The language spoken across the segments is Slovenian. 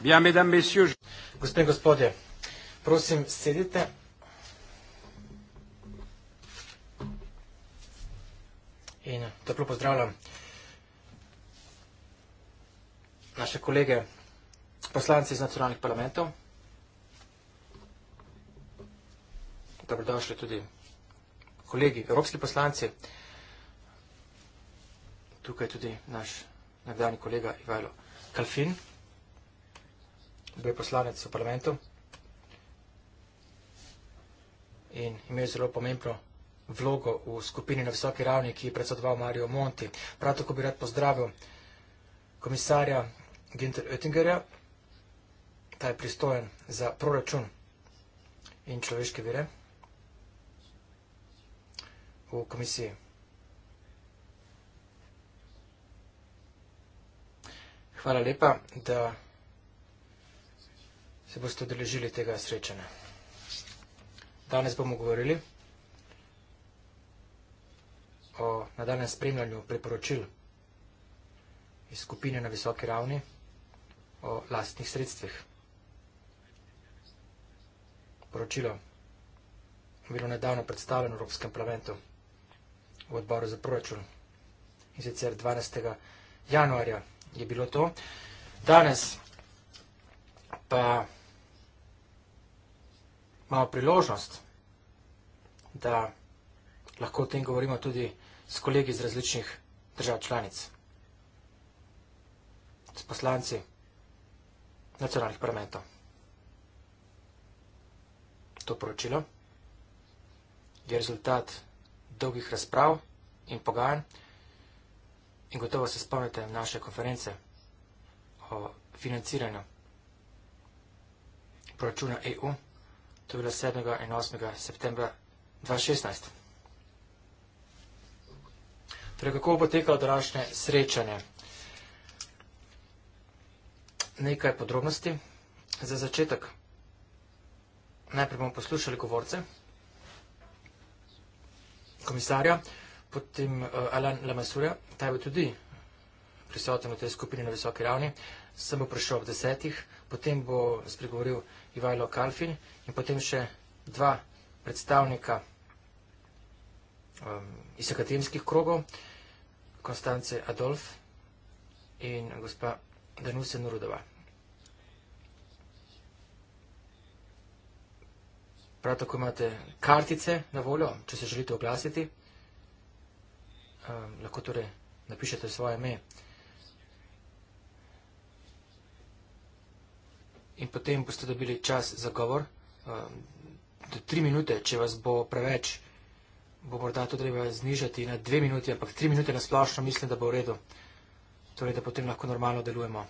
Bien, mesdames, messieurs. Gospe in gospodje, prosim, sedite. In toplo pozdravljam naše kolege, poslanci iz nacionalnih parlamentov. Dobrodošli tudi kolegi, evropski poslanci. Tukaj je tudi naš nekdani kolega Ivalo Kalfin bil je poslanec v parlamentu in imel zelo pomembno vlogo v skupini na visoki ravni, ki je predsedoval Mario Monti. Prav tako bi rad pozdravil komisarja Ginter Oettingerja, ta je pristojen za proračun in človeške vire v komisiji. Hvala lepa, da se boste odeležili tega srečanja. Danes bomo govorili o nadaljem spremljanju priporočil iz skupine na visoki ravni o lastnih sredstvih. Poročilo je bilo nedavno predstavljeno v Evropskem parlamentu v odboru za proračun in sicer 12. januarja je bilo to. Danes pa imamo priložnost, da lahko o tem govorimo tudi s kolegi iz različnih držav članic, s poslanci nacionalnih parlamentov. To poročilo je rezultat dolgih razprav in pogajanj in gotovo se spomnite naše konference o financiranju proračuna EU. To je bilo 7. in 8. septembra 2016. Torej, kako bo tekalo današnje srečanje? Nekaj podrobnosti. Za začetek, najprej bomo poslušali govorce, komisarja, potem eh, Alan Lamasurja, ta je bil tudi prisoten v tej skupini na visoki ravni, sem bo prišel ob desetih, potem bo spregovoril Ivajlo Kalfin in potem še dva predstavnika um, iz akademskih krogov, Konstance Adolf in gospa Danuse Nurudova. Prav tako imate kartice na voljo, če se želite oglasiti. Um, lahko torej napišete svoje ime. in potem boste dobili čas za govor. Ehm, do tri minute, če vas bo preveč, bo morda to treba znižati na dve minuti, ampak tri minute na splošno mislim, da bo v redu. Torej, da potem lahko normalno delujemo.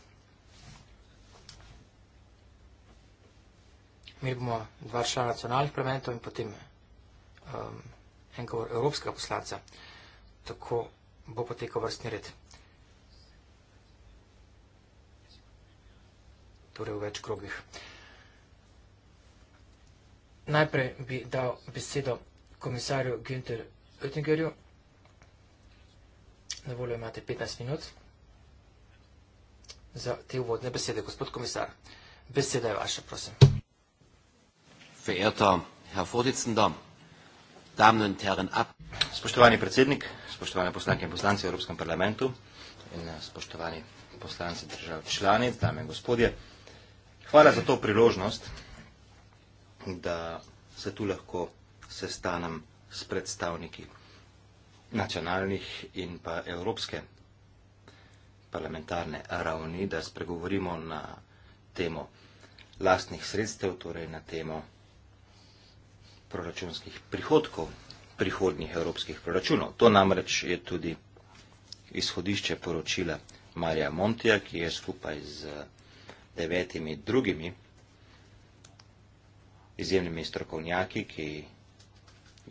Mi bomo dva člana nacionalnih parlamentov in potem um, en govor evropskega poslanca. Tako bo potekal vrstni red. torej v več krogih. Najprej bi dal besedo komisarju Günther Oettingerju. Na voljo imate 15 minut za te uvodne besede. Gospod komisar, beseda je vaša, prosim. Verjeta, herr Vorsitzender, damen in teren ab. Spoštovani predsednik, spoštovane poslanke in poslanci v Evropskem parlamentu in eh, spoštovani poslanci držav članic, dame in gospodje, Hvala za to priložnost, da se tu lahko sestanem s predstavniki nacionalnih in pa evropske parlamentarne ravni, da spregovorimo na temo lastnih sredstev, torej na temo proračunskih prihodkov prihodnih evropskih proračunov. To namreč je tudi izhodišče poročila Marija Montija, ki je skupaj z devetimi drugimi izjemnimi strokovnjaki, ki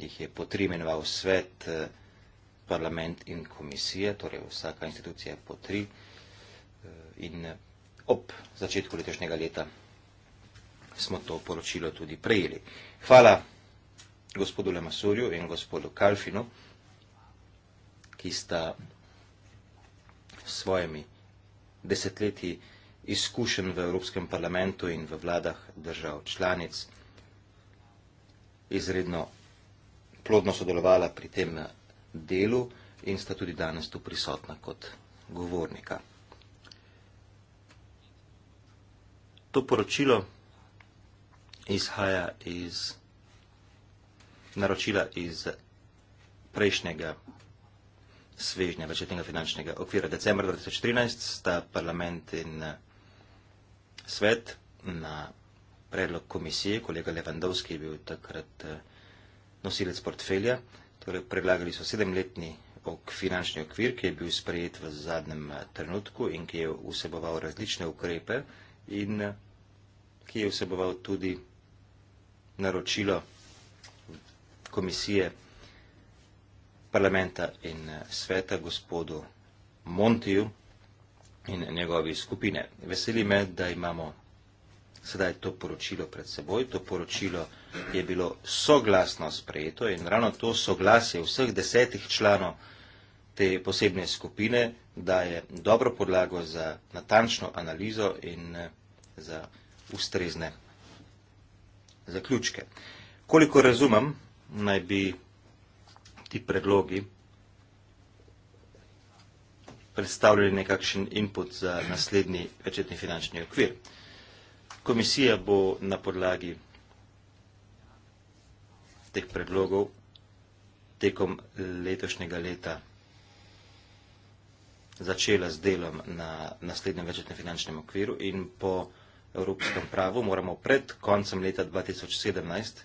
jih je potrimenoval svet, eh, parlament in komisije, torej vsaka institucija je potri eh, in eh, ob začetku letošnjega leta smo to poročilo tudi prejeli. Hvala gospodu Lemasurju in gospodu Kalfinu, ki sta s svojimi desetletji vsega, izkušenj v Evropskem parlamentu in v vladah držav članic izredno plodno sodelovala pri tem delu in sta tudi danes tu prisotna kot govornika. To poročilo izhaja iz naročila iz prejšnjega svežnja večetnega finančnega okvira. Decembra 2014 sta parlament in svet na predlog komisije, kolega Levandovski je bil takrat eh, nosilec portfelja, torej predlagali so sedemletni finančni okvir, ki je bil sprejet v zadnjem eh, trenutku in ki je vseboval različne ukrepe in eh, ki je vseboval tudi naročilo komisije parlamenta in sveta gospodu Montiju, in njegovi skupine. Veseli me, da imamo sedaj to poročilo pred seboj. To poročilo je bilo soglasno sprejeto in ravno to soglasje vseh desetih članov te posebne skupine daje dobro podlago za natančno analizo in eh, za ustrezne zaključke. Koliko razumem, naj bi ti predlogi predstavljali nekakšen input za naslednji večetni finančni okvir. Komisija bo na podlagi teh predlogov tekom letošnjega leta začela z delom na naslednjem večetnem finančnem okviru in po evropskem pravu moramo pred koncem leta 2017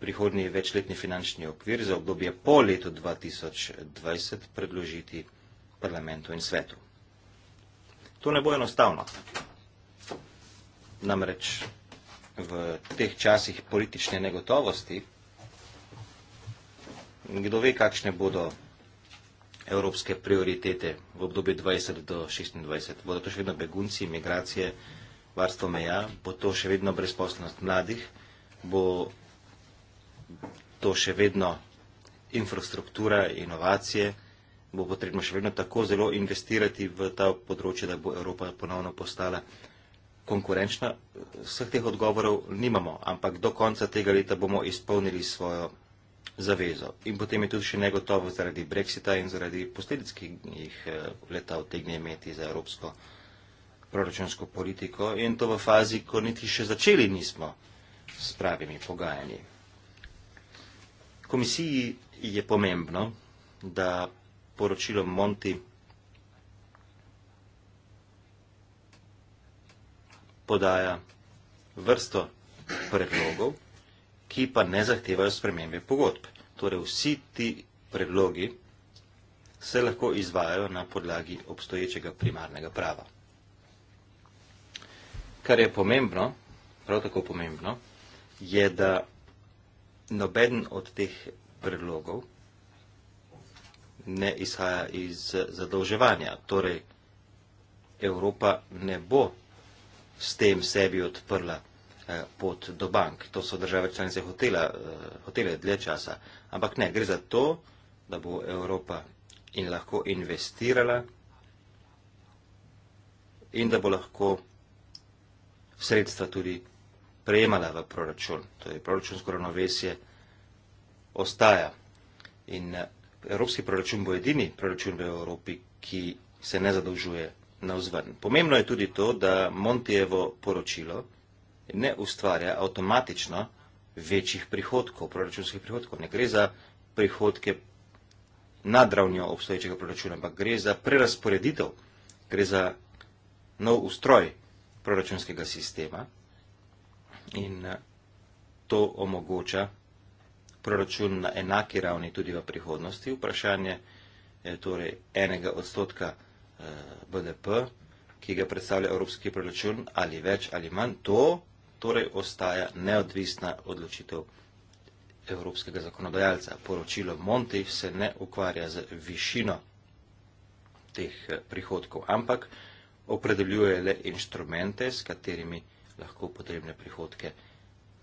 prihodnji večletni finančni okvir za obdobje po letu 2020 predložiti vsega parlamentu in svetu. To ne bo enostavno. Namreč v teh časih politične negotovosti, kdo ve, kakšne bodo evropske prioritete v obdobju 20 do 26. Bodo to še vedno begunci, imigracije, varstvo meja, bo to še vedno brezposlenost mladih, bo to še vedno infrastruktura, inovacije bo potrebno še vedno tako zelo investirati v ta področje, da bo Evropa ponovno postala konkurenčna. Vseh teh odgovorov nimamo, ampak do konca tega leta bomo izpolnili svojo zavezo. In potem je tudi še negotovo zaradi brexita in zaradi posledic, ki jih eh, leta vtegne imeti za evropsko proračunsko politiko in to v fazi, ko niti še začeli nismo s pravimi pogajanji. Komisiji je pomembno, da poročilom Monti. Podaja vrsto predlogov, ki pa ne zahtevajo spremembe pogodb. Torej, vsi ti predlogi se lahko izvajajo na podlagi obstoječega primarnega prava. Kar je pomembno, prav tako pomembno, je, da noben od teh predlogov ne izhaja iz zadolževanja. Torej, Evropa ne bo s tem sebi odprla eh, pot do bank. To so države članice hotela, eh, hotele dlje časa. Ampak ne, gre za to, da bo Evropa in lahko investirala in da bo lahko sredstva tudi prejemala v proračun. To torej, je proračunsko ravnovesje ostaja. In eh, evropski proračun bo edini proračun v Evropi, ki se ne zadolžuje na vzven. Pomembno je tudi to, da Montijevo poročilo ne ustvarja avtomatično večjih prihodkov, proračunskih prihodkov. Ne gre za prihodke nad ravnjo obstoječega proračuna, ampak gre za prerasporeditev, gre za nov ustroj proračunskega sistema in eh, to omogoča proračun na enaki ravni tudi v prihodnosti. Vprašanje je torej enega odstotka eh, BDP, ki ga predstavlja evropski proračun ali več ali manj, to torej ostaja neodvisna odločitev evropskega zakonodajalca. Poročilo Monti se ne ukvarja z višino teh eh, prihodkov, ampak opredeljuje le inštrumente, s katerimi lahko potrebne prihodke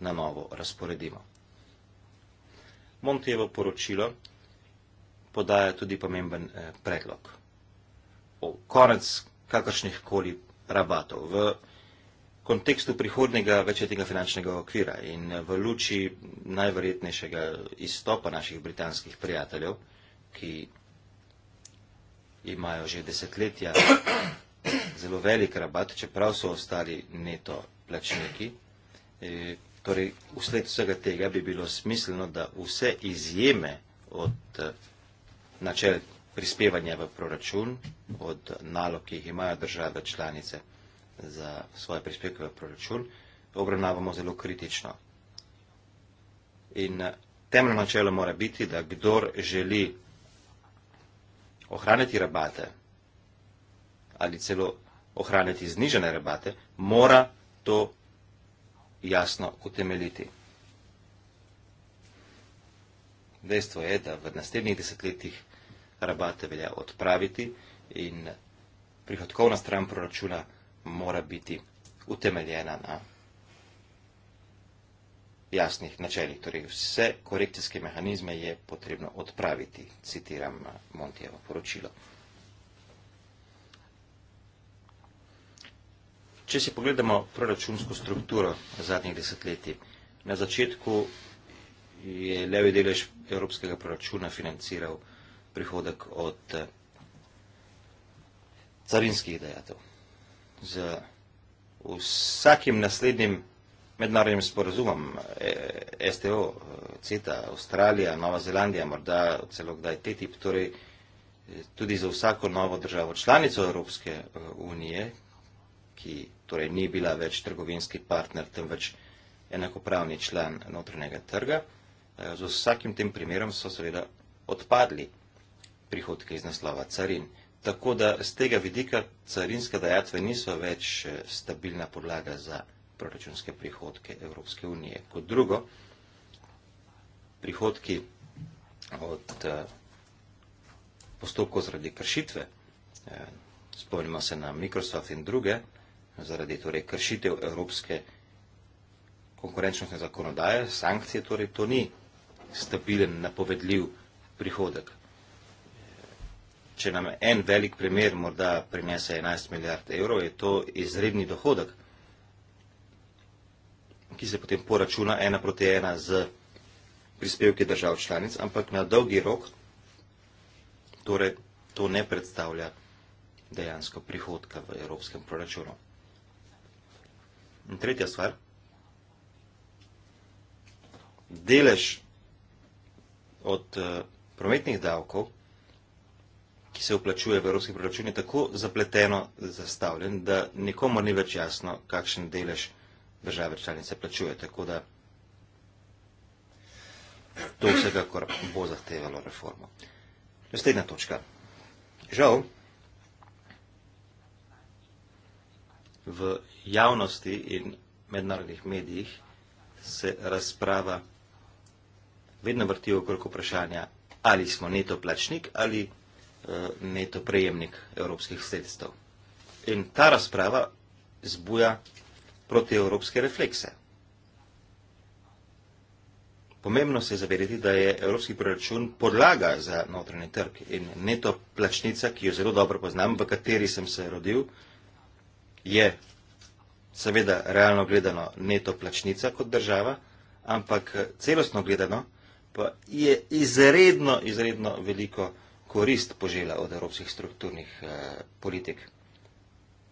na novo razporedimo. Montevo poročilo podaja tudi pomemben eh, predlog. O konec kakršnih koli rabatov v kontekstu prihodnega večletnega finančnega okvira in eh, v luči najverjetnejšega izstopa naših britanskih prijateljev, ki imajo že desetletja zelo velik rabat, čeprav so ostali neto plačniki, eh, Torej, vsled vsega tega bi bilo smiselno, da vse izjeme od eh, načel prispevanja v proračun, od nalog, ki jih imajo države članice za svoje prispevke v proračun, obravnavamo zelo kritično. In eh, temeljno načelo mora biti, da kdor želi ohraniti rabate ali celo ohraniti znižene rabate, mora to jasno utemeljiti. Dejstvo je, da v naslednjih desetletjih rabate velja odpraviti in prihodkovna stran proračuna mora biti utemeljena na jasnih načeljih. Torej, vse korekcijske mehanizme je potrebno odpraviti, citiram Montijevo poročilo. Če si pogledamo proračunsko strukturo zadnjih desetletij, na začetku je levi delež evropskega proračuna financiral prihodek od eh, carinskih dejatev. Z vsakim naslednjim mednarodnim sporozumom, eh, STO, eh, CETA, Avstralija, Nova Zelandija, morda celo kdaj TTIP, torej tudi za vsako novo državo članico Evropske unije, ki torej ni bila več trgovinski partner, temveč enakopravni član notranjega trga. Eh, z vsakim tem primerom so seveda odpadli prihodke iz naslova carin. Tako da z tega vidika carinske dajatve niso več eh, stabilna podlaga za proračunske prihodke Evropske unije. Kot drugo, prihodki od eh, postopkov zaradi kršitve, spomnimo se na Microsoft in druge, zaradi torej, kršitev evropske konkurenčnostne zakonodaje, sankcije, torej to ni stabilen, napovedljiv prihodek. Če nam en velik primer morda prinese 11 milijard evrov, je to izredni dohodek, ki se potem poračuna ena proti ena z prispevki držav članic, ampak na dolgi rok torej, to ne predstavlja dejansko prihodka v evropskem proračunu. In tretja stvar, delež od uh, prometnih davkov, ki se uplačuje v evropski proračun, je tako zapleteno zastavljen, da nikomu ni več jasno, kakšen delež države članice plačuje. Tako da to vsekakor bo zahtevalo reformo. Naslednja točka. Žal, v javnosti in mednarodnih medijih se razprava vedno vrti okrog vprašanja, ali smo neto plačnik ali e, neto prejemnik evropskih sredstev. In ta razprava zbuja protievropske reflekse. Pomembno se je zavedeti, da je evropski proračun podlaga za notranji trg in neto plačnica, ki jo zelo dobro poznam, v kateri sem se rodil, je seveda realno gledano neto plačnica kot država, ampak eh, celostno gledano pa je izredno, izredno veliko korist požela od evropskih strukturnih eh, politik.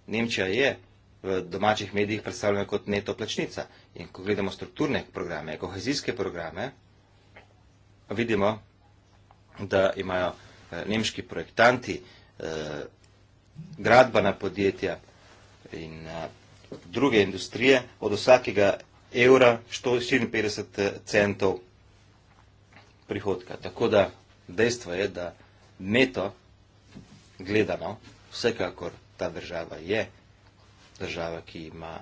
Nemčija je v domačih medijih predstavljena kot neto plačnica in ko gledamo strukturne programe, kohezijske programe, vidimo, da imajo eh, nemški projektanti gradbana podjetja, in uh, druge industrije od vsakega evra 154 eh, centov prihodka. Tako da dejstvo je, da neto gledano vsekakor ta država je država, ki ima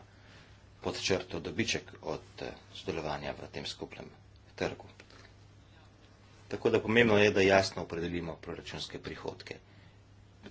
pod črto dobiček od eh, sodelovanja v tem skupnem trgu. Tako da pomembno je, da jasno opredelimo proračunske prihodke.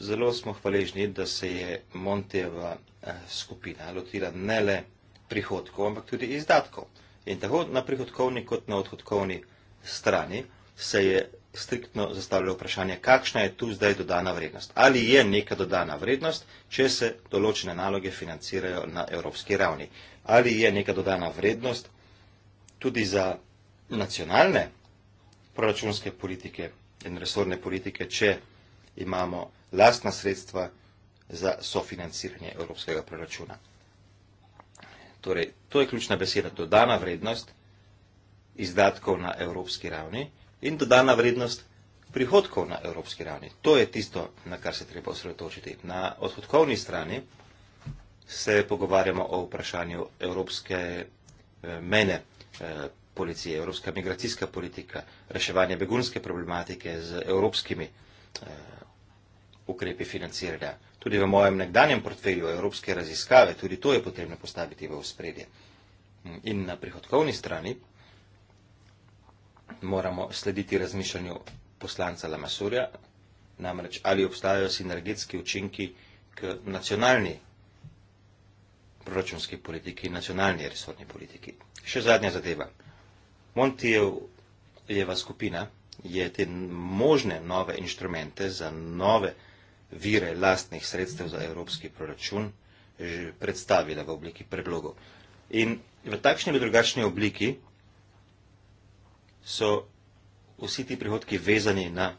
Zelo smo hvaležni, da se je Monteva eh, skupina lotila ne le prihodkov, ampak tudi izdatkov. In tako na prihodkovni kot na odhodkovni strani se je striktno zastavljalo vprašanje, kakšna je tu zdaj dodana vrednost. Ali je neka dodana vrednost, če se določene naloge financirajo na evropski ravni. Ali je neka dodana vrednost tudi za nacionalne proračunske politike in resorne politike, če imamo lastna sredstva za sofinanciranje evropskega proračuna. Torej, to je ključna beseda, dodana vrednost izdatkov na evropski ravni in dodana vrednost prihodkov na evropski ravni. To je tisto, na kar se treba osredotočiti. Na odhodkovni strani se pogovarjamo o vprašanju evropske eh, mene eh, policije, evropska migracijska politika, reševanje begunske problematike z evropskimi eh, ukrepi financiranja. Tudi v mojem nekdanjem portfelju evropske raziskave, tudi to je potrebno postaviti v spredje. In na prihodkovni strani moramo slediti razmišljanju poslanca Lamasurja, namreč ali obstajajo sinergetski učinki k nacionalni proračunski politiki, nacionalni resorni politiki. Še zadnja zadeva. Montijeva skupina je te možne nove inštrumente za nove inštrumente, vire lastnih sredstev za evropski proračun že predstavila v obliki predlogov. In v takšni ali drugačni obliki so vsi ti prihodki vezani na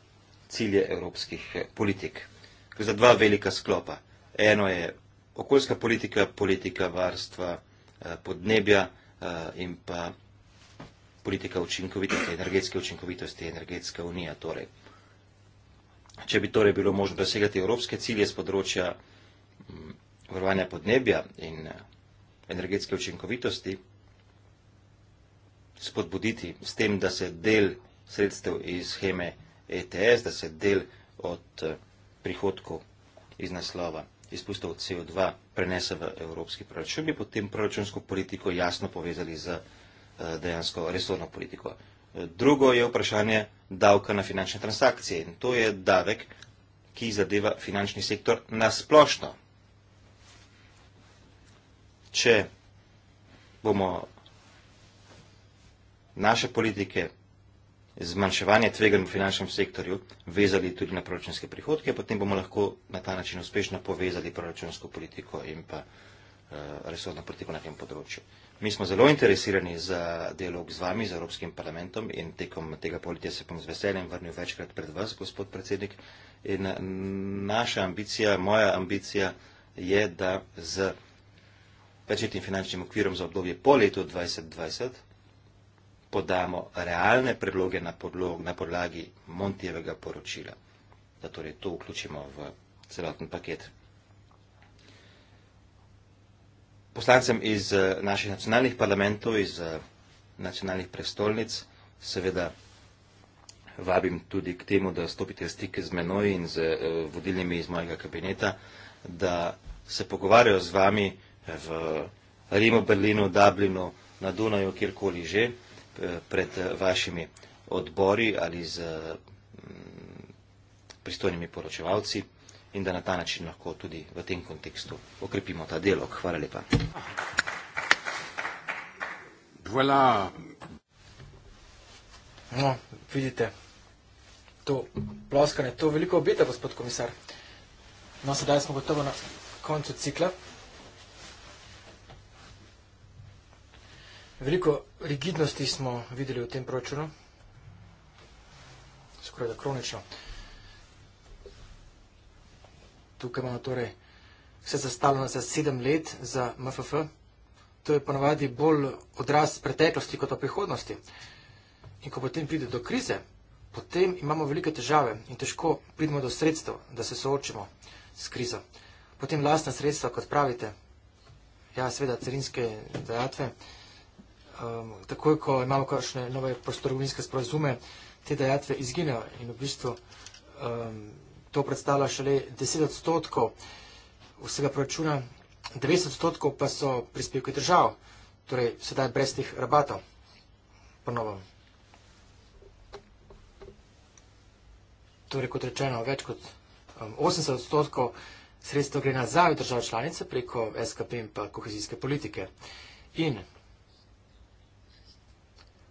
cilje evropskih eh, politik. Gre za dva velika sklopa. Eno je okoljska politika, politika varstva eh, podnebja eh, in pa politika učinkovitosti, energetske učinkovitosti, energetska unija. Torej. Če bi torej bilo možno dosegati evropske cilje z področja mm, varovanja podnebja in eh, energetske učinkovitosti, spodbuditi s tem, da se del sredstev iz scheme ETS, da se del od eh, prihodkov iz naslova izpustov CO2 prenese v evropski proračun, bi potem proračunsko politiko jasno povezali z eh, dejansko resorno politiko. Drugo je vprašanje davka na finančne transakcije in to je davek, ki zadeva finančni sektor na splošno. Če bomo naše politike zmanjševanje tvegan v finančnem sektorju vezali tudi na proračunske prihodke, potem bomo lahko na ta način uspešno povezali proračunsko politiko in pa eh, resodno politiko na tem področju. Mi smo zelo interesirani za dialog z vami, z Evropskim parlamentom in tekom tega politja se bom z veseljem vrnil večkrat pred vas, gospod predsednik. In mm, naša ambicija, moja ambicija je, da z večetnim finančnim okvirom za obdobje po letu 2020 podamo realne predloge na, podlog, na podlagi Montijevega poročila, da torej to vključimo v celoten paket poslancem iz eh, naših nacionalnih parlamentov, iz eh, nacionalnih prestolnic, seveda vabim tudi k temu, da stopite stike z menoj in z eh, vodilnimi iz mojega kabineta, da se pogovarjajo z vami v Rimu, Berlinu, Dublinu, na Dunaju, kjerkoli že, pred vašimi odbori ali z mm, pristojnimi poročevalci in da na ta način lahko tudi v tem kontekstu okrepimo ta dialog. Hvala lepa. Voilà. No, vidite, to ploskanje, to veliko obeta, gospod komisar. No, sedaj smo gotovo na koncu cikla. Veliko rigidnosti smo videli v tem proračunu, skoraj da kronično. Uh, Tukaj imamo torej vse zastavljeno za sedem let za MFF. To je ponavadi bolj odraz preteklosti kot pa prihodnosti. In ko potem pride do krize, potem imamo velike težave in težko pridemo do sredstev, da se soočimo s krizo. Potem lastna sredstva, kot pravite, ja, seveda carinske dajatve, um, takoj, ko imamo kakšne nove prostorovinske sporazume, te dajatve izginejo in v bistvu um, to predstavlja šele 10 odstotkov vsega proračuna, 90 odstotkov pa so prispevki držav, torej sedaj brez teh rabatov. Ponovno. Torej, kot rečeno, več kot 80 um, odstotkov sredstva gre nazaj v državo članice preko SKP in pa kohezijske politike. In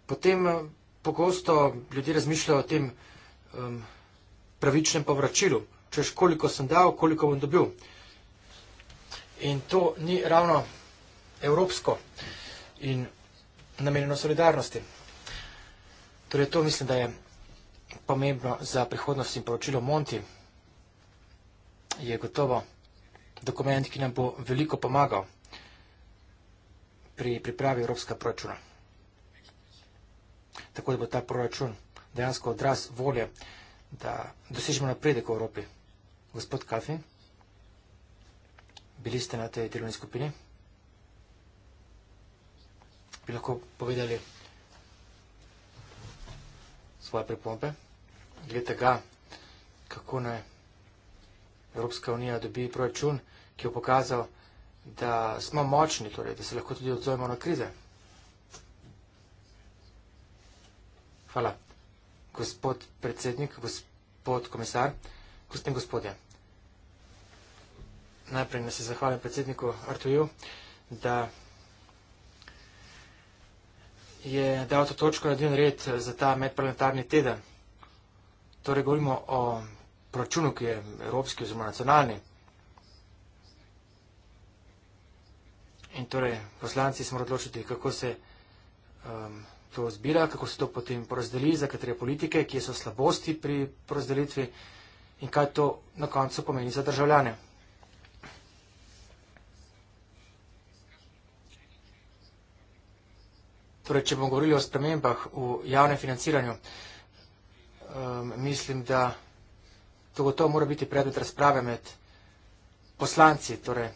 potem um, pogosto ljudje razmišljajo o tem, um, pravičnem povračilu, češ koliko sem dal, koliko bom dobil. In to ni ravno evropsko in namenjeno solidarnosti. Torej, to mislim, da je pomembno za prihodnost in poročilo Monti. Je gotovo dokument, ki nam bo veliko pomagal pri pripravi evropskega proračuna. Tako da bo ta proračun dejansko odraz volje da dosežemo napredek v Evropi. Gospod Kafi, bili ste na tej delovni skupini? Bi lahko povedali svoje pripombe? Glede tega, kako naj Evropska unija dobi proračun, ki je pokazal, da smo močni, torej, da se lahko tudi odzovemo na krize. Hvala gospod predsednik, gospod komisar, gospod in gospodje. Najprej ne se zahvalim predsedniku Artuju, da je dal to točko na dnev red za ta medparlamentarni teden. Torej govorimo o proračunu, ki je evropski oziroma nacionalni. In torej poslanci smo odločili, kako se um, to zbira, kako se to potem porazdeli, za katere politike, kje so slabosti pri porazdelitvi in kaj to na koncu pomeni za državljane. Torej, če bomo govorili o spremembah v javnem financiranju, um, mislim, da to gotovo mora biti predmet razprave med poslanci, torej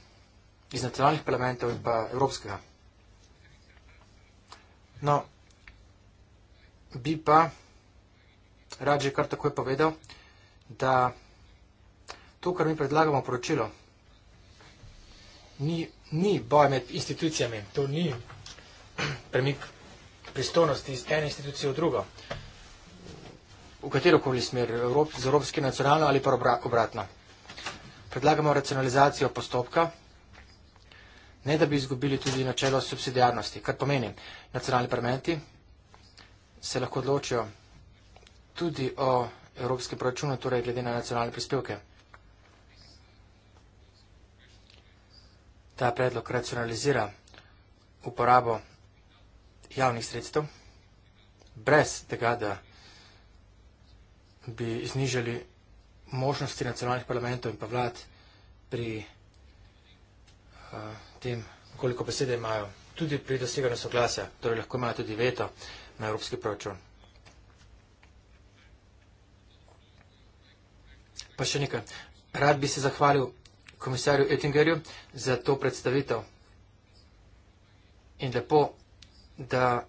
iz nacionalnih parlamentov in pa evropskega. No, bi pa rad že kar takoj povedal, da to, kar mi predlagamo poročilo, ni, ni boj med institucijami, to ni premik pristojnosti iz ene institucije v drugo, v katero koli smer, Evrop, z evropske nacionalno ali pa obratno. Predlagamo racionalizacijo postopka, ne da bi izgubili tudi načelo subsidijarnosti, kar pomeni, nacionalni parlamenti se lahko odločijo tudi o evropskem proračunu, torej glede na nacionalne prispevke. Ta predlog racionalizira uporabo javnih sredstev, brez tega, da bi znižali možnosti nacionalnih parlamentov in pa vlad pri eh, tem, koliko besede imajo, tudi pri doseganju soglasja, torej lahko imajo tudi veto na evropski proračun. Pa še nekaj. Rad bi se zahvalil komisarju Ettingerju za to predstavitev. In lepo, da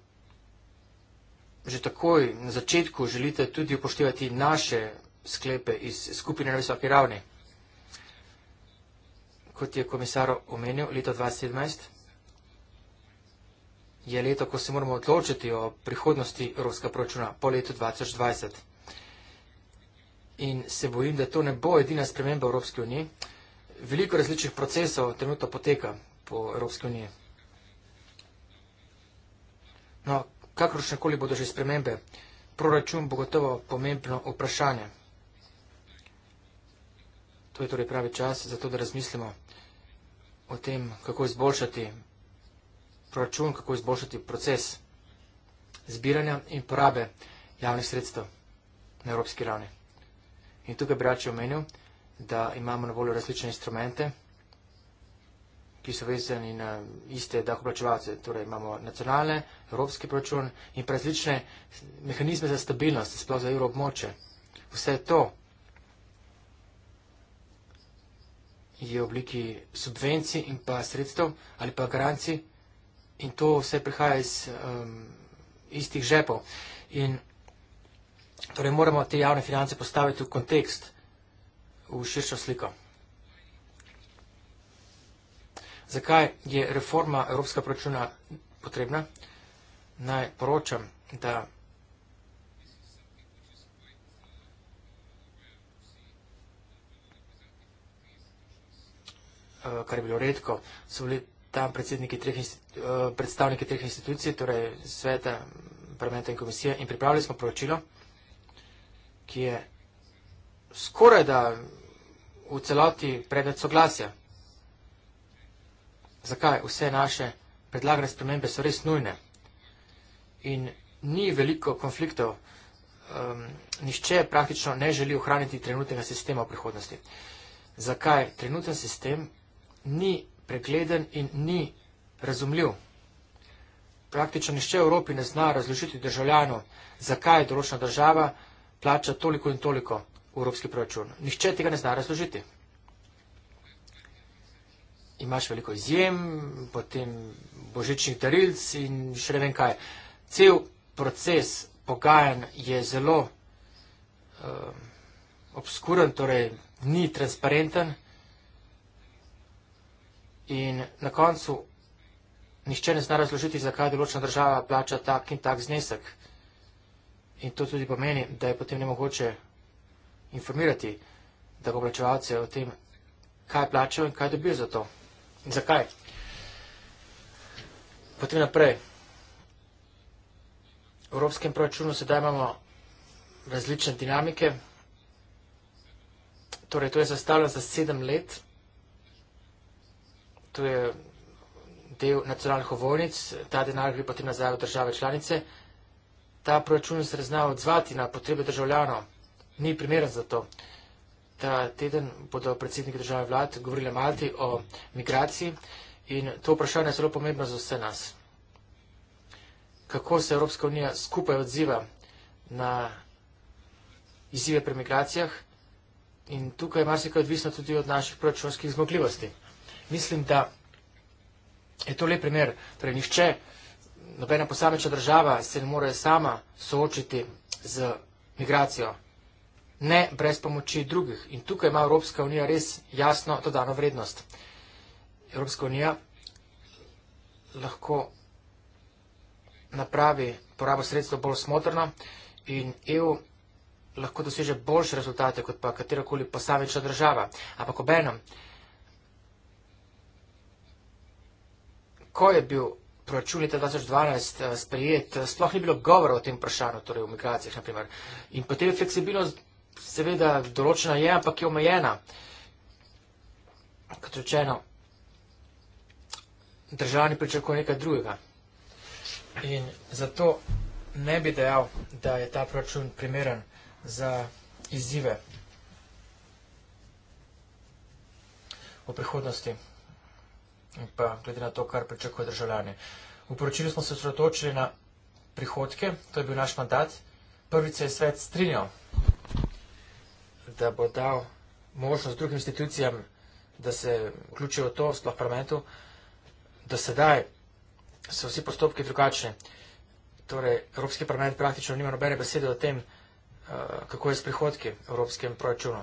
že takoj na začetku želite tudi upoštevati naše sklepe iz skupine na visoki ravni. Kot je komisar omenil, leta 2017 je leto, ko se moramo odločiti o prihodnosti evropskega proračuna po letu 2020. In se bojim, da to ne bo edina sprememba Evropske unije. Veliko različnih procesov trenutno poteka po Evropske unije. No, kakršne koli bodo že spremembe, proračun bo gotovo pomembno vprašanje. To je torej pravi čas za to, da razmislimo o tem, kako izboljšati proračun, kako izboljšati proces zbiranja in porabe javnih sredstev na evropski ravni. In tukaj bi rače omenil, da imamo na voljo različne instrumente, ki so vezani na iste dakoplačevalce. Torej imamo nacionalne, evropski proračun in različne mehanizme za stabilnost, sploh za evroobmoče. Vse to je v obliki subvencij in pa sredstev ali pa garancij In to vse prihaja iz um, istih žepov. In torej moramo te javne finance postaviti v kontekst, v širšo sliko. Zakaj je reforma Evropska proračuna potrebna? Naj poročam, da eh, kar je bilo redko, so bili tam predsedniki treh institucij Eh, predstavniki teh institucij, torej sveta, parlamenta in komisije in pripravili smo poročilo, ki je skoraj da v celoti predmet soglasja. Zakaj? Vse naše predlagane spremembe so res nujne in ni veliko konfliktov. Um, ehm, nišče praktično ne želi ohraniti trenutnega sistema v prihodnosti. Zakaj? Trenuten sistem ni pregleden in ni razumljiv. Praktično nišče v Evropi ne zna razložiti državljanu, zakaj je določena država plača toliko in toliko v evropski proračun. Nihče tega ne zna razložiti. Imaš veliko izjem, potem božičnih darilc in še ne vem kaj. Cel proces pogajanj je zelo um, obskuren, torej ni transparenten. In na koncu nihče ne zna razložiti, zakaj določena država plača tak in tak znesek. In to tudi pomeni, da je potem nemogoče informirati davkoplačevalce o tem, kaj plačajo in kaj dobijo za to. In zakaj? Potem naprej. V evropskem proračunu sedaj imamo različne dinamike. Torej, to je zastavljeno za sedem let. To je del nacionalnih ovojnic, ta denar gre potem nazaj v države članice. Ta proračun se razna odzvati na potrebe državljanov, ni primeren za to. Ta teden bodo predsedniki države vlad govorili Malti o migraciji in to vprašanje je zelo pomembno za vse nas. Kako se Evropska unija skupaj odziva na izzive pri migracijah in tukaj je marsikaj odvisno tudi od naših proračunskih zmogljivosti. Mislim, da je to le primer. Torej, nihče, nobena posamečna država se ne more sama soočiti z migracijo, ne brez pomoči drugih. In tukaj ima Evropska unija res jasno dodano vrednost. Evropska unija lahko napravi porabo sredstva bolj smotrno in EU lahko doseže boljše rezultate kot pa katerokoli posamečna država. Ampak obenem, ko je bil proračun leta 2012 eh, sprejet, eh, sploh ni bilo govora o tem vprašanju, torej o migracijah, naprimer. In potem fleksibilnost, seveda, določena je, ampak je omejena. Kot rečeno, državni pričakuje nekaj drugega. In zato ne bi dejal, da je ta proračun primeren za izzive v prihodnosti pa glede na to, kar pričakuje državljane. V poročilu smo se osredotočili na prihodke, to je bil naš mandat. Prvič se je svet strinjal, da bo dal možnost drugim institucijam, da se vključijo v to, sploh parlamentu, da sedaj so vsi postopki drugačne. Torej, Evropski parlament praktično nima nobene besede o tem, eh, kako je s prihodki v Evropskem proračunu.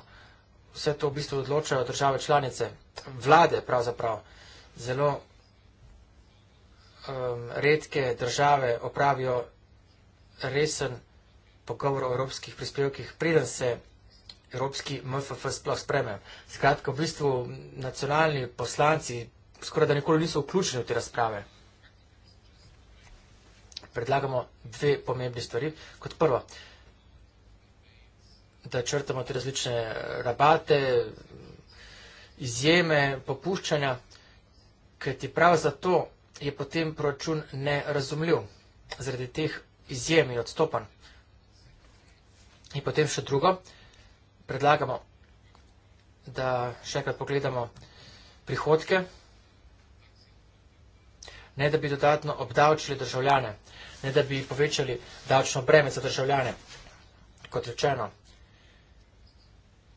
Vse to v bistvu odločajo države članice, vlade pravzaprav zelo um, redke države opravijo resen pogovor o evropskih prispevkih, preden se evropski MFF sploh spreme. Skratka, v bistvu nacionalni poslanci skoraj da nikoli niso vključeni v te razprave. Predlagamo dve pomembne stvari. Kot prvo, da črtamo te različne rabate, izjeme, popuščanja. Ker ti prav zato je potem proračun nerazumljiv, zaradi teh izjem in odstopanj. In potem še drugo, predlagamo, da še enkrat pogledamo prihodke, ne da bi dodatno obdavčili državljane, ne da bi povečali davčno breme za državljane, kot rečeno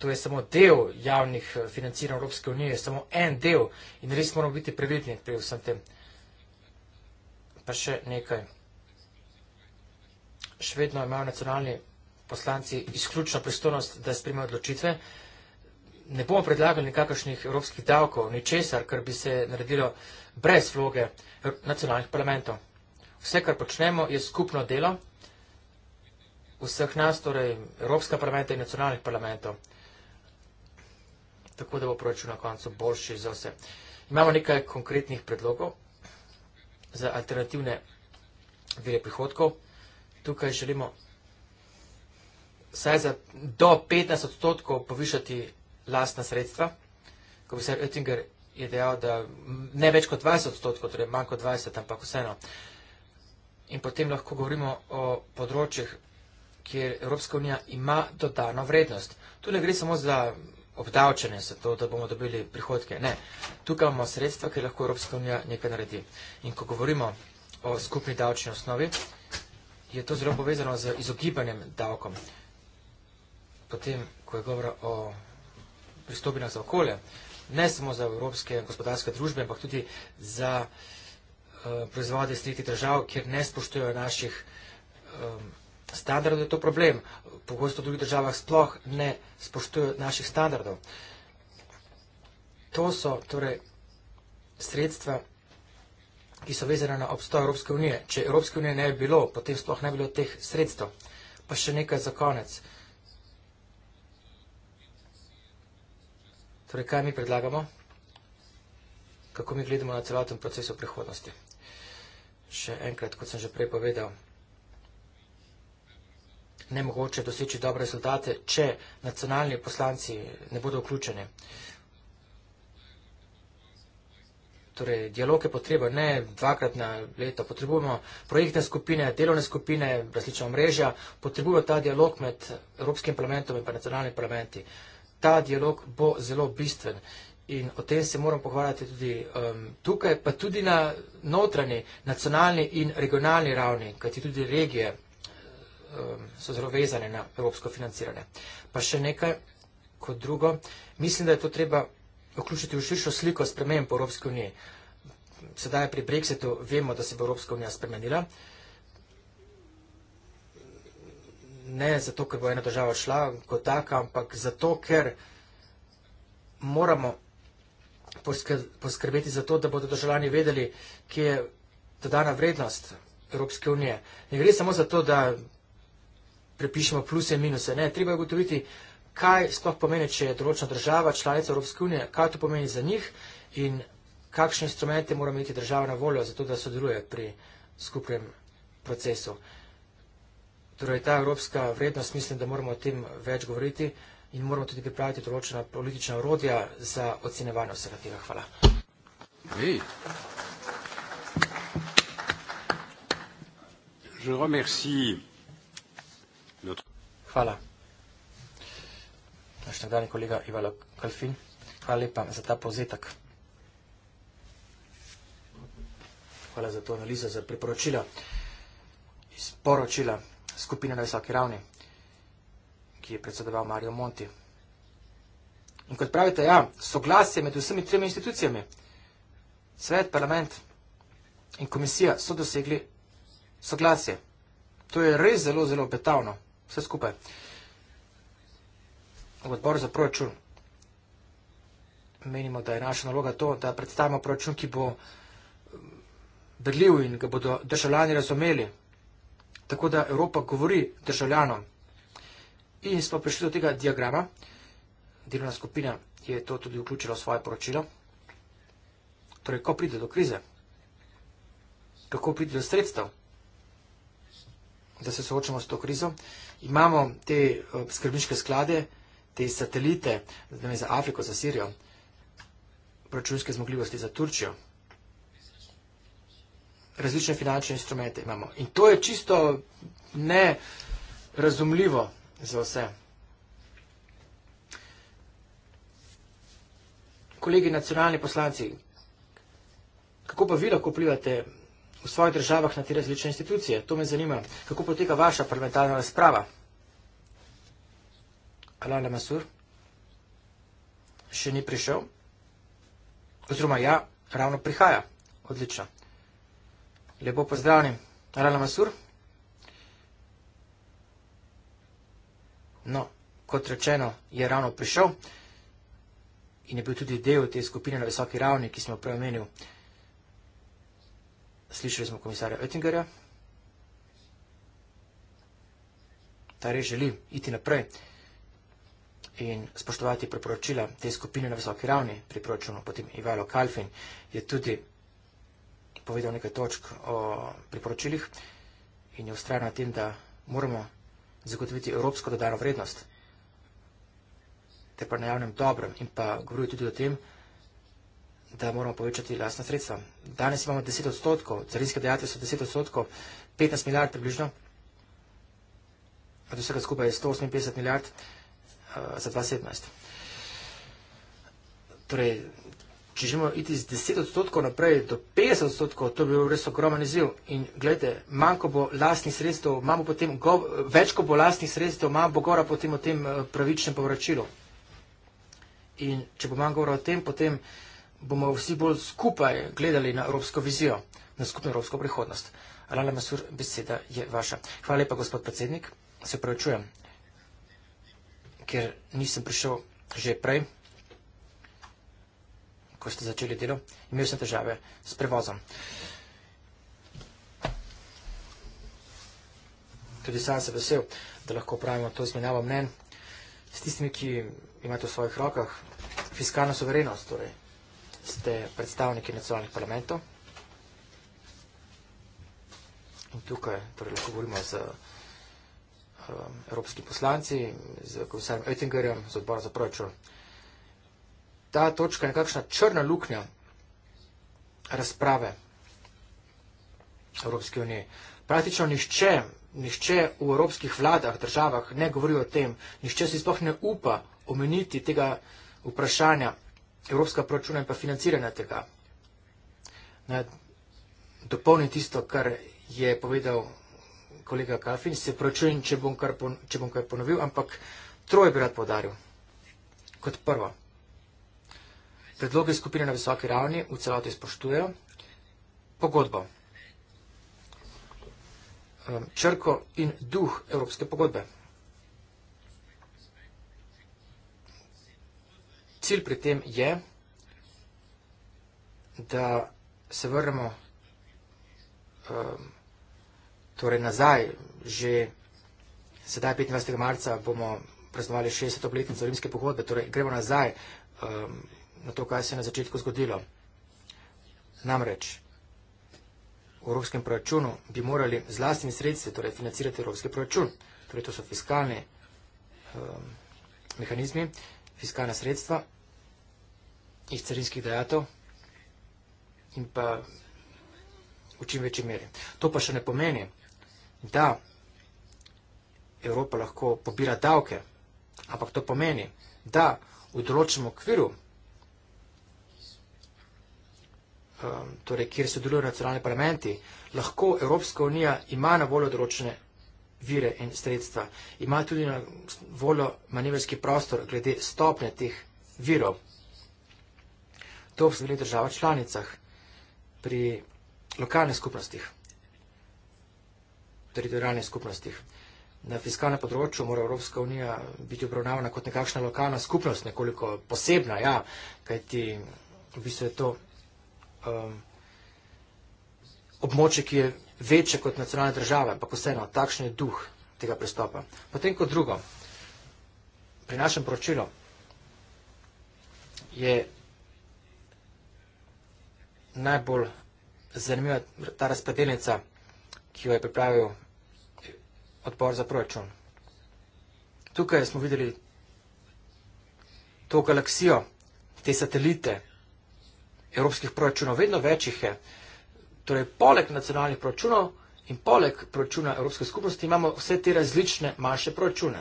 to je samo del javnih eh, financiranj Evropske unije, samo en del in res moramo biti previdni pri vsem tem. Pa še nekaj. Še vedno imajo nacionalni poslanci izključno pristojnost, da sprejme odločitve. Ne bomo predlagali nikakršnih evropskih davkov, ni česar, kar bi se naredilo brez vloge nacionalnih parlamentov. Vse, kar počnemo, je skupno delo vseh nas, torej Evropska parlamenta in nacionalnih parlamentov tako da bo proračun na koncu boljši za vse. Imamo nekaj konkretnih predlogov za alternativne vire prihodkov. Tukaj želimo saj za do 15 odstotkov povišati lastna sredstva. Komisar Oettinger je dejal, da ne več kot 20 odstotkov, torej manj kot 20, ampak vseeno. In potem lahko govorimo o področjih, kjer Evropska unija ima dodano vrednost. Tu ne gre samo za obdavčene za to, da bomo dobili prihodke. Ne, tukaj imamo sredstva, ki lahko Evropska unija nekaj naredi. In ko govorimo o skupni davčni osnovi, je to zelo povezano z izogibanjem davkom. Potem, ko je govora o pristopinah za okolje, ne samo za evropske gospodarske družbe, ampak tudi za uh, proizvode iz tretjih držav, kjer ne spoštujejo naših um, standardov je to problem. Pogosto v drugih državah sploh ne spoštujo naših standardov. To so torej sredstva, ki so vezane na obstoj Evropske unije. Če Evropske unije ne bi bilo, potem sploh ne bi bilo teh sredstev. Pa še nekaj za konec. Torej, kaj mi predlagamo? Kako mi gledamo na celoten proces v prihodnosti? Še enkrat, kot sem že prej povedal, ne mogoče doseči dobre rezultate, če nacionalni poslanci ne bodo vključeni. Torej, dialog je potreba, ne dvakrat na leto. Potrebujemo projektne skupine, delovne skupine, različna mrežja. Potrebujemo ta dialog med Evropskim parlamentom in pa nacionalnimi parlamenti. Ta dialog bo zelo bistven. In o tem se moram pohvaljati tudi um, tukaj, pa tudi na notranji, nacionalni in regionalni ravni, kajti tudi regije Um, so zelo vezane na evropsko financiranje. Pa še nekaj kot drugo, mislim, da je to treba vključiti v širšo sliko sprememb po Evropske unije. Sedaj pri Brexitu vemo, da se bo Evropska unija spremenila. Ne zato, ker bo ena država šla kot taka, ampak zato, ker moramo poskrbeti za to, da bodo državljani vedeli, kje je dodana vrednost Evropske unije. Ne gre samo za to, da prepišemo pluse in minuse. Ne, treba je ugotoviti, kaj sploh pomeni, če je določena država članica Evropske unije, kaj to pomeni za njih in kakšne instrumente mora imeti država na voljo, zato da sodeluje pri skupnem procesu. Torej, ta evropska vrednost, mislim, da moramo o tem več govoriti in moramo tudi pripraviti določena politična urodja za ocenevanje vsega tega. Hvala. Oui. Je remercie Hvala. Naš nekdani kolega Ivalo Kalfin, hvala lepa za ta povzetek. Hvala za to analizo, za priporočila iz poročila skupine na visoki ravni, ki je predsedoval Mario Monti. In kot pravite, ja, soglasje med vsemi tremi institucijami, svet, parlament in komisija so dosegli soglasje. To je res zelo, zelo obetavno vse skupaj. V odboru za proračun menimo, da je naša naloga to, da predstavimo proračun, ki bo mm, berljiv in ga bodo državljani razumeli. Tako da Evropa govori državljanom. In smo prišli do tega diagrama. Delovna skupina je to tudi vključila v svoje poročilo. Torej, ko pride do krize, kako pride do sredstev, da se soočamo s to krizo. Imamo te eh, skrbniške sklade, te satelite vem, za Afriko, za Sirijo, računske zmogljivosti za Turčijo, različne finančne instrumente imamo. In to je čisto nerazumljivo za vse. Kolegi nacionalni poslanci, kako pa vi lahko vplivate v svojih državah na te različne institucije. To me zanima. Kako poteka vaša parlamentarna razprava? Alain Lamassur še ni prišel. Oziroma ja, ravno prihaja. Odlično. Lepo pozdravljeni. Alain Lamassur. No, kot rečeno, je ravno prišel in je bil tudi del te skupine na visoki ravni, ki smo jo preomenili. Slišali smo komisarja Oettingerja. Ta res želi iti naprej in spoštovati priporočila te skupine na visoki ravni pri proračunu. Potem Ivalo Kalfin je tudi povedal nekaj točk o priporočilih in je ustrajal na tem, da moramo zagotoviti evropsko dodano vrednost ter pa na javnem dobrem in pa govoril tudi o tem, da moramo povečati lastna sredstva. Danes imamo 10 odstotkov, carinske dejatve so 10 odstotkov, 15 milijard približno, od vsega skupaj je 158 milijard uh, za 2017. Torej, če želimo iti z 10 odstotkov naprej do 50 odstotkov, to bi bil res ogromen izziv. In gledajte, manj ko bo lastnih sredstev, imamo potem, go, več ko bo lastnih sredstev, ima bo gora potem o tem eh, pravičnem povračilu. In če bo manj govora o tem, potem bomo vsi bolj skupaj gledali na evropsko vizijo, na skupno evropsko prihodnost. Alana Masur, beseda je vaša. Hvala lepa, gospod predsednik. Se pravičujem, ker nisem prišel že prej, ko ste začeli delo. Imel sem težave s prevozom. Tudi sam se vesel, da lahko upravimo to izmenjavo mnen s tistimi, ki imate v svojih rokah fiskalno soverenost, torej ste predstavniki nacionalnih parlamentov. In tukaj torej, lahko govorimo z um, evropskimi poslanci, z komisarjem Oettingerjem, z odborom za proračun. Ta točka je nekakšna črna luknja razprave Evropske unije. Praktično nišče, nišče v evropskih vladah, državah ne govori o tem, nišče si sploh ne upa omeniti tega vprašanja evropska proračuna in pa financiranja tega. Ne, dopolni tisto, kar je povedal kolega Kafin, se proračun, če, če bom kar ponovil, ampak troje bi rad podaril. Kot prvo, predloge skupine na visoki ravni v celoti spoštujejo. Pogodbo. Ehm, črko in duh evropske pogodbe. Cilj pri tem je, da se vrnemo um, torej nazaj. Že sedaj, 25. marca, bomo praznovali 60. obletnico rimske pogodbe, torej gremo nazaj um, na to, kaj se je na začetku zgodilo. Namreč v evropskem proračunu bi morali z lastnimi sredstvi torej, financirati evropski proračun, torej to so fiskalni um, mehanizmi, fiskalna sredstva iz carinskih dejatov in pa v čim večji meri. To pa še ne pomeni, da Evropa lahko pobira davke, ampak to pomeni, da v določenem okviru, um, torej kjer se delujo nacionalni parlamenti, lahko Evropska unija ima na voljo določene vire in sredstva. Ima tudi na voljo manevrski prostor glede stopnje teh virov. To v svojih državah članicah, pri lokalnih skupnostih, teritorijalnih skupnostih. Na fiskalnem področju mora Evropska unija biti obravnavana kot nekakšna lokalna skupnost, nekoliko posebna, ja, kajti v bistvu je to um, območje, ki je večje kot nacionalne države, ampak vseeno, takšen je duh tega pristopa. Potem kot drugo, pri našem poročilu je najbolj zanimiva ta razpredeljnica, ki jo je pripravil odbor za proračun. Tukaj smo videli to galaksijo, te satelite evropskih proračunov, vedno večjih je, Torej, poleg nacionalnih proračunov in poleg proračuna Evropske skupnosti imamo vse te različne manjše proračune.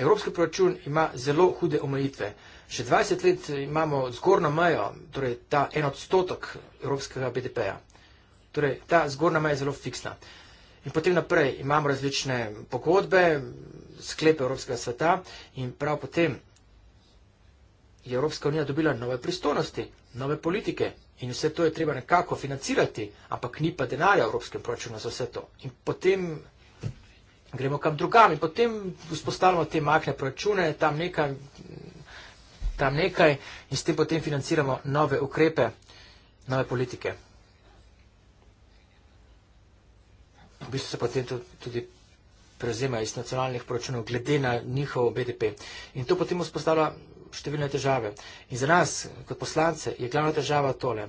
Evropski proračun ima zelo hude omejitve. Še 20 let imamo zgornjo mejo, torej ta en odstotek evropskega BDP-ja. Torej, ta zgornja meja je zelo fiksna. In potem naprej imamo različne pogodbe, sklepe Evropskega sveta in prav potem je Evropska unija dobila nove pristojnosti nove politike in vse to je treba nekako financirati, ampak ni pa denarja v evropskem proračunu za vse to. In potem gremo kam drugam in potem vzpostavljamo te majhne proračune, tam nekaj, tam nekaj in s tem potem financiramo nove ukrepe, nove politike. V bistvu se potem tudi prevzema iz nacionalnih proračunov glede na njihov BDP. In to potem vzpostavlja številne težave. In za nas, kot poslance, je glavna težava tole.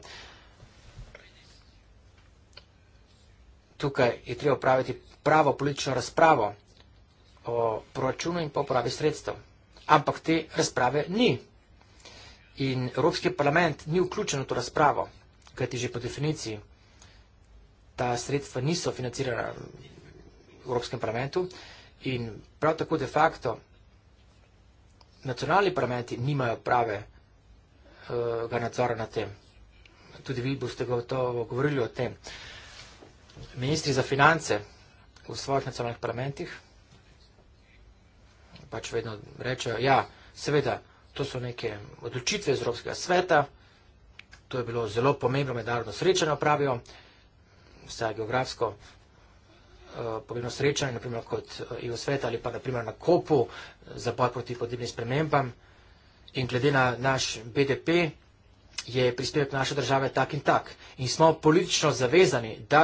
Tukaj je treba upraviti pravo politično razpravo o proračunu in pa upravi sredstev. Ampak te razprave ni. In Evropski parlament ni vključen v to razpravo, kajti že po definiciji ta sredstva niso financirana v Evropskem parlamentu in prav tako de facto nacionalni parlamenti nimajo pravega eh, nadzora nad tem. Tudi vi boste gotovo govorili o tem. Ministri za finance v svojih nacionalnih parlamentih pač vedno rečejo, ja, seveda, to so neke odločitve iz Evropskega sveta, to je bilo zelo pomembno mednarodno srečanje, pravijo, vse geografsko, Eh, pomembno srečanje, naprimer kot EU eh, svet ali pa naprimer na kopu eh, za boj proti podnebnim spremembam. In glede na naš BDP je prispevek naše države tak in tak. In smo politično zavezani, da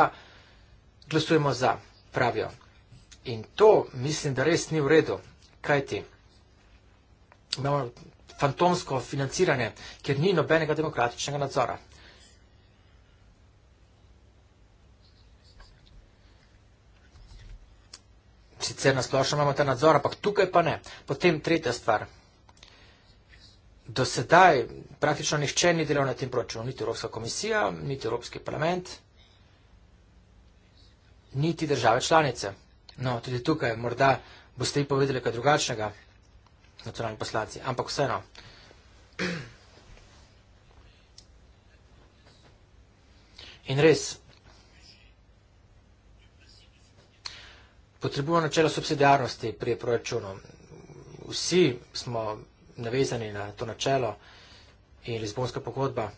glasujemo za, pravijo. In to mislim, da res ni v redu, kajti imamo fantomsko financiranje, ker ni nobenega demokratičnega nadzora. sicer nasplošno imamo ta nadzor, ampak tukaj pa ne. Potem tretja stvar. Do sedaj praktično nihče ni delal na tem proračunu, niti Evropska komisija, niti Evropski parlament, niti države članice. No, tudi tukaj morda boste vi povedali kaj drugačnega, nacionalni poslanci, ampak vseeno. In res, potrebujemo načelo subsidijarnosti pri proračunu. Vsi smo navezani na to načelo in Lizbonska pogodba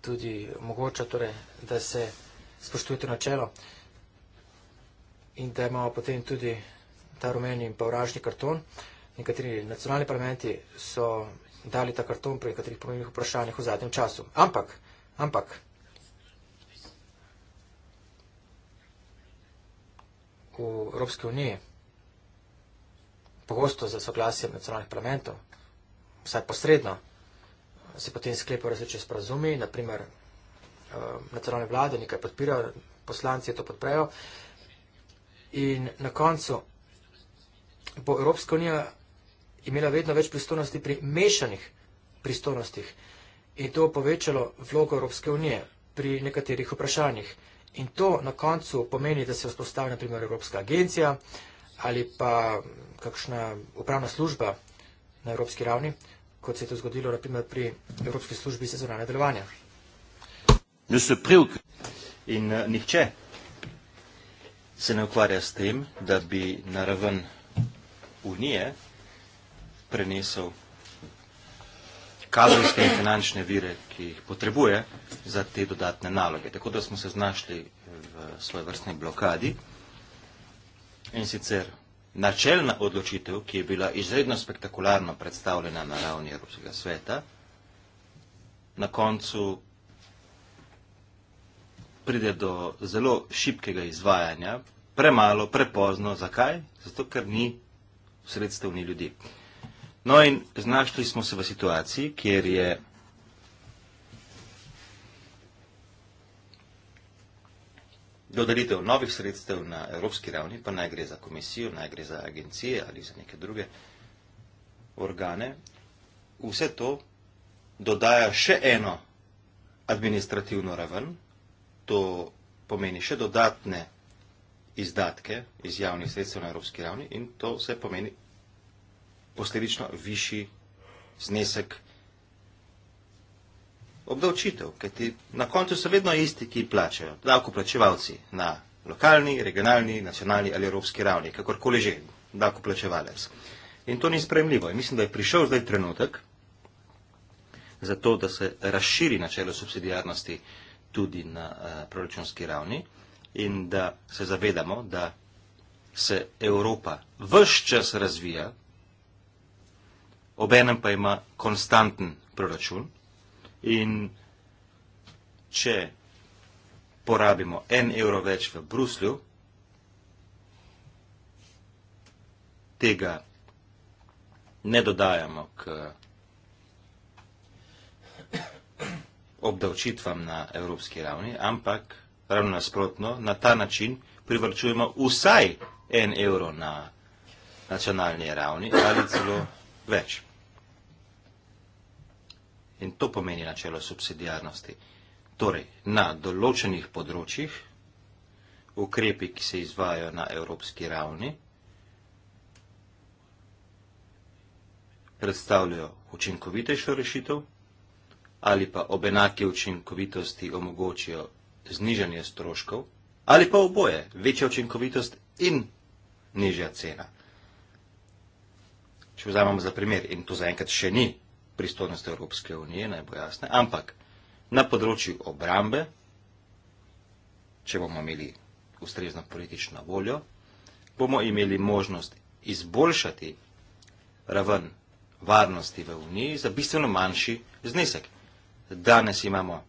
tudi omogoča, torej, da se spoštuje to načelo in da imamo potem tudi ta rumeni in pa vražni karton. Nekateri nacionalni parlamenti so dali ta karton pri nekaterih pomembnih vprašanjih v zadnjem času. Ampak, ampak, v Evropski uniji. Pogosto za soglasje nacionalnih parlamentov, vsaj posredno, se potem sklepajo različne sporazumi, naprimer eh, nacionalne vlade nekaj podpirajo, poslanci to podprejo. In na koncu bo Evropska unija imela vedno več pristojnosti pri mešanih pristojnostih in to povečalo vlogo Evropske unije pri nekaterih vprašanjih. In to na koncu pomeni, da se vzpostavi naprimer Evropska agencija ali pa kakšna upravna služba na evropski ravni, kot se je to zgodilo naprimer pri Evropski službi za zunanje delovanje. In eh, nihče se ne ukvarja s tem, da bi na raven unije prenesel kadrovske in finančne vire, ki jih potrebuje za te dodatne naloge. Tako da smo se znašli v svoj vrstni blokadi in sicer načelna odločitev, ki je bila izredno spektakularno predstavljena na ravni Evropskega sveta, na koncu pride do zelo šibkega izvajanja, premalo, prepozno, zakaj? Zato, ker ni sredstev, ni ljudi. No in znašli smo se v situaciji, kjer je dodelitev novih sredstev na evropski ravni, pa naj gre za komisijo, naj gre za agencije ali za neke druge organe, vse to dodaja še eno administrativno raven, to pomeni še dodatne izdatke iz javnih sredstev na evropski ravni in to vse pomeni posledično višji znesek obdavčitev, kajti na koncu so vedno isti, ki plačajo, davkoplačevalci na lokalni, regionalni, nacionalni ali evropski ravni, kakorkoli že, davkoplačevalec. In to ni spremljivo. In mislim, da je prišel zdaj trenutek za to, da se razširi načelo subsidijarnosti tudi na eh, proračunski ravni in da se zavedamo, da se Evropa vse čas razvija, obenem pa ima konstanten proračun in če porabimo en evro več v Bruslju, tega ne dodajamo k obdavčitvam na evropski ravni, ampak ravno nasprotno, na ta način privrčujemo vsaj en evro na nacionalni ravni ali celo več in to pomeni načelo subsidijarnosti. Torej, na določenih področjih ukrepi, ki se izvajo na evropski ravni, predstavljajo učinkovitejšo rešitev ali pa ob enake učinkovitosti omogočijo znižanje stroškov ali pa oboje, večja učinkovitost in nižja cena. Če vzamemo za primer, in to zaenkrat še ni pristojnost Evropske unije, naj bo jasne, ampak na področju obrambe, če bomo imeli ustrezno politično voljo, bomo imeli možnost izboljšati raven varnosti v Uniji za bistveno manjši znesek. Danes imamo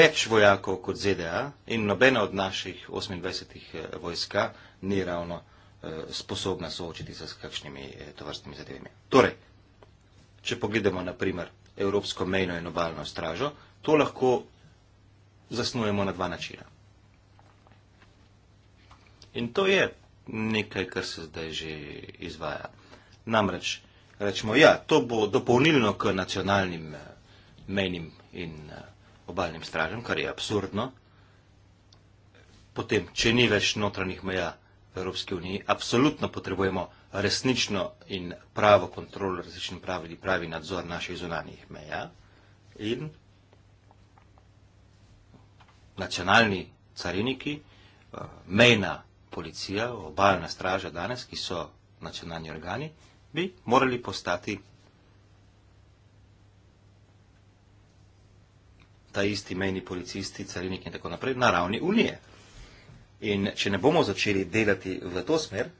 več vojakov kot ZDA in nobena od naših 28 eh, vojska ni ravno eh, sposobna soočiti se s kakšnimi eh, tovrstnimi zadevami. Torej, Če pogledamo naprimer Evropsko mejno in obalno stražo, to lahko zasnujemo na dva načina. In to je nekaj, kar se zdaj že izvaja. Namreč rečemo, ja, to bo dopolnilno k nacionalnim eh, mejnim in eh, obalnim stražem, kar je absurdno. Potem, če ni več notranjih meja v Evropski uniji, apsolutno potrebujemo resnično in pravo kontrolo, resnično pravi, pravi nadzor naših zunanjih meja in nacionalni cariniki, eh, mejna policija, obaljna straža danes, ki so nacionalni organi, bi morali postati ta isti mejni policisti, cariniki in tako naprej na ravni Unije. In če ne bomo začeli delati v to smer,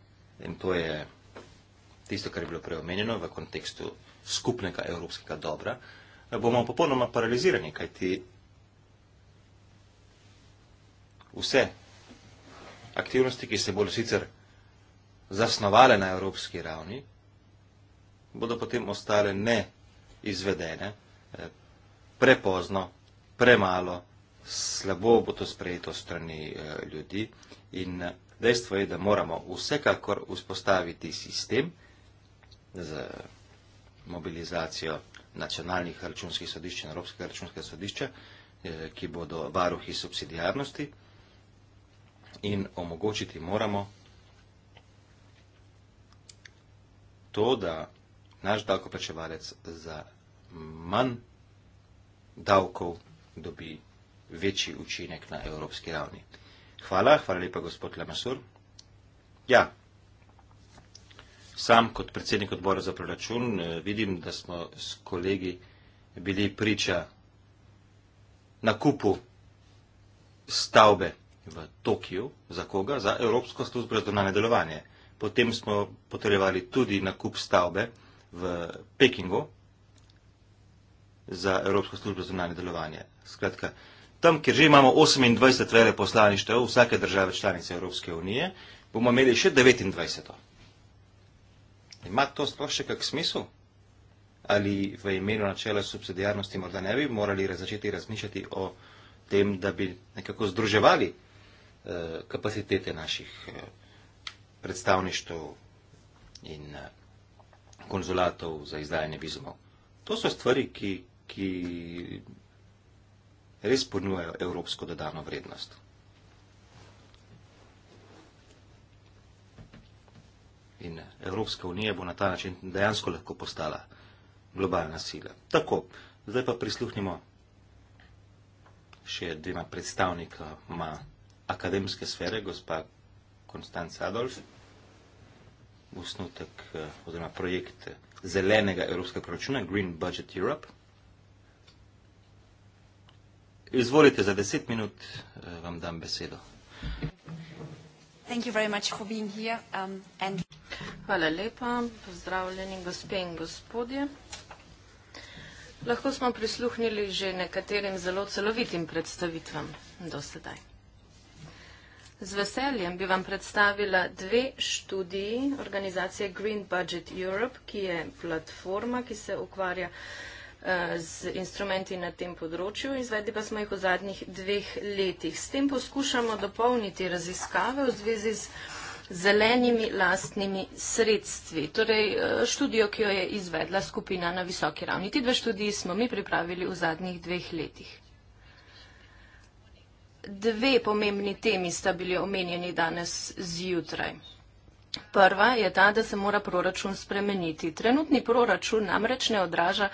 in to je tisto, kar je bilo preomenjeno v kontekstu skupnega evropskega dobra, bomo popolnoma paralizirani, kajti vse aktivnosti, ki se bodo sicer zasnovale na evropski ravni, bodo potem ostale neizvedene, eh, prepozno, premalo, slabo bo to sprejeto strani eh, ljudi in eh, dejstvo je, da moramo vsekakor vzpostaviti sistem, z mobilizacijo nacionalnih računskih sodišč in Evropskega računskega sodišča, eh, ki bodo varuhi subsidijarnosti in omogočiti moramo to, da naš davkoplačevalec za manj davkov dobi večji učinek na evropski ravni. Hvala, hvala lepa gospod Lamasur. Ja. Sam kot predsednik odbora za proračun eh, vidim, da smo s kolegi bili priča nakupu stavbe v Tokiju. Za koga? Za Evropsko službo za zdravljeno delovanje. Potem smo potrebovali tudi nakup stavbe v Pekingu za Evropsko službo za zunanje delovanje. Skratka, tam, kjer že imamo 28 veleposlaništev vsake države članice Evropske unije, bomo imeli še 29. Ima to sploh še kak smisel? Ali v imenu načela subsidijarnosti morda ne bi morali začeti razmišljati o tem, da bi nekako združevali eh, kapacitete naših eh, predstavništv in eh, konzulatov za izdajanje vizumov? To so stvari, ki, ki res ponujajo evropsko dodano vrednost. in Evropska unija bo na ta način dejansko lahko postala globalna sila. Tako, zdaj pa prisluhnimo še dvema predstavnikama akademske sfere, gospa Konstanca Adolf, usnutek eh, oziroma projekt zelenega evropskega proračuna Green Budget Europe. Izvolite, za deset minut eh, vam dam besedo. Thank you. Thank you very much for being here. Um, and Hvala lepa. Pozdravljeni gospe in gospodje. Lahko smo prisluhnili že nekaterim zelo celovitim predstavitvam do sedaj. Z veseljem bi vam predstavila dve študiji organizacije Green Budget Europe, ki je platforma, ki se ukvarja Eh, z instrumenti na tem področju, izvedli pa smo jih v zadnjih dveh letih. S tem poskušamo dopolniti raziskave v zvezi z zelenimi lastnimi sredstvi, torej eh, študijo, ki jo je izvedla skupina na visoki ravni. Ti dve študiji smo mi pripravili v zadnjih dveh letih. Dve pomembni temi sta bili omenjeni danes zjutraj. Prva je ta, da se mora proračun spremeniti. Trenutni proračun namreč ne odraža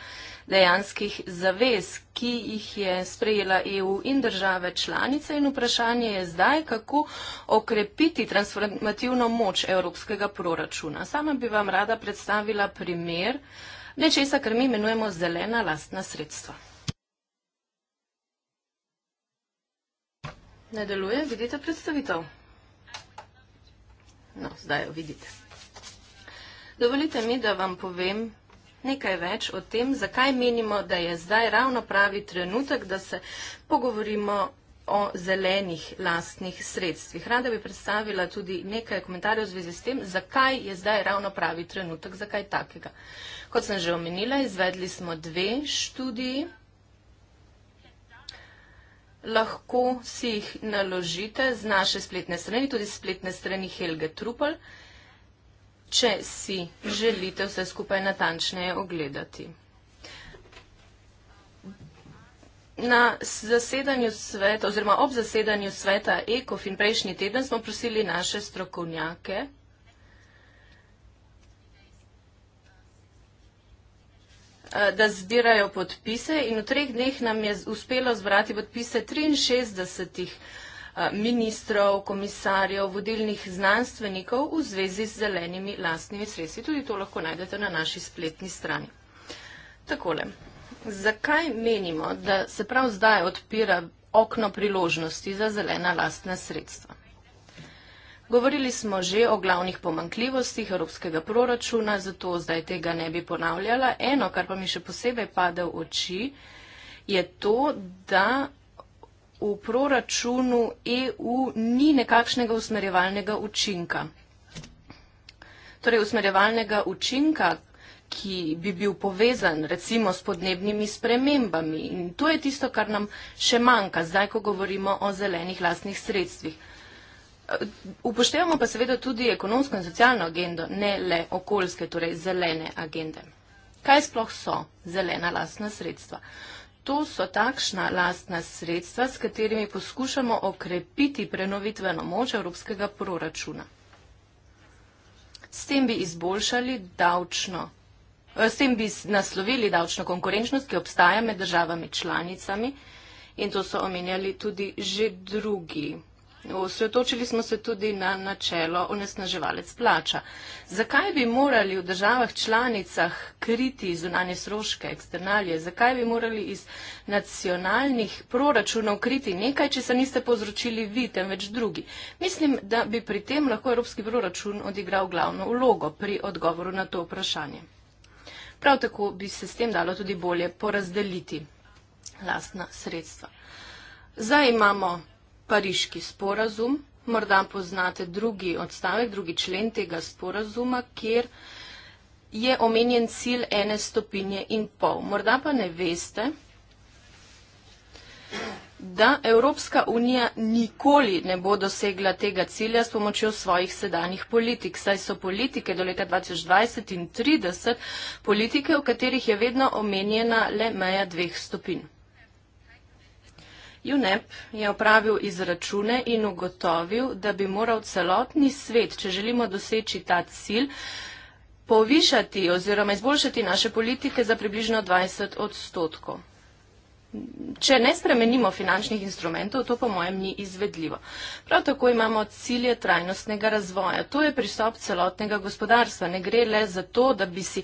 dejanskih zavez, ki jih je sprejela EU in države članice in vprašanje je zdaj, kako okrepiti transformativno moč evropskega proračuna. Sama bi vam rada predstavila primer nečesa, kar mi imenujemo zelena lastna sredstva. Ne deluje, vidite predstavitev. No, zdaj jo vidite. Dovolite mi, da vam povem nekaj več o tem, zakaj menimo, da je zdaj ravno pravi trenutek, da se pogovorimo o zelenih lastnih sredstvih. Rada bi predstavila tudi nekaj komentarjev v zvezi s tem, zakaj je zdaj ravno pravi trenutek, zakaj takega. Kot sem že omenila, izvedli smo dve študiji lahko si jih naložite z naše spletne strani, tudi spletne strani Helge Trupel, če si želite vse skupaj natančneje ogledati. Na zasedanju sveta oziroma ob zasedanju sveta ECOFIN prejšnji teden smo prosili naše strokovnjake, Eh, da zbirajo podpise in v treh dneh nam je uspelo zbrati podpise 63 eh, ministrov, komisarjev, vodilnih znanstvenikov v zvezi z zelenimi lastnimi sredstvi. Tudi to lahko najdete na naši spletni strani. Takole, zakaj menimo, da se prav zdaj odpira okno priložnosti za zelena lastna sredstva? Govorili smo že o glavnih pomankljivostih evropskega proračuna, zato zdaj tega ne bi ponavljala. Eno, kar pa mi še posebej pade v oči, je to, da v proračunu EU ni nekakšnega usmerjevalnega učinka. Torej, usmerjevalnega učinka, ki bi bil povezan recimo s podnebnimi spremembami. In to je tisto, kar nam še manjka, zdaj, ko govorimo o zelenih lastnih sredstvih. Upoštevamo pa seveda tudi ekonomsko in socialno agendo, ne le okoljske, torej zelene agende. Kaj sploh so zelena lastna sredstva? To so takšna lastna sredstva, s katerimi poskušamo okrepiti prenovitveno moč evropskega proračuna. S tem bi izboljšali davčno, eh, s tem bi naslovili davčno konkurenčnost, ki obstaja med državami članicami in to so omenjali tudi že drugi. Osredotočili smo se tudi na načelo onesnaževalec plača. Zakaj bi morali v državah članicah kriti zunanje sroške, eksternalje? Zakaj bi morali iz nacionalnih proračunov kriti nekaj, če se niste povzročili vi, temveč drugi? Mislim, da bi pri tem lahko evropski proračun odigral glavno vlogo pri odgovoru na to vprašanje. Prav tako bi se s tem dalo tudi bolje porazdeliti lastna sredstva. Zdaj imamo Pariški sporazum. Morda poznate drugi odstavek, drugi člen tega sporazuma, kjer je omenjen cilj ene stopinje in pol. Morda pa ne veste, da Evropska unija nikoli ne bo dosegla tega cilja s pomočjo svojih sedanjih politik. Saj so politike do leta 2020 in 2030 politike, v katerih je vedno omenjena le meja dveh stopinj. UNEP je opravil izračune in ugotovil, da bi moral celotni svet, če želimo doseči ta cilj, povišati oziroma izboljšati naše politike za približno 20 odstotkov. Če ne spremenimo finančnih instrumentov, to po mojem ni izvedljivo. Prav tako imamo cilje trajnostnega razvoja. To je pristop celotnega gospodarstva. Ne gre le za to, da bi si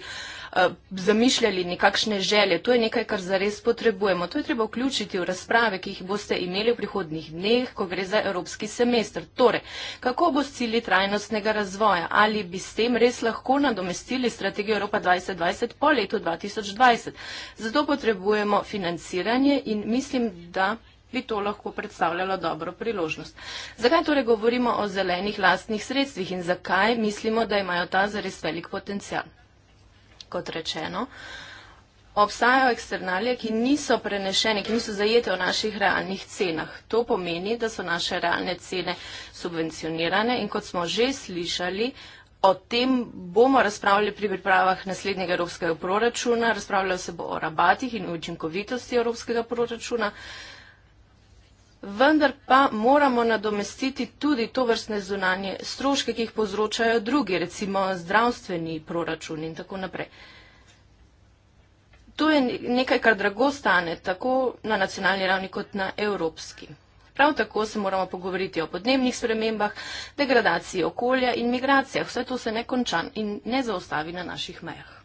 Eh, zamišljali nekakšne želje. To je nekaj, kar zares potrebujemo. To je treba vključiti v razprave, ki jih boste imeli v prihodnih dneh, ko gre za evropski semester. Torej, kako bo s cilji trajnostnega razvoja? Ali bi s tem res lahko nadomestili strategijo Evropa 2020 po letu 2020? Zato potrebujemo financiranje in mislim, da bi to lahko predstavljalo dobro priložnost. Zakaj torej govorimo o zelenih lastnih sredstvih in zakaj mislimo, da imajo ta zares velik potencial? kot rečeno. Obstajajo eksternalije, ki niso prenešene, ki niso zajete v naših realnih cenah. To pomeni, da so naše realne cene subvencionirane in kot smo že slišali, o tem bomo razpravljali pri pripravah naslednjega evropskega proračuna, razpravljalo se bo o rabatih in učinkovitosti evropskega proračuna vendar pa moramo nadomestiti tudi to vrstne zunanje stroške, ki jih povzročajo drugi, recimo zdravstveni proračun in tako naprej. To je nekaj, kar drago stane tako na nacionalni ravni kot na evropski. Prav tako se moramo pogovoriti o podnebnih spremembah, degradaciji okolja in migracijah. Vse to se ne konča in ne zaostavi na naših mejah.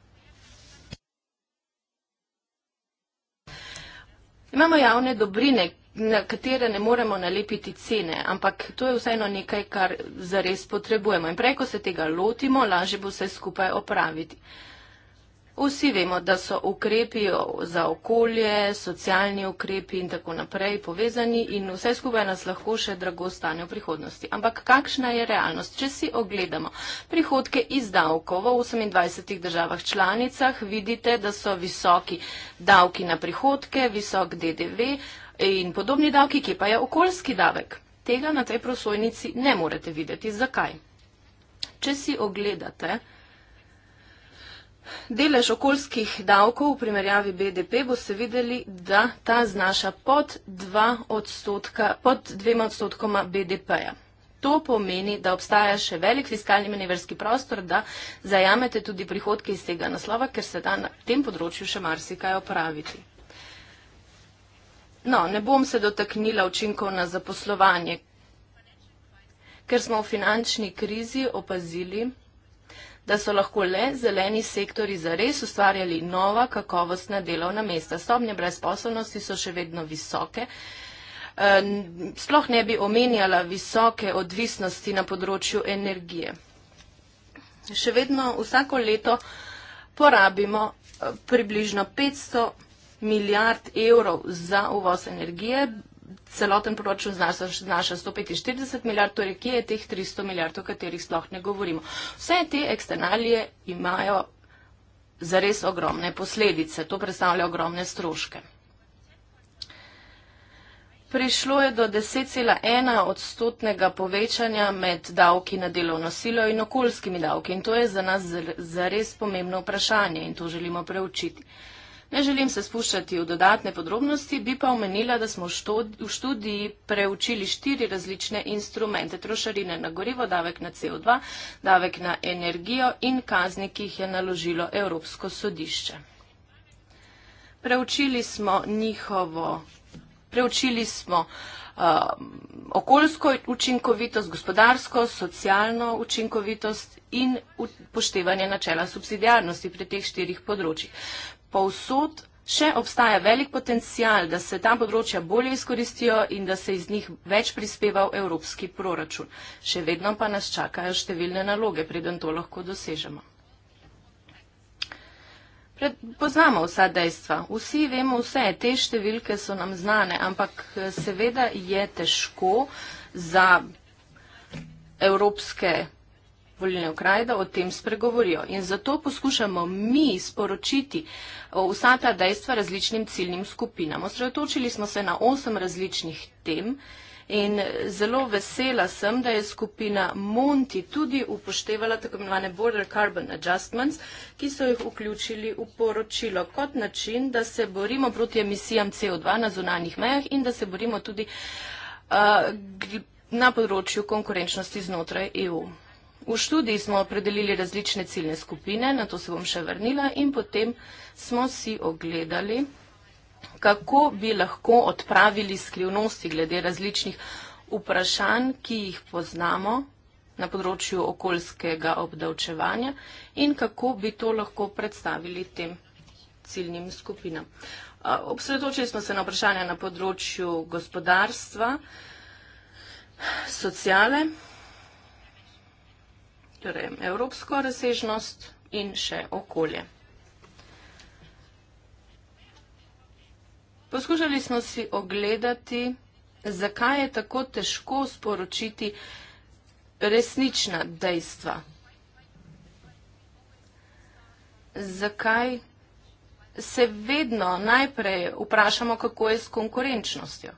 Imamo javne dobrine, na katere ne moremo nalepiti cene, ampak to je vseeno nekaj, kar zares potrebujemo. In preko se tega lotimo, lažje bo vse skupaj opraviti. Vsi vemo, da so ukrepi za okolje, socialni ukrepi in tako naprej povezani in vse skupaj nas lahko še drago stane v prihodnosti. Ampak kakšna je realnost? Če si ogledamo prihodke iz davkov v 28 državah članicah, vidite, da so visoki davki na prihodke, visok DDV in podobni davki, ki pa je okoljski davek. Tega na tej prosojnici ne morete videti. Zakaj? Če si ogledate, delež okoljskih davkov v primerjavi BDP bo se videli, da ta znaša pod, odstotka, pod dvema odstotkoma BDP-ja. To pomeni, da obstaja še velik fiskalni manevrski prostor, da zajamete tudi prihodke iz tega naslova, ker se da na tem področju še marsikaj opraviti. No, ne bom se dotaknila učinkov na zaposlovanje, ker smo v finančni krizi opazili, da so lahko le zeleni sektori zares ustvarjali nova kakovostna delovna mesta. Stopnje brezposobnosti so še vedno visoke. Eh, sploh ne bi omenjala visoke odvisnosti na področju energije. Še vedno vsako leto porabimo eh, približno 500 milijard evrov za uvoz energije, celoten proračun znaša 145 milijard, torej kje je teh 300 milijard, o katerih sploh ne govorimo. Vse te eksternalije imajo zares ogromne posledice, to predstavlja ogromne stroške. Prišlo je do 10,1 odstotnega povečanja med davki na delovno silo in okoljskimi davki in to je za nas zares pomembno vprašanje in to želimo preučiti. Ne želim se spuščati v dodatne podrobnosti, bi pa omenila, da smo študi v študiji preučili štiri različne instrumente. Trošarine na gorivo, davek na CO2, davek na energijo in kazni, ki jih je naložilo Evropsko sodišče. Preučili smo njihovo. Preučili smo uh, okoljsko učinkovitost, gospodarsko, socialno učinkovitost in poštevanje načela subsidijarnosti pri teh štirih področjih povsod še obstaja velik potencial, da se ta področja bolje izkoristijo in da se iz njih več prispeva v evropski proračun. Še vedno pa nas čakajo številne naloge, preden to lahko dosežemo. Pred, poznamo vsa dejstva, vsi vemo vse, te številke so nam znane, ampak eh, seveda je težko za evropske volilne okraje, da o tem spregovorijo. In zato poskušamo mi sporočiti vsa ta dejstva različnim ciljnim skupinam. Osredotočili smo se na osem različnih tem. In zelo vesela sem, da je skupina Monti tudi upoštevala tako imenovane Border Carbon Adjustments, ki so jih vključili v poročilo kot način, da se borimo proti emisijam CO2 na zunanjih mejah in da se borimo tudi uh, na področju konkurenčnosti znotraj EU. V študiji smo opredelili različne ciljne skupine, na to se bom še vrnila in potem smo si ogledali, kako bi lahko odpravili skrivnosti glede različnih vprašanj, ki jih poznamo na področju okoljskega obdavčevanja in kako bi to lahko predstavili tem ciljnim skupinam. Obsredočili smo se na vprašanja na področju gospodarstva, sociale, torej evropsko razsežnost in še okolje. Poskušali smo si ogledati, zakaj je tako težko sporočiti resnična dejstva. Zakaj se vedno najprej vprašamo, kako je s konkurenčnostjo?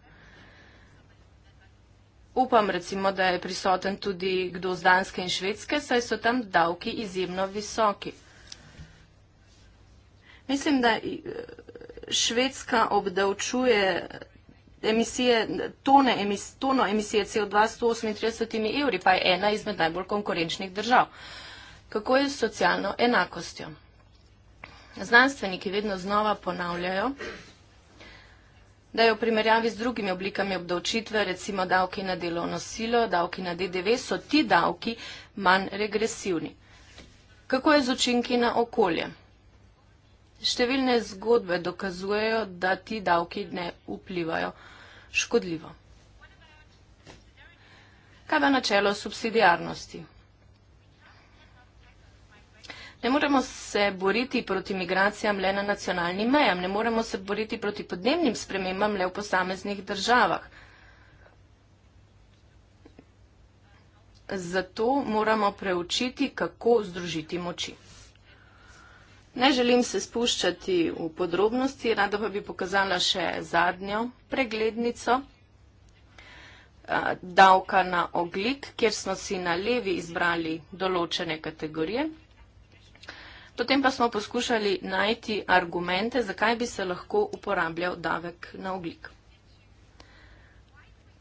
Upam recimo, da je prisoten tudi kdo z Danske in Švedske, saj so tam davki izjemno visoki. Mislim, da eh, Švedska obdavčuje emisije, tone, emis, tono emisije CO2 s 38 evri, pa je ena izmed najbolj konkurenčnih držav. Kako je s socialno enakostjo? Znanstveniki vedno znova ponavljajo, da je v primerjavi z drugimi oblikami obdavčitve, recimo davki na delovno silo, davki na DDV, so ti davki manj regresivni. Kako je z učinki na okolje? Številne zgodbe dokazujejo, da ti davki ne vplivajo škodljivo. Kaj je načelo subsidijarnosti? Ne moremo se boriti proti migracijam le na nacionalnim mejam, ne moremo se boriti proti podnebnim spremembam le v posameznih državah. Zato moramo preučiti, kako združiti moči. Ne želim se spuščati v podrobnosti, rada pa bi pokazala še zadnjo preglednico davka na oglik, kjer smo si na levi izbrali določene kategorije. Potem pa smo poskušali najti argumente, zakaj bi se lahko uporabljal davek na oglik.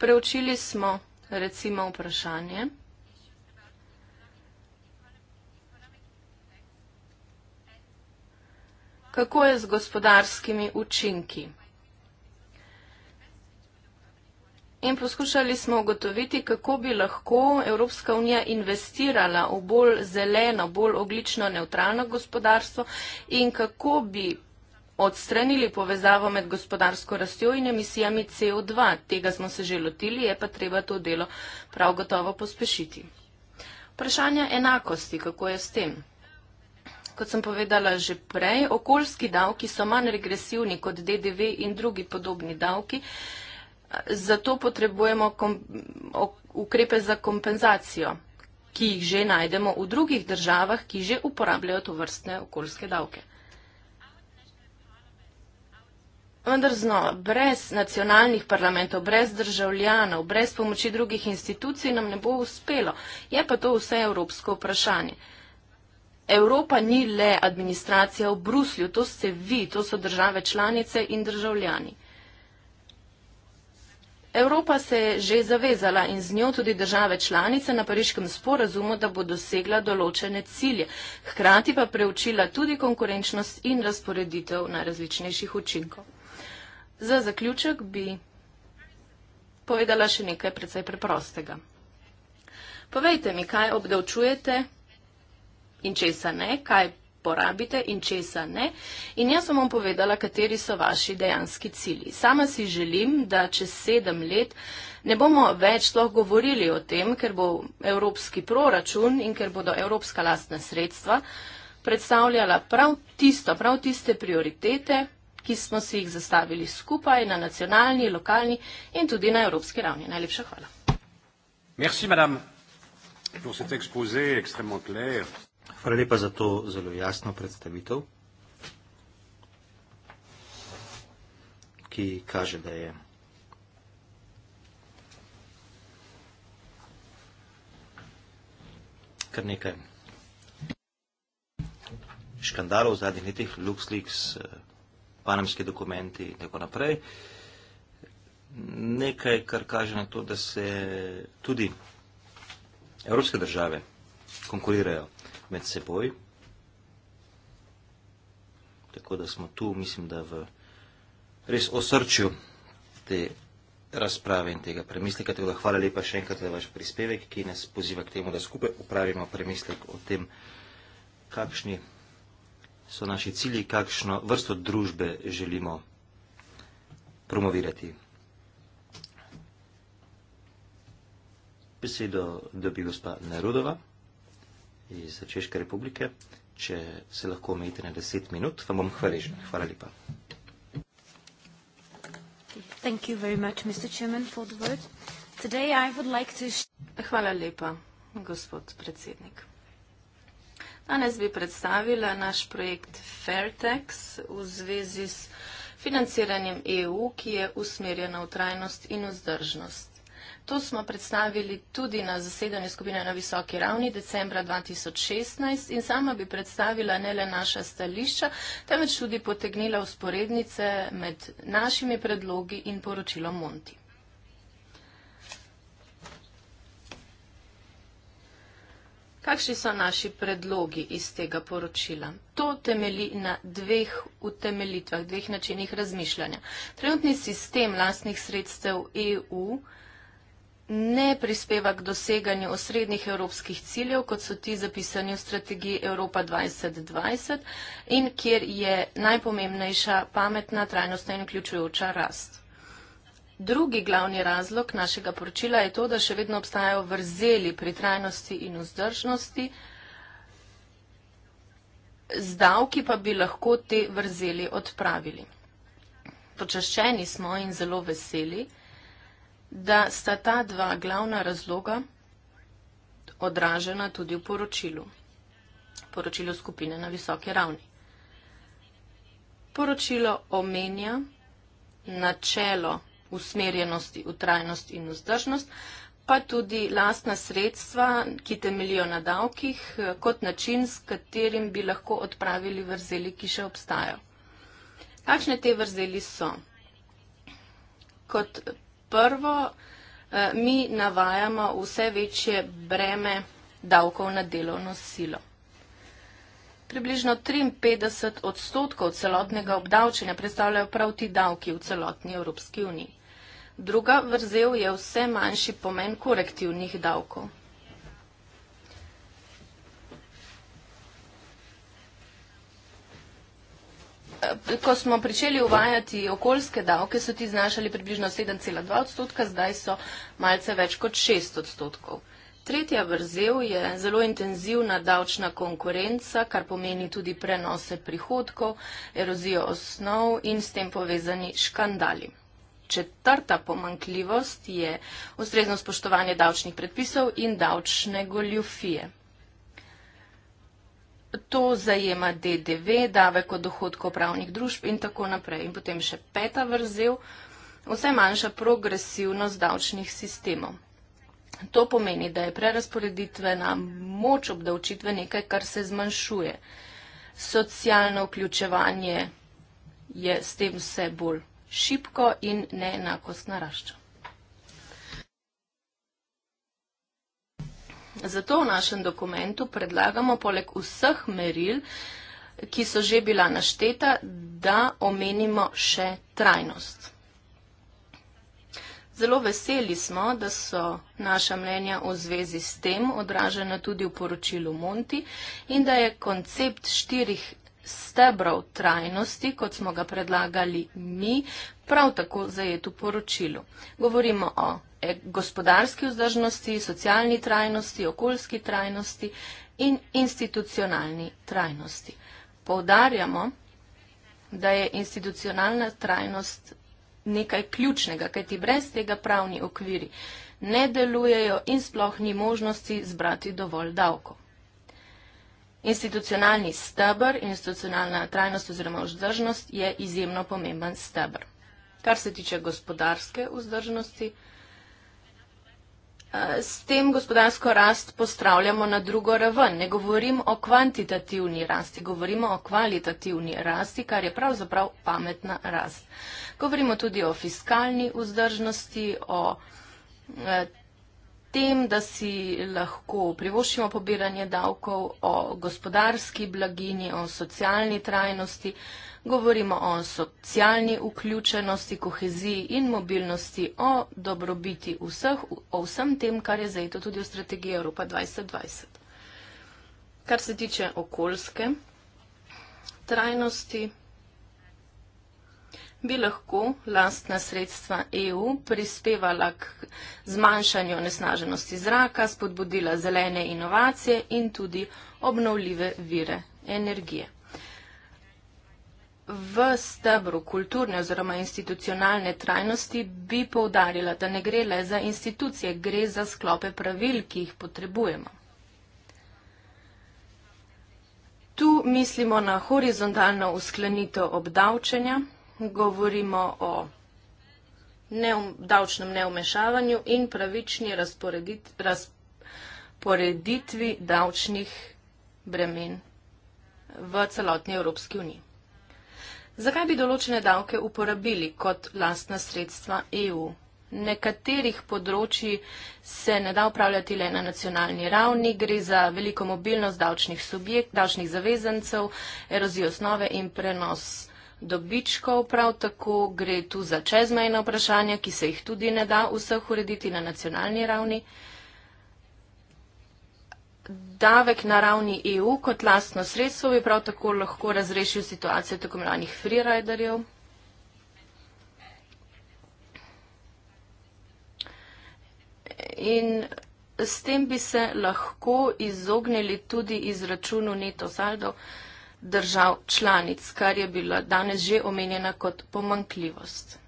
Preučili smo recimo vprašanje, kako je z gospodarskimi učinki. In poskušali smo ugotoviti, kako bi lahko Evropska unija investirala v bolj zeleno, bolj oglično neutralno gospodarstvo in kako bi odstranili povezavo med gospodarsko rastjo in emisijami CO2. Tega smo se že lotili, je pa treba to delo prav gotovo pospešiti. Vprašanje enakosti, kako je s tem? Kot sem povedala že prej, okoljski davki so manj regresivni kot DDV in drugi podobni davki. Zato potrebujemo ukrepe za kompenzacijo, ki jih že najdemo v drugih državah, ki že uporabljajo to vrstne okoljske davke. Vendar znova, brez nacionalnih parlamentov, brez državljanov, brez pomoči drugih institucij nam ne bo uspelo. Je pa to vse evropsko vprašanje. Evropa ni le administracija v Bruslju, to ste vi, to so države članice in državljani. Evropa se je že zavezala in z njo tudi države članice na pariškem sporazumu, da bo dosegla določene cilje, hkrati pa preučila tudi konkurenčnost in razporeditev na različnejših učinkov. Za zaključek bi povedala še nekaj predvsej preprostega. Povejte mi, kaj obdavčujete in česa ne, kaj porabite in česa ne. In jaz sem vam povedala, kateri so vaši dejanski cilji. Sama si želim, da čez sedem let ne bomo več sploh govorili o tem, ker bo evropski proračun in ker bodo evropska lastna sredstva predstavljala prav tisto, prav tiste prioritete, ki smo si jih zastavili skupaj na nacionalni, lokalni in tudi na evropski ravni. Najlepša hvala. Merci, madame, pour cet exposé extrêmement clair. Hvala lepa za to zelo jasno predstavitev, ki kaže, da je kar nekaj škandalov v zadnjih letih, LuxLeaks, eh, panamski dokumenti in tako naprej. Nekaj, kar kaže na to, da se tudi evropske države konkurirajo med seboj. Tako da smo tu, mislim, da v res osrčju te razprave in tega premisleka. Tako da hvala lepa še enkrat za vaš prispevek, ki nas poziva k temu, da skupaj upravimo premislek o tem, kakšni so naši cilji, kakšno vrsto družbe želimo promovirati. Besedo dobi gospa Nerudova iz Češke republike. Če se lahko omejite na 10 minut, vam bom hvaležen. Hvala lepa. Hvala lepa, gospod predsednik. Danes bi predstavila naš projekt Fairtex v zvezi s financiranjem EU, ki je usmerjena v trajnost in vzdržnost. To smo predstavili tudi na zasedanju skupine na visoki ravni decembra 2016 in sama bi predstavila ne le naša stališča, temveč tudi potegnila usporednice med našimi predlogi in poročilom Monti. Kakšni so naši predlogi iz tega poročila? To temeli na dveh utemelitvah, dveh načinih razmišljanja. Trenutni sistem lastnih sredstev EU je, ne prispeva k doseganju osrednjih evropskih ciljev, kot so ti zapisani v strategiji Evropa 2020 in kjer je najpomembnejša pametna, trajnostna in vključujoča rast. Drugi glavni razlog našega poročila je to, da še vedno obstajajo vrzeli pri trajnosti in vzdržnosti, z davki pa bi lahko te vrzeli odpravili. Počaščeni smo in zelo veseli, da sta ta dva glavna razloga odražena tudi v poročilu, poročilu skupine na visoki ravni. Poročilo omenja načelo usmerjenosti v trajnost in vzdržnost, pa tudi lastna sredstva, ki temelijo na davkih, kot način, s katerim bi lahko odpravili vrzeli, ki še obstajajo. Kakšne te vrzeli so? Kot prvo, eh, mi navajamo vse večje breme davkov na delovno silo. Približno 53 odstotkov celotnega obdavčenja predstavljajo prav ti davki v celotni Evropski uniji. Druga vrzel je vse manjši pomen korektivnih davkov. Ko smo pričeli uvajati okoljske davke, so ti znašali približno 7,2 odstotka, zdaj so malce več kot 6 odstotkov. Tretja vrzel je zelo intenzivna davčna konkurenca, kar pomeni tudi prenose prihodkov, erozijo osnov in s tem povezani škandali. Četrta pomankljivost je ustrezno spoštovanje davčnih predpisov in davčne goljufije. To zajema DDV, davek od dohodkov pravnih družb in tako naprej. In potem še peta vrzel, vse manjša progresivnost davčnih sistemov. To pomeni, da je prerasporeditvena moč obdavčitve nekaj, kar se zmanjšuje. Socialno vključevanje je s tem vse bolj šipko in neenakost narašča. Zato v našem dokumentu predlagamo poleg vseh meril, ki so že bila našteta, da omenimo še trajnost. Zelo veseli smo, da so naša mnenja v zvezi s tem odražena tudi v poročilu Monti in da je koncept štirih stebrov trajnosti, kot smo ga predlagali mi, prav tako zajet v poročilu. Govorimo o E, gospodarski vzdržnosti, socialni trajnosti, okoljski trajnosti in institucionalni trajnosti. Poudarjamo, da je institucionalna trajnost nekaj ključnega, kajti brez tega pravni okviri ne delujejo in sploh ni možnosti zbrati dovolj davkov. Institucionalni stebr, institucionalna trajnost oziroma vzdržnost je izjemno pomemben stebr. Kar se tiče gospodarske vzdržnosti, Eh, s tem gospodarsko rast postavljamo na drugo raven. Ne govorim o kvantitativni rasti, govorimo o kvalitativni rasti, kar je pravzaprav pametna rast. Govorimo tudi o fiskalni vzdržnosti, o eh, tem, da si lahko privoščimo pobiranje davkov, o gospodarski blagini, o socialni trajnosti, govorimo o socialni vključenosti, koheziji in mobilnosti, o dobrobiti vseh, o vsem tem, kar je zajeto tudi v strategiji Evropa 2020. Kar se tiče okoljske trajnosti, bi lahko lastna sredstva EU prispevala k zmanjšanju nesnaženosti zraka, spodbudila zelene inovacije in tudi obnovljive vire energije. V stebru kulturne oziroma institucionalne trajnosti bi poudarila, da ne gre le za institucije, gre za sklope pravil, ki jih potrebujemo. Tu mislimo na horizontalno usklenitev obdavčenja govorimo o neum, davčnem neumešavanju in pravični razporedit, razporeditvi davčnih bremen v celotni Evropski uniji. Zakaj bi določene davke uporabili kot lastna sredstva EU? Nekaterih področji se ne da upravljati le na nacionalni ravni, gre za veliko mobilnost davčnih subjektov, davčnih zavezancev, erozijo osnove in prenos dobičkov, prav tako gre tu za čezmejna vprašanja, ki se jih tudi ne da vseh urediti na nacionalni ravni. Davek na ravni EU kot lastno sredstvo bi prav tako lahko razrešil situacijo tako imenovanih freeriderjev. In s tem bi se lahko izognili tudi izračunu neto saldo. Uh, držav članic, kar je bila danes že omenjena kot pomankljivost.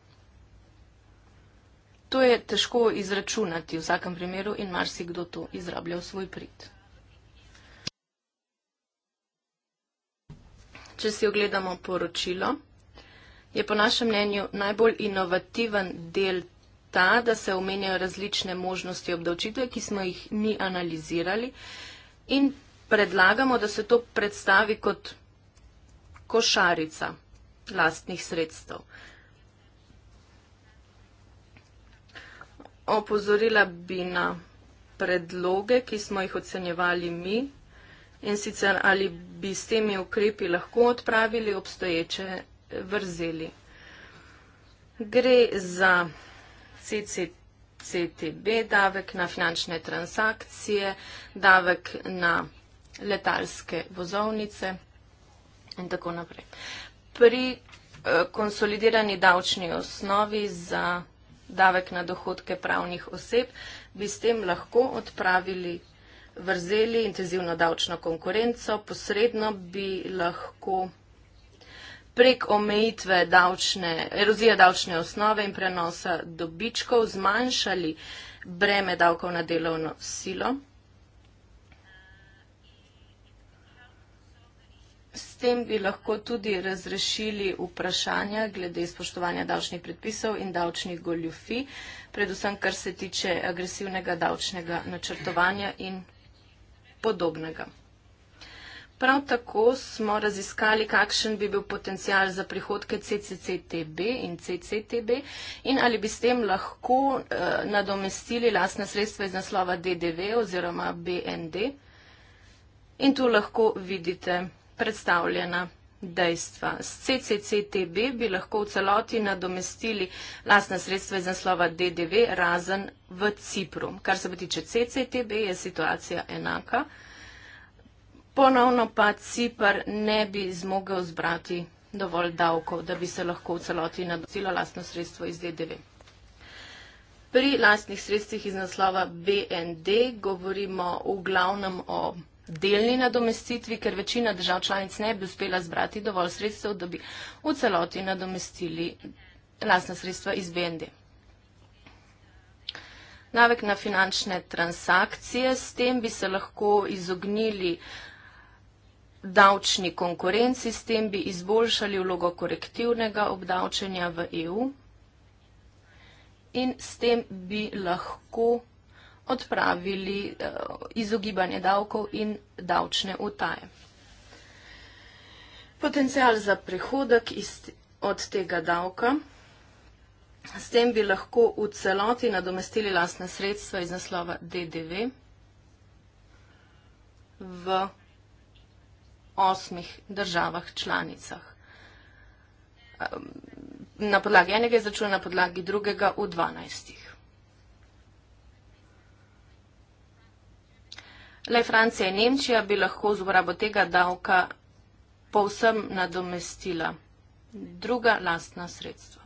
To je težko izračunati v vsakem primeru in marsikdo to izrablja v svoj prid. Če si ogledamo poročilo, je po našem mnenju najbolj inovativen del ta, da se omenjajo različne možnosti obdavčitve, ki smo jih mi analizirali in predlagamo, da se to predstavi kot košarica lastnih sredstev. Opozorila bi na predloge, ki smo jih ocenjevali mi in sicer ali bi s temi ukrepi lahko odpravili obstoječe vrzeli. Gre za CCTB, davek na finančne transakcije, davek na letalske vozovnice in tako naprej. Pri eh, konsolidirani davčni osnovi za davek na dohodke pravnih oseb bi s tem lahko odpravili vrzeli intenzivno davčno konkurenco, posredno bi lahko prek omejitve davčne, erozije davčne osnove in prenosa dobičkov zmanjšali breme davkov na delovno silo. tem bi lahko tudi razrešili vprašanja glede spoštovanja davčnih predpisov in davčnih goljufi, predvsem kar se tiče agresivnega davčnega načrtovanja in podobnega. Prav tako smo raziskali, kakšen bi bil potencial za prihodke CCCTB in CCTB in ali bi s tem lahko eh, nadomestili lastne sredstva iz naslova DDV oziroma BND. In tu lahko vidite predstavljena dejstva. S CCCTB bi lahko v celoti nadomestili lastna sredstva iz naslova DDV razen v Cipru. Kar se potiče CCTB, je situacija enaka. Ponovno pa Cipr ne bi zmogel zbrati dovolj davkov, da bi se lahko v celoti nadomestilo lastno sredstvo iz DDV. Pri lastnih sredstvih iz naslova BND govorimo v glavnem o delni nadomestitvi, ker večina držav članic ne bi uspela zbrati dovolj sredstev, da bi v celoti nadomestili lasna sredstva iz BND. Navek na finančne transakcije, s tem bi se lahko izognili davčni konkurenci, s tem bi izboljšali vlogo korektivnega obdavčenja v EU in s tem bi lahko odpravili eh, izogibanje davkov in davčne utaje. Potencial za prihodek od tega davka. S tem bi lahko v celoti nadomestili lastne sredstva iz naslova DDV v osmih državah članicah. Ehm, na podlagi enega izračuna, na podlagi drugega v dvanajstih. Le Francija in Nemčija bi lahko z uporabo tega davka povsem nadomestila druga lastna sredstva.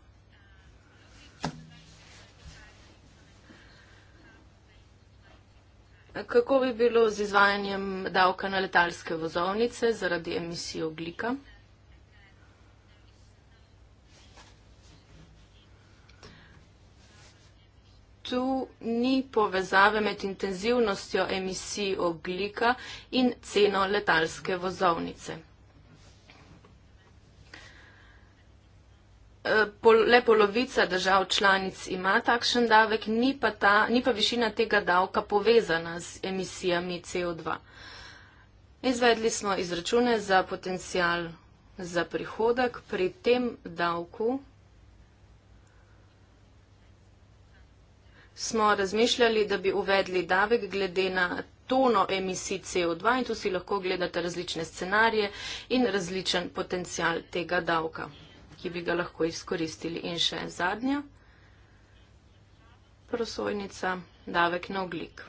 Kako bi bilo z izvajanjem davka na letalske vozovnice zaradi emisije oglika? tu ni povezave med intenzivnostjo emisij oglika in ceno letalske vozovnice. E, le polovica držav članic ima takšen davek, ni pa, ta, ni pa višina tega davka povezana z emisijami CO2. Izvedli smo izračune za potencial za prihodek pri tem davku. smo razmišljali, da bi uvedli davek glede na tono emisij CO2 in tu si lahko gledate različne scenarije in različen potencial tega davka, ki bi ga lahko izkoristili. In še zadnja prosojnica, davek na oglik.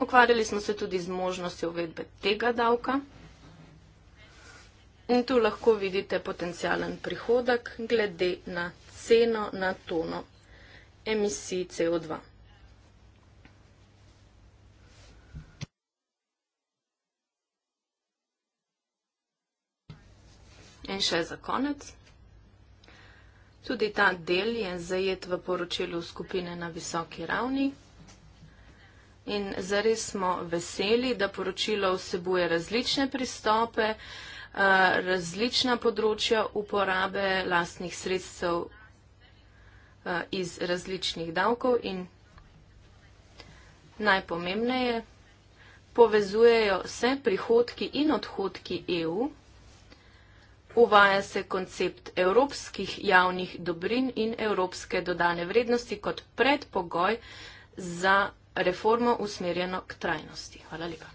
Ukvarjali smo se tudi z možnostjo uvedbe tega davka. In tu lahko vidite potencijalen prihodek glede na ceno na tono emisij CO2. In še za konec. Tudi ta del je zajet v poročilu skupine na visoki ravni. In zares smo veseli, da poročilo vsebuje različne pristope, eh, različna področja uporabe lastnih sredstev Eh, iz različnih davkov in najpomembneje povezujejo se prihodki in odhodki EU, uvaja se koncept evropskih javnih dobrin in evropske dodane vrednosti kot predpogoj za reformo usmerjeno k trajnosti. Hvala lepa.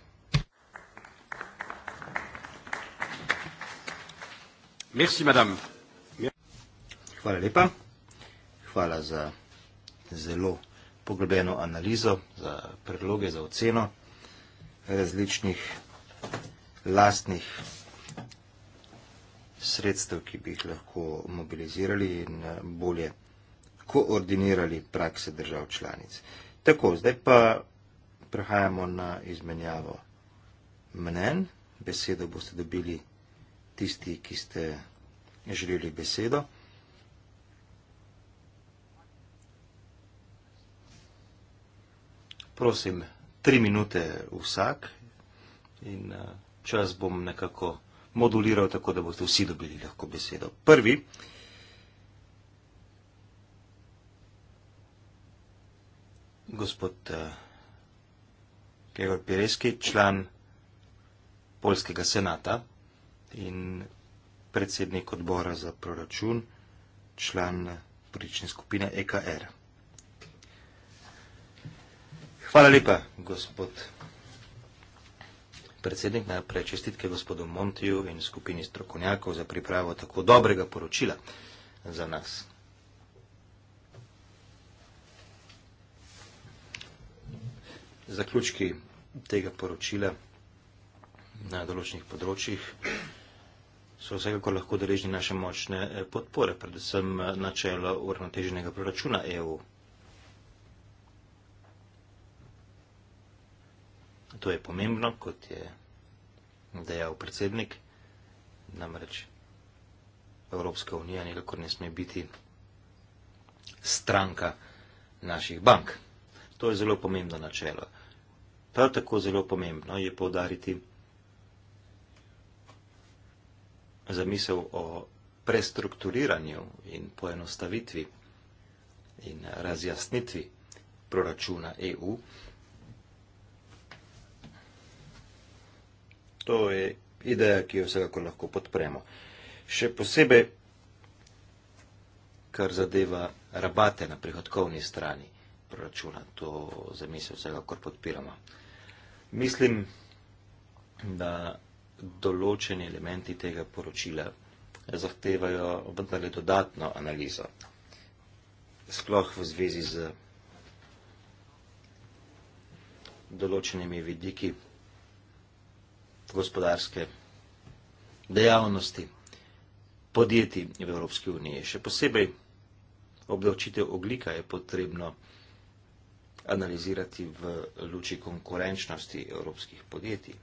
Merci, madame. Hvala lepa hvala za zelo poglobljeno analizo, za predloge, za oceno različnih lastnih sredstev, ki bi jih lahko mobilizirali in eh, bolje koordinirali prakse držav članic. Tako, zdaj pa prehajamo na izmenjavo mnen. Besedo boste dobili tisti, ki ste želeli besedo. prosim, tri minute vsak in eh, čas bom nekako moduliral tako, da boste vsi dobili lahko besedo. Prvi. Gospod eh, Gregor Pireski, član Polskega senata in predsednik odbora za proračun, član prične skupine EKR. Hvala lepa, gospod predsednik, najprej čestitke gospodu Montiju in skupini strokovnjakov za pripravo tako dobrega poročila za nas. Zaključki tega poročila na določenih področjih so vsekako lahko deležni naše močne podpore, predvsem načelo uravnoteženega proračuna EU. To je pomembno, kot je dejal predsednik, namreč Evropska unija nikakor ne sme biti stranka naših bank. To je zelo pomembno načelo. Prav tako zelo pomembno je povdariti zamisel o prestrukturiranju in poenostavitvi in razjasnitvi proračuna EU. to je ideja, ki jo vsekako lahko podpremo. Še posebej, kar zadeva rabate na prihodkovni strani proračuna, to za misel vsekako podpiramo. Mislim, da določeni elementi tega poročila zahtevajo vendarle dodatno analizo. Sploh v zvezi z določenimi vidiki gospodarske dejavnosti podjetij v Evropski uniji. Še posebej obdavčitev oglika je potrebno analizirati v luči konkurenčnosti evropskih podjetij.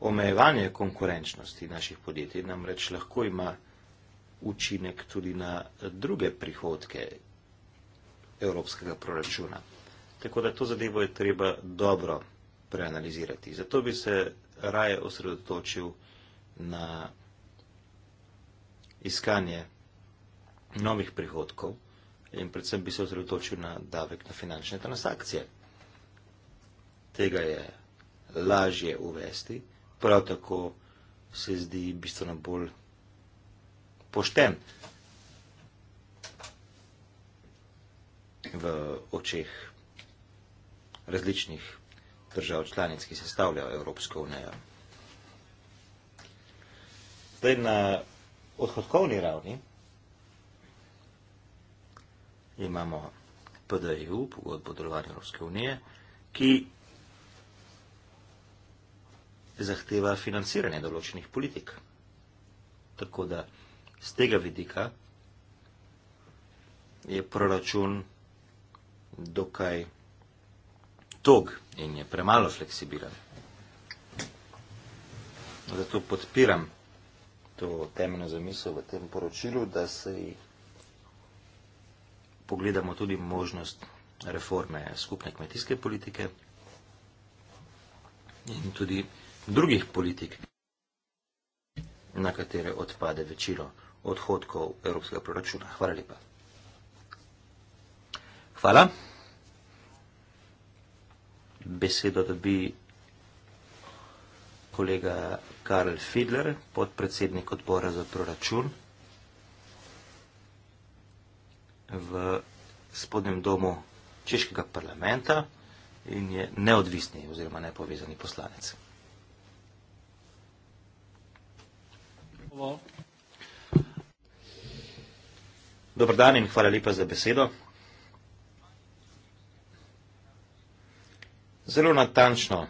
Omejevanje konkurenčnosti naših podjetij namreč lahko ima učinek tudi na druge prihodke evropskega proračuna. Tako da to zadevo je treba dobro preanalizirati. Zato bi se raje osredotočil na iskanje novih prihodkov in predvsem bi se osredotočil na davek na finančne transakcije. Tega je lažje uvesti, prav tako se zdi bistveno bolj pošten v očeh različnih držav članic, ki sestavljajo Evropsko unijo. Zdaj na odhodkovni ravni imamo PDEU, pogodbo o delovanju Evropske unije, ki zahteva financiranje določenih politik. Tako da z tega vidika je proračun dokaj tog in je premalo fleksibilen. Zato podpiram to temeljno zamisel v tem poročilu, da se pogledamo tudi možnost reforme skupne kmetijske politike in tudi drugih politik, na katere odpade večino odhodkov evropskega proračuna. Hvala lepa. Hvala besedo dobi kolega Karl Fidler, podpredsednik odbora za proračun v spodnjem domu Češkega parlamenta in je neodvisni oziroma nepovezani poslanec. Dobar dan in hvala lepa za besedo. Zelo natančno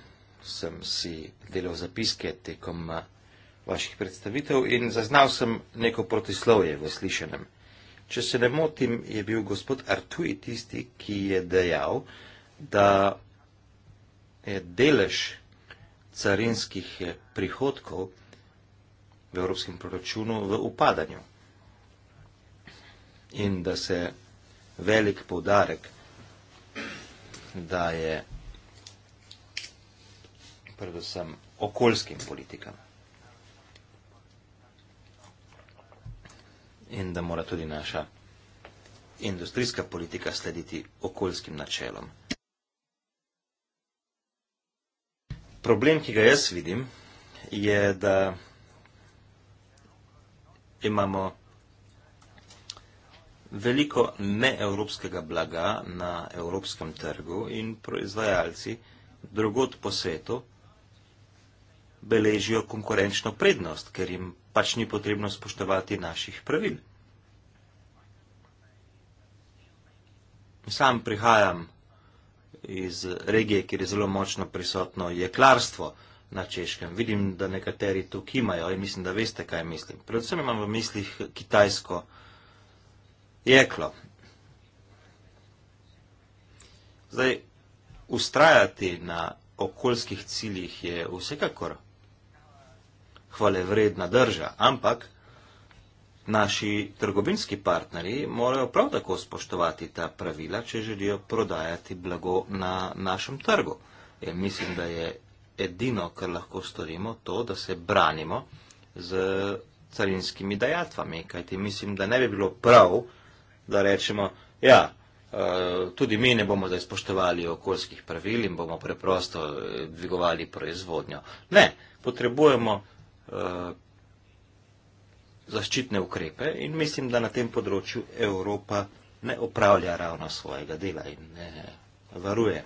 sem si delal zapiske tekom eh, vaših predstavitev in zaznal sem neko protislovje v slišenem. Če se ne motim, je bil gospod Artuji tisti, ki je dejal, da je delež carinskih eh, prihodkov v evropskem proračunu v upadanju in da se velik povdarek daje predvsem okoljskim politikam. In da mora tudi naša industrijska politika slediti okoljskim načelom. Problem, ki ga jaz vidim, je, da imamo veliko neevropskega blaga na evropskem trgu in proizvajalci drugot po svetu beležijo konkurenčno prednost, ker jim pač ni potrebno spoštovati naših pravil. Sam prihajam iz regije, kjer je zelo močno prisotno jeklarstvo na češkem. Vidim, da nekateri to kimajo in mislim, da veste, kaj mislim. Predvsem imam v mislih kitajsko jeklo. Zdaj, ustrajati na okoljskih ciljih je vsekakor hvale vredna drža, ampak naši trgovinski partnerji morajo prav tako spoštovati ta pravila, če želijo prodajati blago na našem trgu. Ja, mislim, da je edino, kar lahko storimo, to, da se branimo z carinskimi dajatvami, kajti mislim, da ne bi bilo prav, da rečemo, ja, eh, tudi mi ne bomo zdaj spoštovali okoljskih pravil in bomo preprosto eh, dvigovali proizvodnjo. Ne, potrebujemo Eh, zaščitne ukrepe in mislim, da na tem področju Evropa ne opravlja ravno svojega dela in ne varuje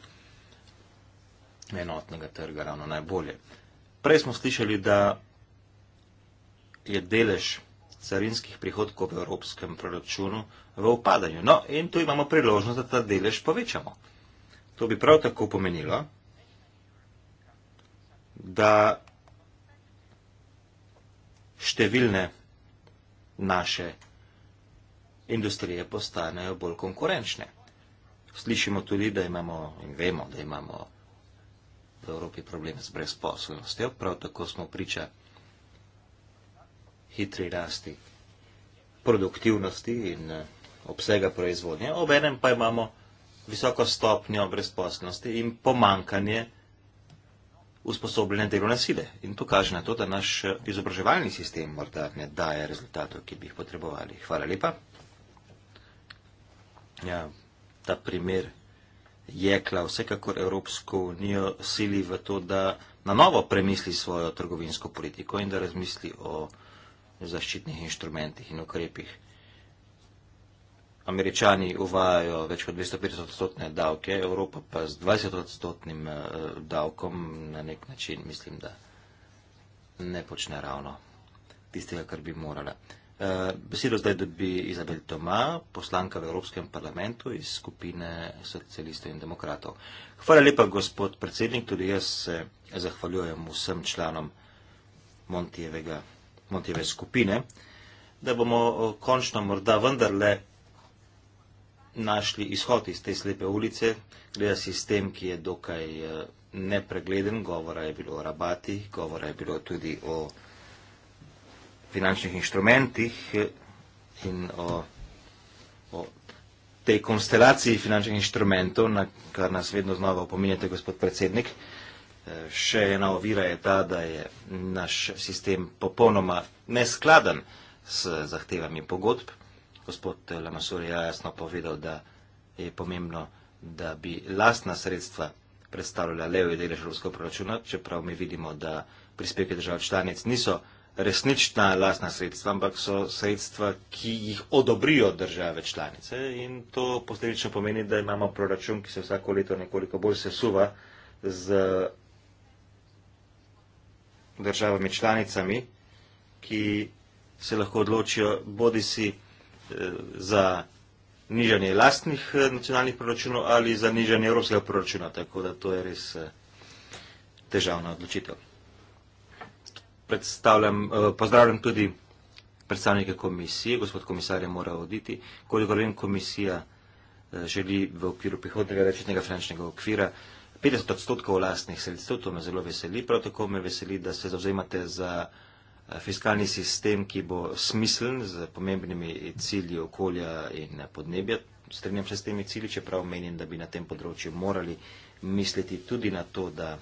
enotnega trga ravno najbolje. Prej smo slišali, da je delež carinskih prihodkov v evropskem proračunu v upadanju. No, in tu imamo priložnost, da ta delež povečamo. To bi prav tako pomenilo, da številne naše industrije postanejo bolj konkurenčne. Slišimo tudi, da imamo in vemo, da imamo v Evropi problem z brezposobnostjo, prav tako smo priča hitri rasti produktivnosti in eh, obsega proizvodnje, obenem pa imamo visoko stopnjo brezposobnosti in pomankanje usposobljene delovne sile. In to kaže na to, da naš eh, izobraževalni sistem morda ne daje rezultatov, ki bi jih potrebovali. Hvala lepa. Ja, ta primer jekla vsekakor Evropsko unijo sili v to, da na novo premisli svojo trgovinsko politiko in da razmisli o zaščitnih inštrumentih in ukrepih. Američani uvajajo več kot 250 odstotne davke, Evropa pa z 20 odstotnim eh, davkom na nek način mislim, da ne počne ravno tistega, kar bi morala. Eh, besedo zdaj dobi Izabel Toma, poslanka v Evropskem parlamentu iz skupine socialistov in demokratov. Hvala lepa, gospod predsednik, tudi jaz se zahvaljujem vsem članom Montijeve skupine, da bomo eh, končno morda vendarle našli izhod iz te slepe ulice, gre za sistem, ki je dokaj eh, nepregleden, govora je bilo o rabati, govora je bilo tudi o finančnih inštrumentih eh, in o, o tej konstelaciji finančnih inštrumentov, na kar nas vedno znova opominjate, gospod predsednik. Eh, še ena ovira je ta, da je naš sistem popolnoma neskladen s zahtevami pogodb gospod Lamasur je jasno povedal, da je pomembno, da bi lastna sredstva predstavljala levi delež evropskega proračuna, čeprav mi vidimo, da prispevke držav članic niso resnična lastna sredstva, ampak so sredstva, ki jih odobrijo države članice. In to posledično pomeni, da imamo proračun, ki se vsako leto nekoliko bolj sesuva z državami članicami, ki se lahko odločijo bodi si za nižanje lastnih eh, nacionalnih proračunov ali za nižanje evropskega proračuna, tako da to je res eh, težavna odločitev. Predstavljam, eh, pozdravljam tudi predstavnike komisije, gospod komisar je moral oditi, koliko vem komisija želi v okviru prihodnega rečetnega finančnega okvira 50 odstotkov lastnih sredstev, to me zelo veseli, prav tako me veseli, da se zauzemate za vsega, fiskalni sistem, ki bo smiseln z pomembnimi cilji okolja in podnebja. Strenjam se s temi cilji, čeprav menim, da bi na tem področju morali misliti tudi na to, da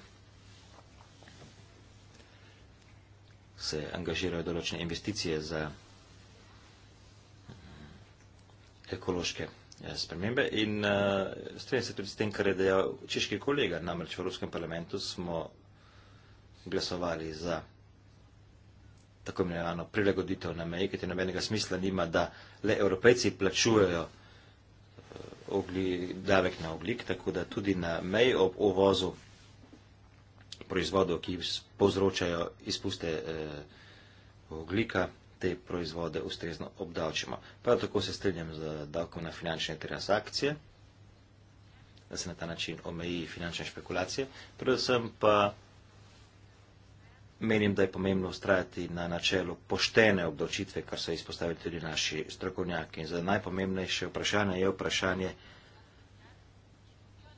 se angažirajo določene investicije za ekološke eh, spremembe. In uh, eh, strenjam se tudi s tem, kar je dejal češki kolega, namreč v Evropskem parlamentu smo glasovali za tako imenovano prilagoditev na meji, ker je nobenega smisla nima, da le evropejci plačujejo eh, ogli, davek na oglik, tako da tudi na meji ob uvozu proizvodov, ki povzročajo izpuste eh, oglika, te proizvode ustrezno obdavčimo. Prav tako se strinjam z davkom na finančne transakcije, da se na ta način omeji finančne špekulacije, predvsem pa Menim, da je pomembno ustrajati na načelu poštene obdočitve, kar so izpostavili tudi naši strokovnjaki. In za najpomembnejše vprašanje je vprašanje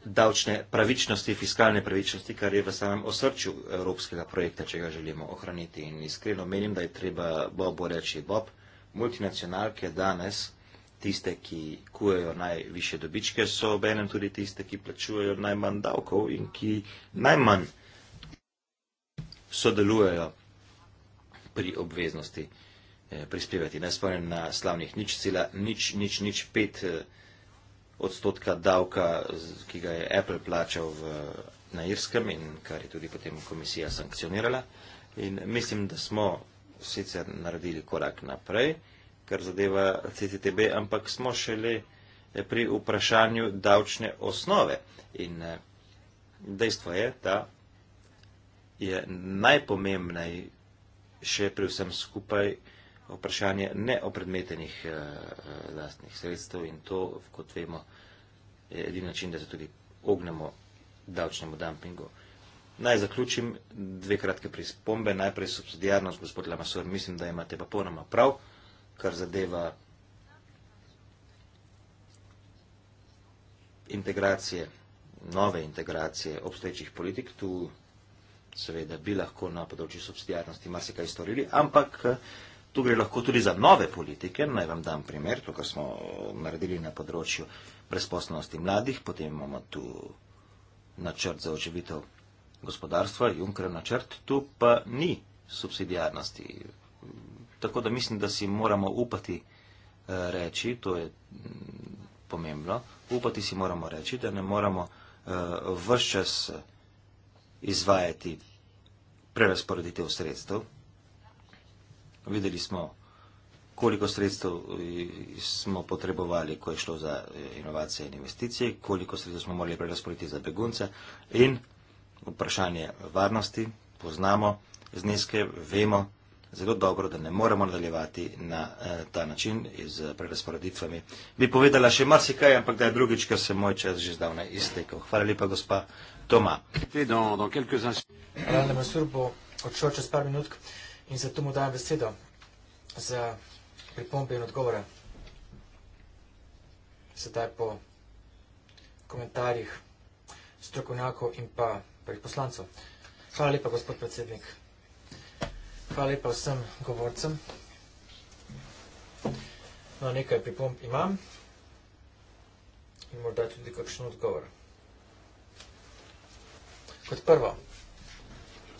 davčne pravičnosti, fiskalne pravičnosti, kar je v samem osrčju evropskega projekta, če ga želimo ohraniti. In iskreno menim, da je treba Bobo reči Bob, multinacionalke danes tiste, ki kujejo najviše dobičke, so obenem tudi tiste, ki plačujejo najmanj davkov in ki najmanj sodelujejo pri obveznosti eh, prispevati. Ne spomnim na slavnih nič cela, nič, nič, nič pet eh, odstotka davka, ki ga je Apple plačal v, na Irskem in kar je tudi potem komisija sankcionirala. In mislim, da smo sicer naredili korak naprej, kar zadeva CCTB, ampak smo šele eh, pri vprašanju davčne osnove. In dejstvo je, da je najpomembnejše pri vsem skupaj vprašanje ne o predmetenih eh, eh, lastnih sredstev in to, kot vemo, je edin način, da se tudi ognemo davčnemu dumpingu. Naj zaključim dve kratke prispombe. Najprej subsidijarnost, gospod Lamasor, mislim, da imate pa ponoma prav, kar zadeva integracije, nove integracije obstoječih politik. Tu seveda bi lahko na področju subsidijarnosti marsikaj storili, ampak eh, tu gre lahko tudi za nove politike. Naj vam dam primer, to, kar smo eh, naredili na področju brezposobnosti mladih, potem imamo tu načrt za oživitev gospodarstva, Junkerov načrt, tu pa ni subsidijarnosti. Tako da mislim, da si moramo upati eh, reči, to je mm, pomembno, upati si moramo reči, da ne moramo v vse čas izvajati prerasporeditev sredstev. Videli smo, koliko sredstev eh, smo potrebovali, ko je šlo za eh, inovacije in investicije, koliko sredstev smo morali prerasporediti za begunce in vprašanje varnosti. Poznamo zneske, vemo, zelo dobro, da ne moremo nadaljevati na eh, ta način z eh, prerasporeditvami. Bi povedala še marsikaj, ampak da je drugič, ker se moj čas že zdavne iztekel. Hvala lepa, gospa Toma. Hvala lepa, Sur bo odšel čez par minut in zato mu dajem besedo za pripombe in odgovore. Sedaj po komentarjih strokovnjakov in pa prih poslancov. Hvala lepa, gospod predsednik. Hvala lepa vsem govorcem. No, nekaj pripomb imam in morda tudi kakšen odgovor. Kot prvo,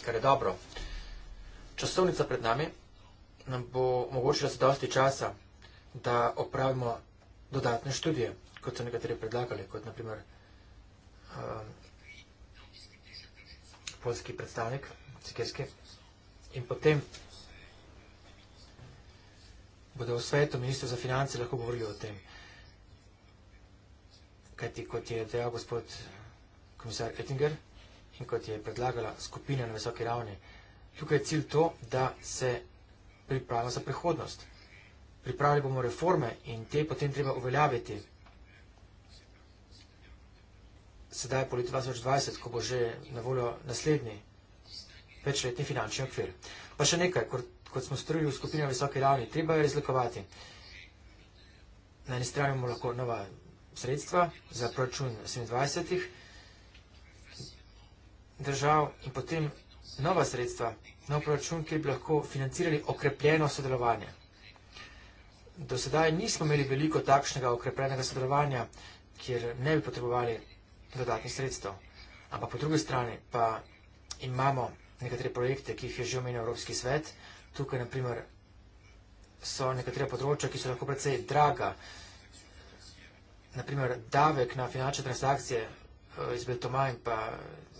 kar je dobro, časovnica pred nami nam bo omogočila se dosti časa, da opravimo dodatne študije, kot so nekateri predlagali, kot naprimer um, eh, polski predstavnik, cikerski predstavnik. In potem bodo v svetu ministru za finance lahko govorili o tem. Kajti, kot je dejal gospod komisar Ettinger in kot je predlagala skupina na visoki ravni, tukaj je cilj to, da se pripravimo za prihodnost. Pripravili bomo reforme in te potem treba uveljaviti. Sedaj je po letu 2020, ko bo že na voljo naslednji večletni finančni okvir. Pa še nekaj, kot smo strujili v skupini na visoki ravni, treba je razlikovati. Na eni strani imamo lahko nova sredstva za proračun 27 držav in potem nova sredstva, nov proračun, ki bi lahko financirali okrepljeno sodelovanje. Do sedaj nismo imeli veliko takšnega okrepljenega sodelovanja, kjer ne bi potrebovali dodatnih sredstev. Ampak po drugi strani pa imamo nekatere projekte, ki jih je že omenil Evropski svet. Tukaj, naprimer, so nekatere področja, ki so lahko precej draga. Naprimer, davek na finančne transakcije eh, iz Beltoma in pa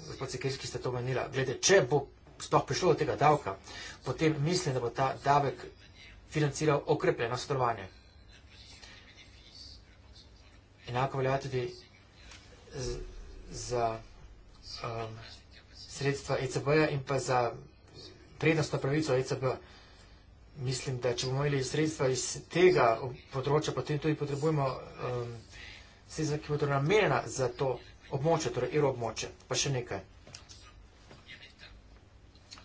gospod Sekirski sta to menila. Glede, če bo sploh prišlo do tega davka, potem mislim, da bo ta davek financiral okrepljeno sodelovanje. Enako velja tudi z, za um, sredstva ECB-ja in pa za prednostno pravico ECB. Mislim, da če bomo imeli sredstva iz tega področja, potem tudi potrebujemo um, sredstva, ki bodo namenjena za to območje, torej evro območje. Pa še nekaj.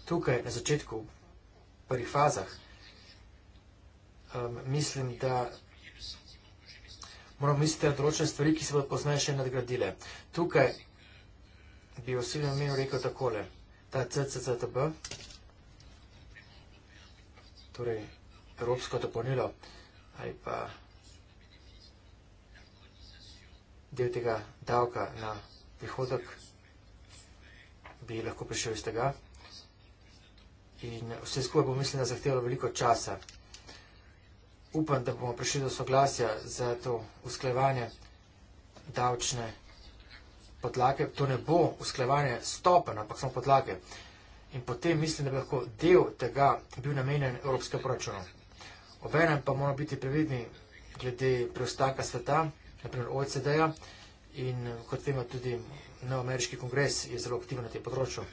Tukaj na začetku, v prvih fazah, um, mislim, da moramo misliti na določene stvari, ki se bodo poznaje še nadgradile. Tukaj bi v silnem imenu rekel takole. Ta CCCTB, torej Evropsko dopolnilo, ali pa del tega davka na prihodek, bi lahko prišel iz tega. In vse skupaj bo mislim, da zahtevalo veliko časa. Upam, da bomo prišli do soglasja za to usklevanje davčne vsega podlage, to ne bo usklajevanje stopen, ampak samo podlage. In potem mislim, da bi lahko del tega bil namenjen evropskem proračunu. Obenem pa moramo biti previdni glede preostanka sveta, naprimer OECD-ja in kot vemo tudi neoameriški kongres je zelo aktiven na tem področju.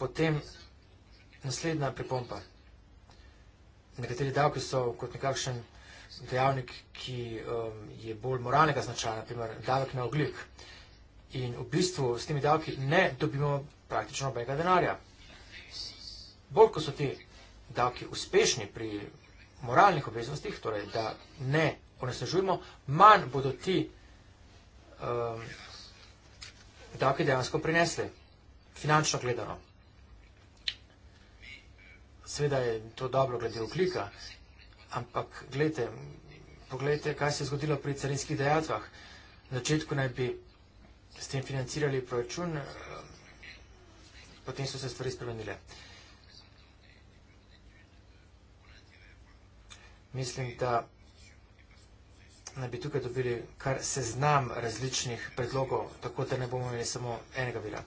Potem naslednja pripomba. Nekateri davki so kot nekakšen dejavnik, ki um, je bolj moralnega značaja, naprimer davek na oglik. In v bistvu s temi davki ne dobimo praktično nobenega denarja. Bolj ko so ti davki uspešni pri moralnih obveznostih, torej da ne onesnažujemo, manj bodo ti um, davki dejansko prinesli, finančno gledano. Sveda je to dobro glede oglika, Ampak, gledajte, pogledajte, kaj se je zgodilo pri carinskih dejatvah. Na začetku naj bi s tem financirali proračun, eh, potem so se stvari spremenile. Mislim, da naj bi tukaj dobili kar seznam različnih predlogov, tako da ne bomo imeli samo enega vira.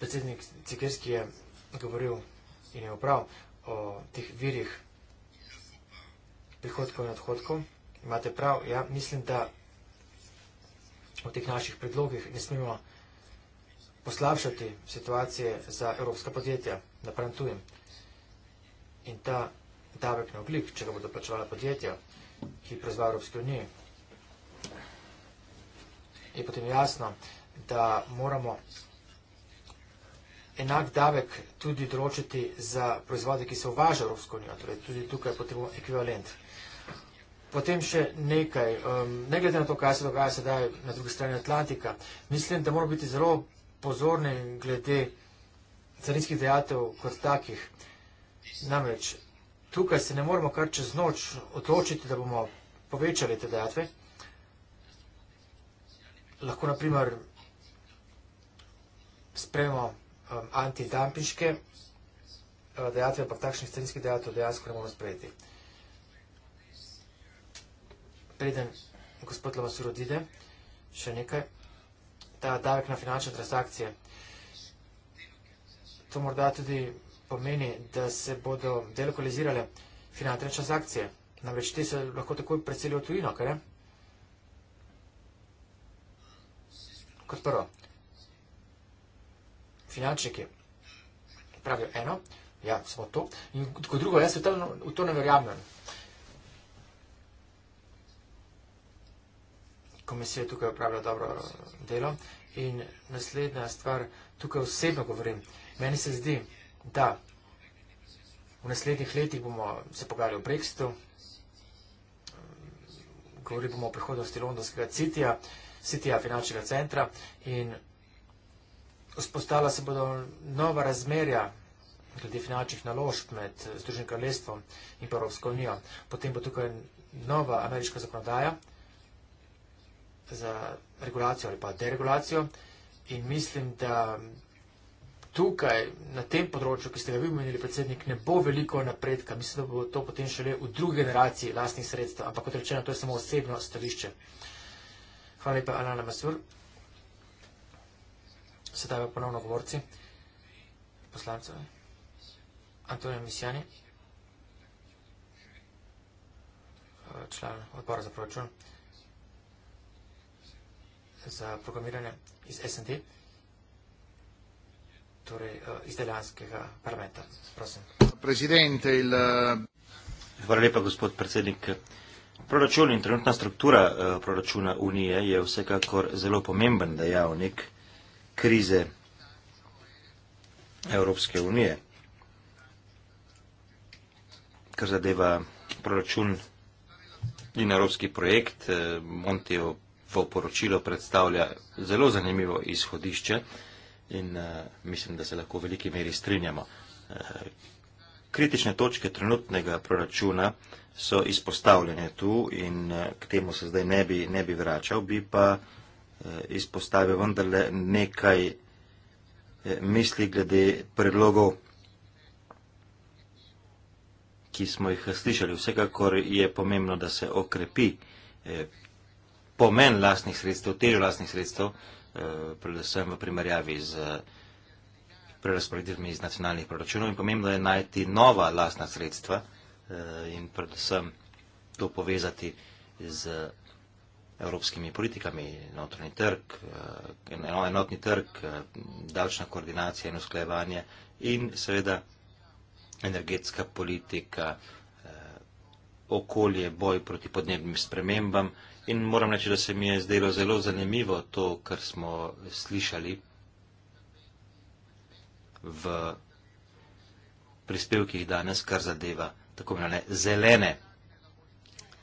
Predsednik Cikerski je govoril in je upravil o teh virih, prihodkov in odhodkov. Imate prav, ja, mislim, da v teh naših predlogih ne smemo poslabšati situacije za evropska podjetja, napravim tujem. In ta davek na oglik, če ga bodo plačevala podjetja, ki prezva Evropske unije, je potem jasno, da moramo enak davek tudi določiti za proizvode, ki se uvaža Evropsko unijo. Torej, tudi tukaj potrebujemo ekvivalent. Potem še nekaj, um, ne glede na to, kaj se dogaja sedaj na drugi strani Atlantika, mislim, da moramo biti zelo pozorni glede carinskih dejatev kot takih. Namreč tukaj se ne moramo kar čez noč odločiti, da bomo povečali te dejatve. Lahko naprimer spremo um, antidampiške uh, dejatve, ampak takšnih carinskih dejatev dejansko ne moramo sprejeti preden gospod Lavasur odide, še nekaj, ta davek na finančne transakcije. To morda tudi pomeni, da se bodo delokalizirale finančne transakcije. Namreč ti se lahko takoj preselijo v tujino, kaj ne? Kot prvo, finančniki pravijo eno, ja, samo to, in kot drugo, jaz v to ne verjamem. komisije tukaj upravlja dobro eh, delo. In naslednja stvar, tukaj osebno govorim, meni se zdi, da v naslednjih letih bomo se pogajali o Brexitu, govori bomo o prihodnosti londonskega citija, citija finančnega centra in vzpostavila se bodo nova razmerja glede finančnih naložb med Združenim kraljestvom in Evropsko unijo. Potem bo tukaj nova ameriška zakonodaja, za regulacijo ali pa deregulacijo. In mislim, da tukaj, na tem področju, ki ste ga vi omenili, predsednik, ne bo veliko napredka. Mislim, da bo to potem šele v drugi generaciji lastnih sredstev. Ampak kot rečeno, to je samo osebno stališče. Hvala lepa, Alana Masur. Sedaj pa ponovno govorci, poslancev. Antonijo Misjani, član odbora za proračun za programiranje iz SND, torej eh, iz italijanskega parlamenta. Eh, Hvala lepa, gospod predsednik. Proračun in trenutna struktura eh, proračuna Unije je vsekakor zelo pomemben dejavnik krize Evropske unije, kar zadeva proračun in evropski projekt Montijo to poročilo predstavlja zelo zanimivo izhodišče in uh, mislim, da se lahko v veliki meri strinjamo. Uh, kritične točke trenutnega proračuna so izpostavljene tu in uh, k temu se zdaj ne bi, ne bi vračal, bi pa uh, izpostavil vendarle nekaj uh, misli glede predlogov, ki smo jih slišali. Vsekakor je pomembno, da se okrepi. Uh, pomen lastnih sredstev, težo lastnih sredstev, eh, predvsem v primerjavi z prerasporeditvami iz nacionalnih proračunov in pomembno je najti nova lastna sredstva eh, in predvsem to povezati z evropskimi politikami, notrni trg, eh, enotni trg, davčna koordinacija in usklajevanje in seveda energetska politika, okolje, boj proti podnebnim spremembam in In moram reči, da se mi je zdelo zelo zanimivo to, kar smo slišali v prispevkih danes, kar zadeva tako imenovane zelene,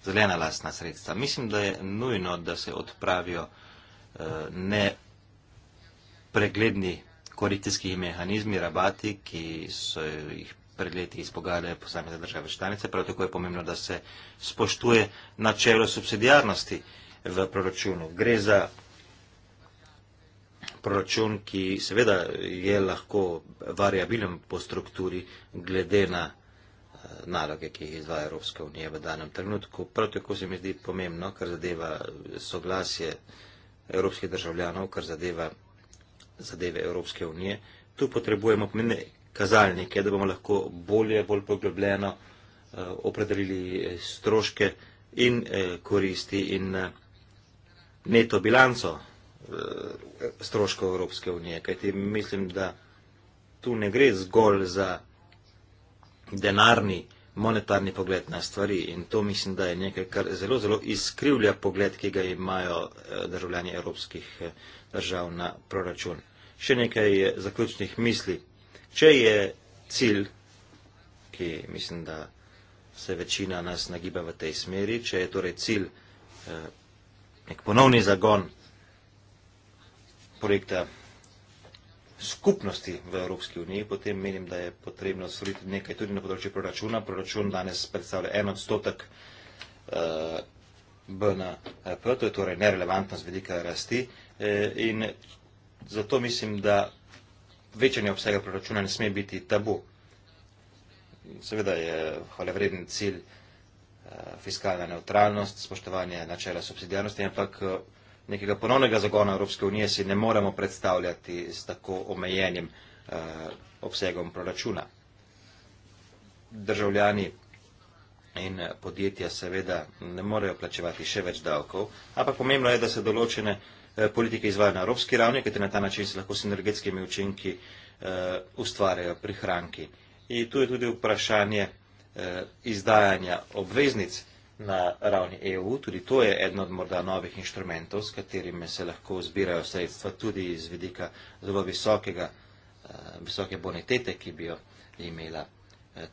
zelena lastna sredstva. Mislim, da je nujno, da se odpravijo eh, nepregledni koritijski mehanizmi, rabati, ki so jih pred leti izpogajale posamezne države članice. Prav tako je pomembno, da se spoštuje načelo subsidijarnosti v proračunu. Gre za proračun, ki seveda je lahko variabilen po strukturi glede na eh, naloge, ki jih izvaja Evropska unija v danem trenutku. Prav tako se mi zdi pomembno, kar zadeva soglasje evropskih državljanov, kar zadeva zadeve Evropske unije. Tu potrebujemo pomembne kazalnike, da bomo lahko bolje, bolj poglobljeno eh, opredelili eh, stroške in eh, koristi in neto bilanco stroškov Evropske unije. Kajti mislim, da tu ne gre zgolj za denarni, monetarni pogled na stvari in to mislim, da je nekaj, kar zelo, zelo izkrivlja pogled, ki ga imajo državljani evropskih držav na proračun. Še nekaj zaključnih mislih. Če je cilj, ki mislim, da se večina nas nagiba v tej smeri, če je torej cilj eh, nek ponovni zagon projekta skupnosti v Evropski uniji, potem menim, da je potrebno storiti nekaj tudi na področju proračuna. Proračun danes predstavlja en odstotek eh, BNP, to je torej nerelevantnost velika rasti eh, in zato mislim, da Večanje obsega proračuna ne sme biti tabu. Seveda je hvalevreden cilj eh, fiskalna neutralnost, spoštovanje načela subsidijarnosti, ampak eh, nekega ponovnega zagona Evropske unije si ne moremo predstavljati s tako omejenim eh, obsegom proračuna. Državljani in podjetja seveda ne morejo plačevati še več davkov, ampak pomembno je, da se določene proračuna Eh, politike izvajo na evropski ravni, kajte na ta način se lahko s energetskimi učinki eh, ustvarjajo prihranki. In tu je tudi vprašanje eh, izdajanja obveznic na ravni EU, tudi to je eden od morda novih inštrumentov, s katerimi se lahko zbirajo sredstva tudi iz vedika zelo visokega, visoke bonitete, ki bi jo imela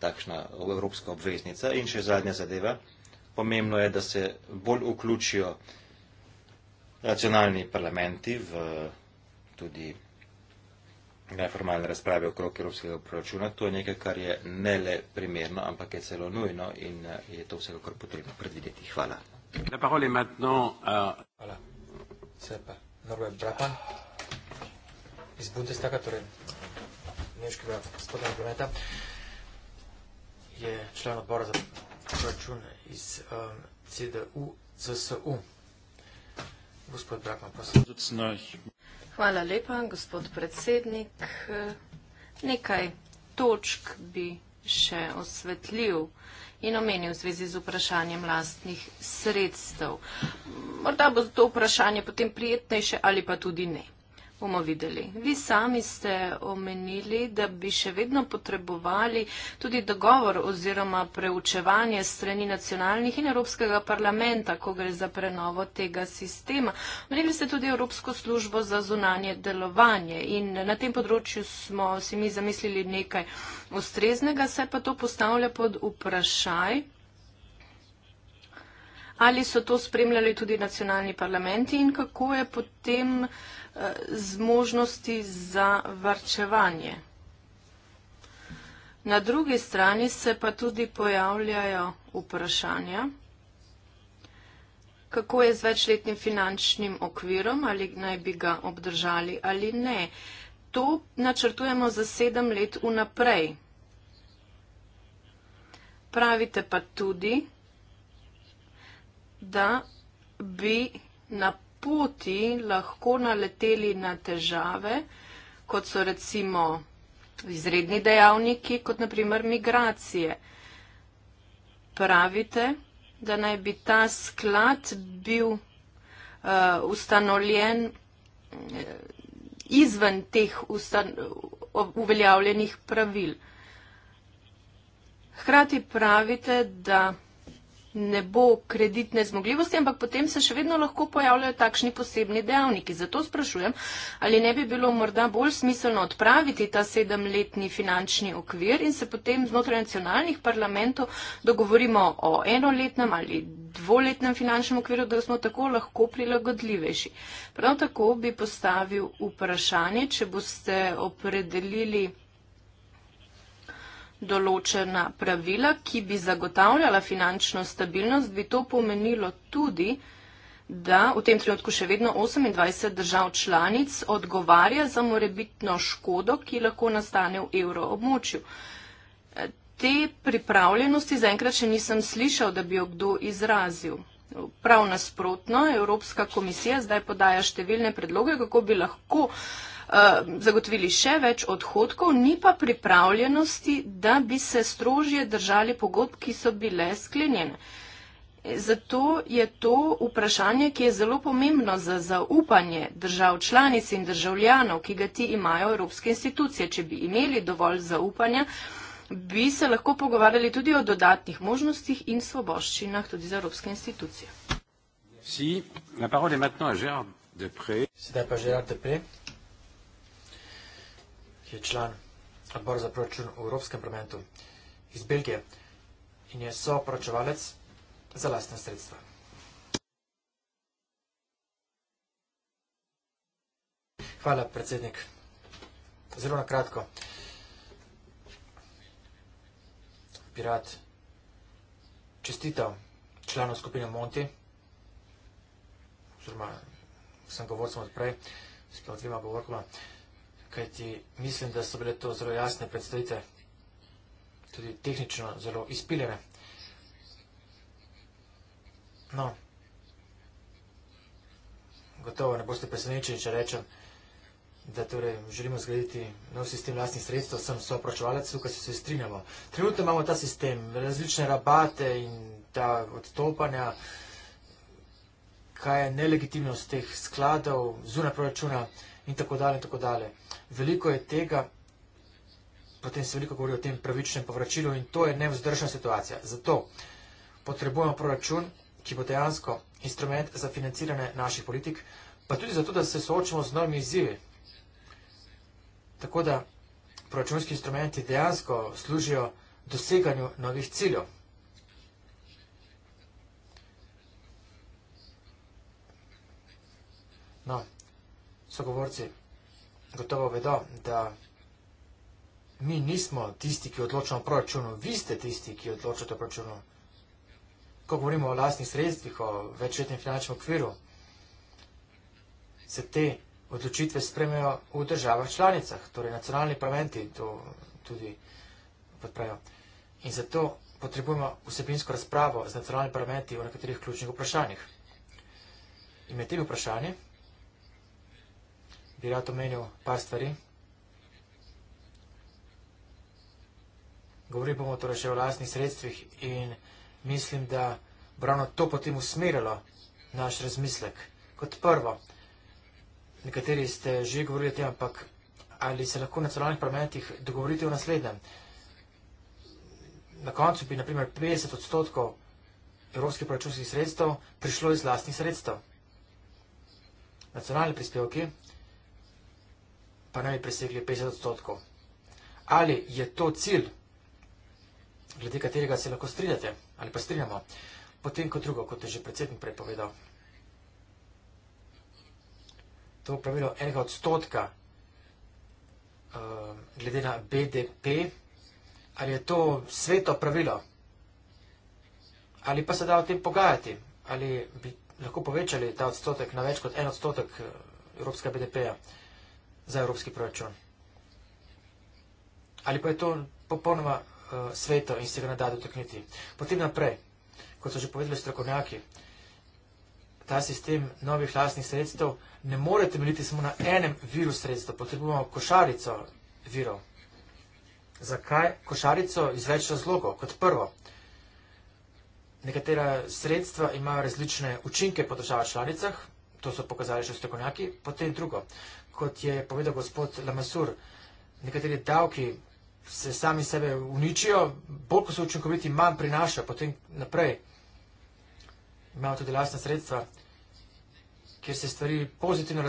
takšna evropska obveznica. In še zadnja zadeva, pomembno je, da se bolj vključijo Nacionalni parlamenti v tudi neformalne razprave okrog evropskega proračuna, to je nekaj, kar je ne le primerno, ampak je celo nujno in eh, je to vsekakor potrebno predvideti. Hvala. La parole est maintenant à... Euh, voilà. C'est pas. Norbert Brapa. Iz Bundestaga, torej nemškega gospoda Argumenta, je član odbora za proračun iz um, eh, CDU, CSU. Gospod Brakman, pa se odzvaj. Hvala lepa, gospod predsednik. Nekaj točk bi še osvetljil in omenil v zvezi z vprašanjem lastnih sredstev. Morda bo to vprašanje potem prijetnejše ali pa tudi ne bomo videli. Vi sami ste omenili, da bi še vedno potrebovali tudi dogovor oziroma preučevanje strani nacionalnih in Evropskega parlamenta, ko gre za prenovo tega sistema. Omenili ste tudi Evropsko službo za zunanje delovanje in na tem področju smo si mi zamislili nekaj ustreznega, se pa to postavlja pod vprašaj. Ali so to spremljali tudi nacionalni parlamenti in kako je potem z možnosti za varčevanje. Na drugi strani se pa tudi pojavljajo vprašanja, kako je z večletnim finančnim okvirom, ali naj bi ga obdržali ali ne. To načrtujemo za sedem let vnaprej. Pravite pa tudi, da bi na poti lahko naleteli na težave, kot so recimo izredni dejavniki, kot naprimer migracije. Pravite, da naj bi ta sklad bil uh, ustanovljen uh, izven teh ustan uveljavljenih pravil. Hkrati pravite, da ne bo kreditne zmogljivosti, ampak potem se še vedno lahko pojavljajo takšni posebni dejavniki. Zato sprašujem, ali ne bi bilo morda bolj smiselno odpraviti ta sedemletni finančni okvir in se potem znotraj nacionalnih parlamentov dogovorimo o enoletnem ali dvoletnem finančnem okviru, da smo tako lahko prilagodljivejši. Prav tako bi postavil vprašanje, če boste opredelili določena pravila, ki bi zagotavljala finančno stabilnost, bi to pomenilo tudi, da v tem trenutku še vedno 28 držav članic odgovarja za morebitno škodo, ki lahko nastane v evroobmočju. Te pripravljenosti zaenkrat še nisem slišal, da bi jo kdo izrazil prav nasprotno. Evropska komisija zdaj podaja številne predloge, kako bi lahko eh, zagotovili še več odhodkov, ni pa pripravljenosti, da bi se strožje držali pogodb, ki so bile sklenjene. Zato je to vprašanje, ki je zelo pomembno za zaupanje držav članic in državljanov, ki ga ti imajo evropske institucije. Če bi imeli dovolj zaupanja, bi se lahko pogovarjali tudi o dodatnih možnostih in svoboščinah tudi za evropske institucije. Si, la parole est maintenant à Gérard Depré. Sedaj pa Gérard Depré, ki je član odbora za proračun v Evropskem parlamentu iz Belgije in je soporočevalec za lastne sredstva. Hvala, predsednik. Zelo na kratko. Pirat, čestitam članov skupine Monti, oziroma sem govoril sem odprej s tema dvima govorkoma, kaj ti mislim, da so bile to zelo jasne predstavite, tudi tehnično zelo izpiljene. No, gotovo ne boste presenečeni, če rečem, da da torej želimo zgraditi nov sistem lastnih sredstev, sem soopračevalec, tukaj se vse strinjamo. Trenutno imamo ta sistem, različne rabate in ta odstopanja, kaj je nelegitimnost teh skladov, zuna proračuna in tako dalje in tako dalje. Veliko je tega, potem se veliko govori o tem pravičnem povračilu in to je nevzdržna situacija. Zato potrebujemo proračun, ki bo dejansko instrument za financiranje naših politik, pa tudi zato, da se soočimo z novimi izzivi. Tako da proračunski instrumenti dejansko služijo doseganju novih ciljev. No, sogovorci gotovo vedo, da mi nismo tisti, ki odločamo proračunu, vi ste tisti, ki odločate proračunu. Ko govorimo o lastnih sredstvih, o večletnem finančnem okviru, se te odločitve spremejo v državah članicah, torej nacionalni parlamenti to tudi podprejo. In zato potrebujemo vsebinsko razpravo z nacionalnimi parlamenti o nekaterih ključnih vprašanjih. In med temi vprašanji bi rad omenil par stvari. Govorili bomo torej še o lastnih sredstvih in mislim, da bo ravno to potem usmerilo naš razmislek. Kot prvo, nekateri ste že govorili o tem, ampak ali se lahko v nacionalnih parlamentih dogovorite o naslednjem? Na koncu bi, naprimer, 50 odstotkov evropskih proračunskih sredstev prišlo iz vlastnih sredstev. Nacionalni prispevki pa naj bi presegli 50 odstotkov. Ali je to cilj, glede katerega se lahko strinjate ali pa strinjamo, potem kot drugo, kot je že predsednik prepovedal to pravilo enega odstotka um, glede na BDP, ali je to sveto pravilo, ali pa se da o tem pogajati, ali bi lahko povečali ta odstotek na več kot en odstotek uh, evropskega BDP-ja za evropski proračun. Ali pa je to popolnoma uh, sveto in se ga ne da dotakniti. Potem naprej, kot so že povedali strokovnjaki, ta sistem novih lastnih sredstev ne more temeljiti samo na enem viru sredstva, potrebujemo košarico virov. Zakaj košarico? Iz več razlogov. Kot prvo, nekatera sredstva imajo različne učinke po državah članicah, to so pokazali še strokovnjaki, potem drugo, kot je povedal gospod Lamasur, nekateri davki se sami sebe uničijo, bolj ko so učinkoviti, manj prinašajo, potem naprej imajo tudi lastna sredstva, kjer se stvari pozitivno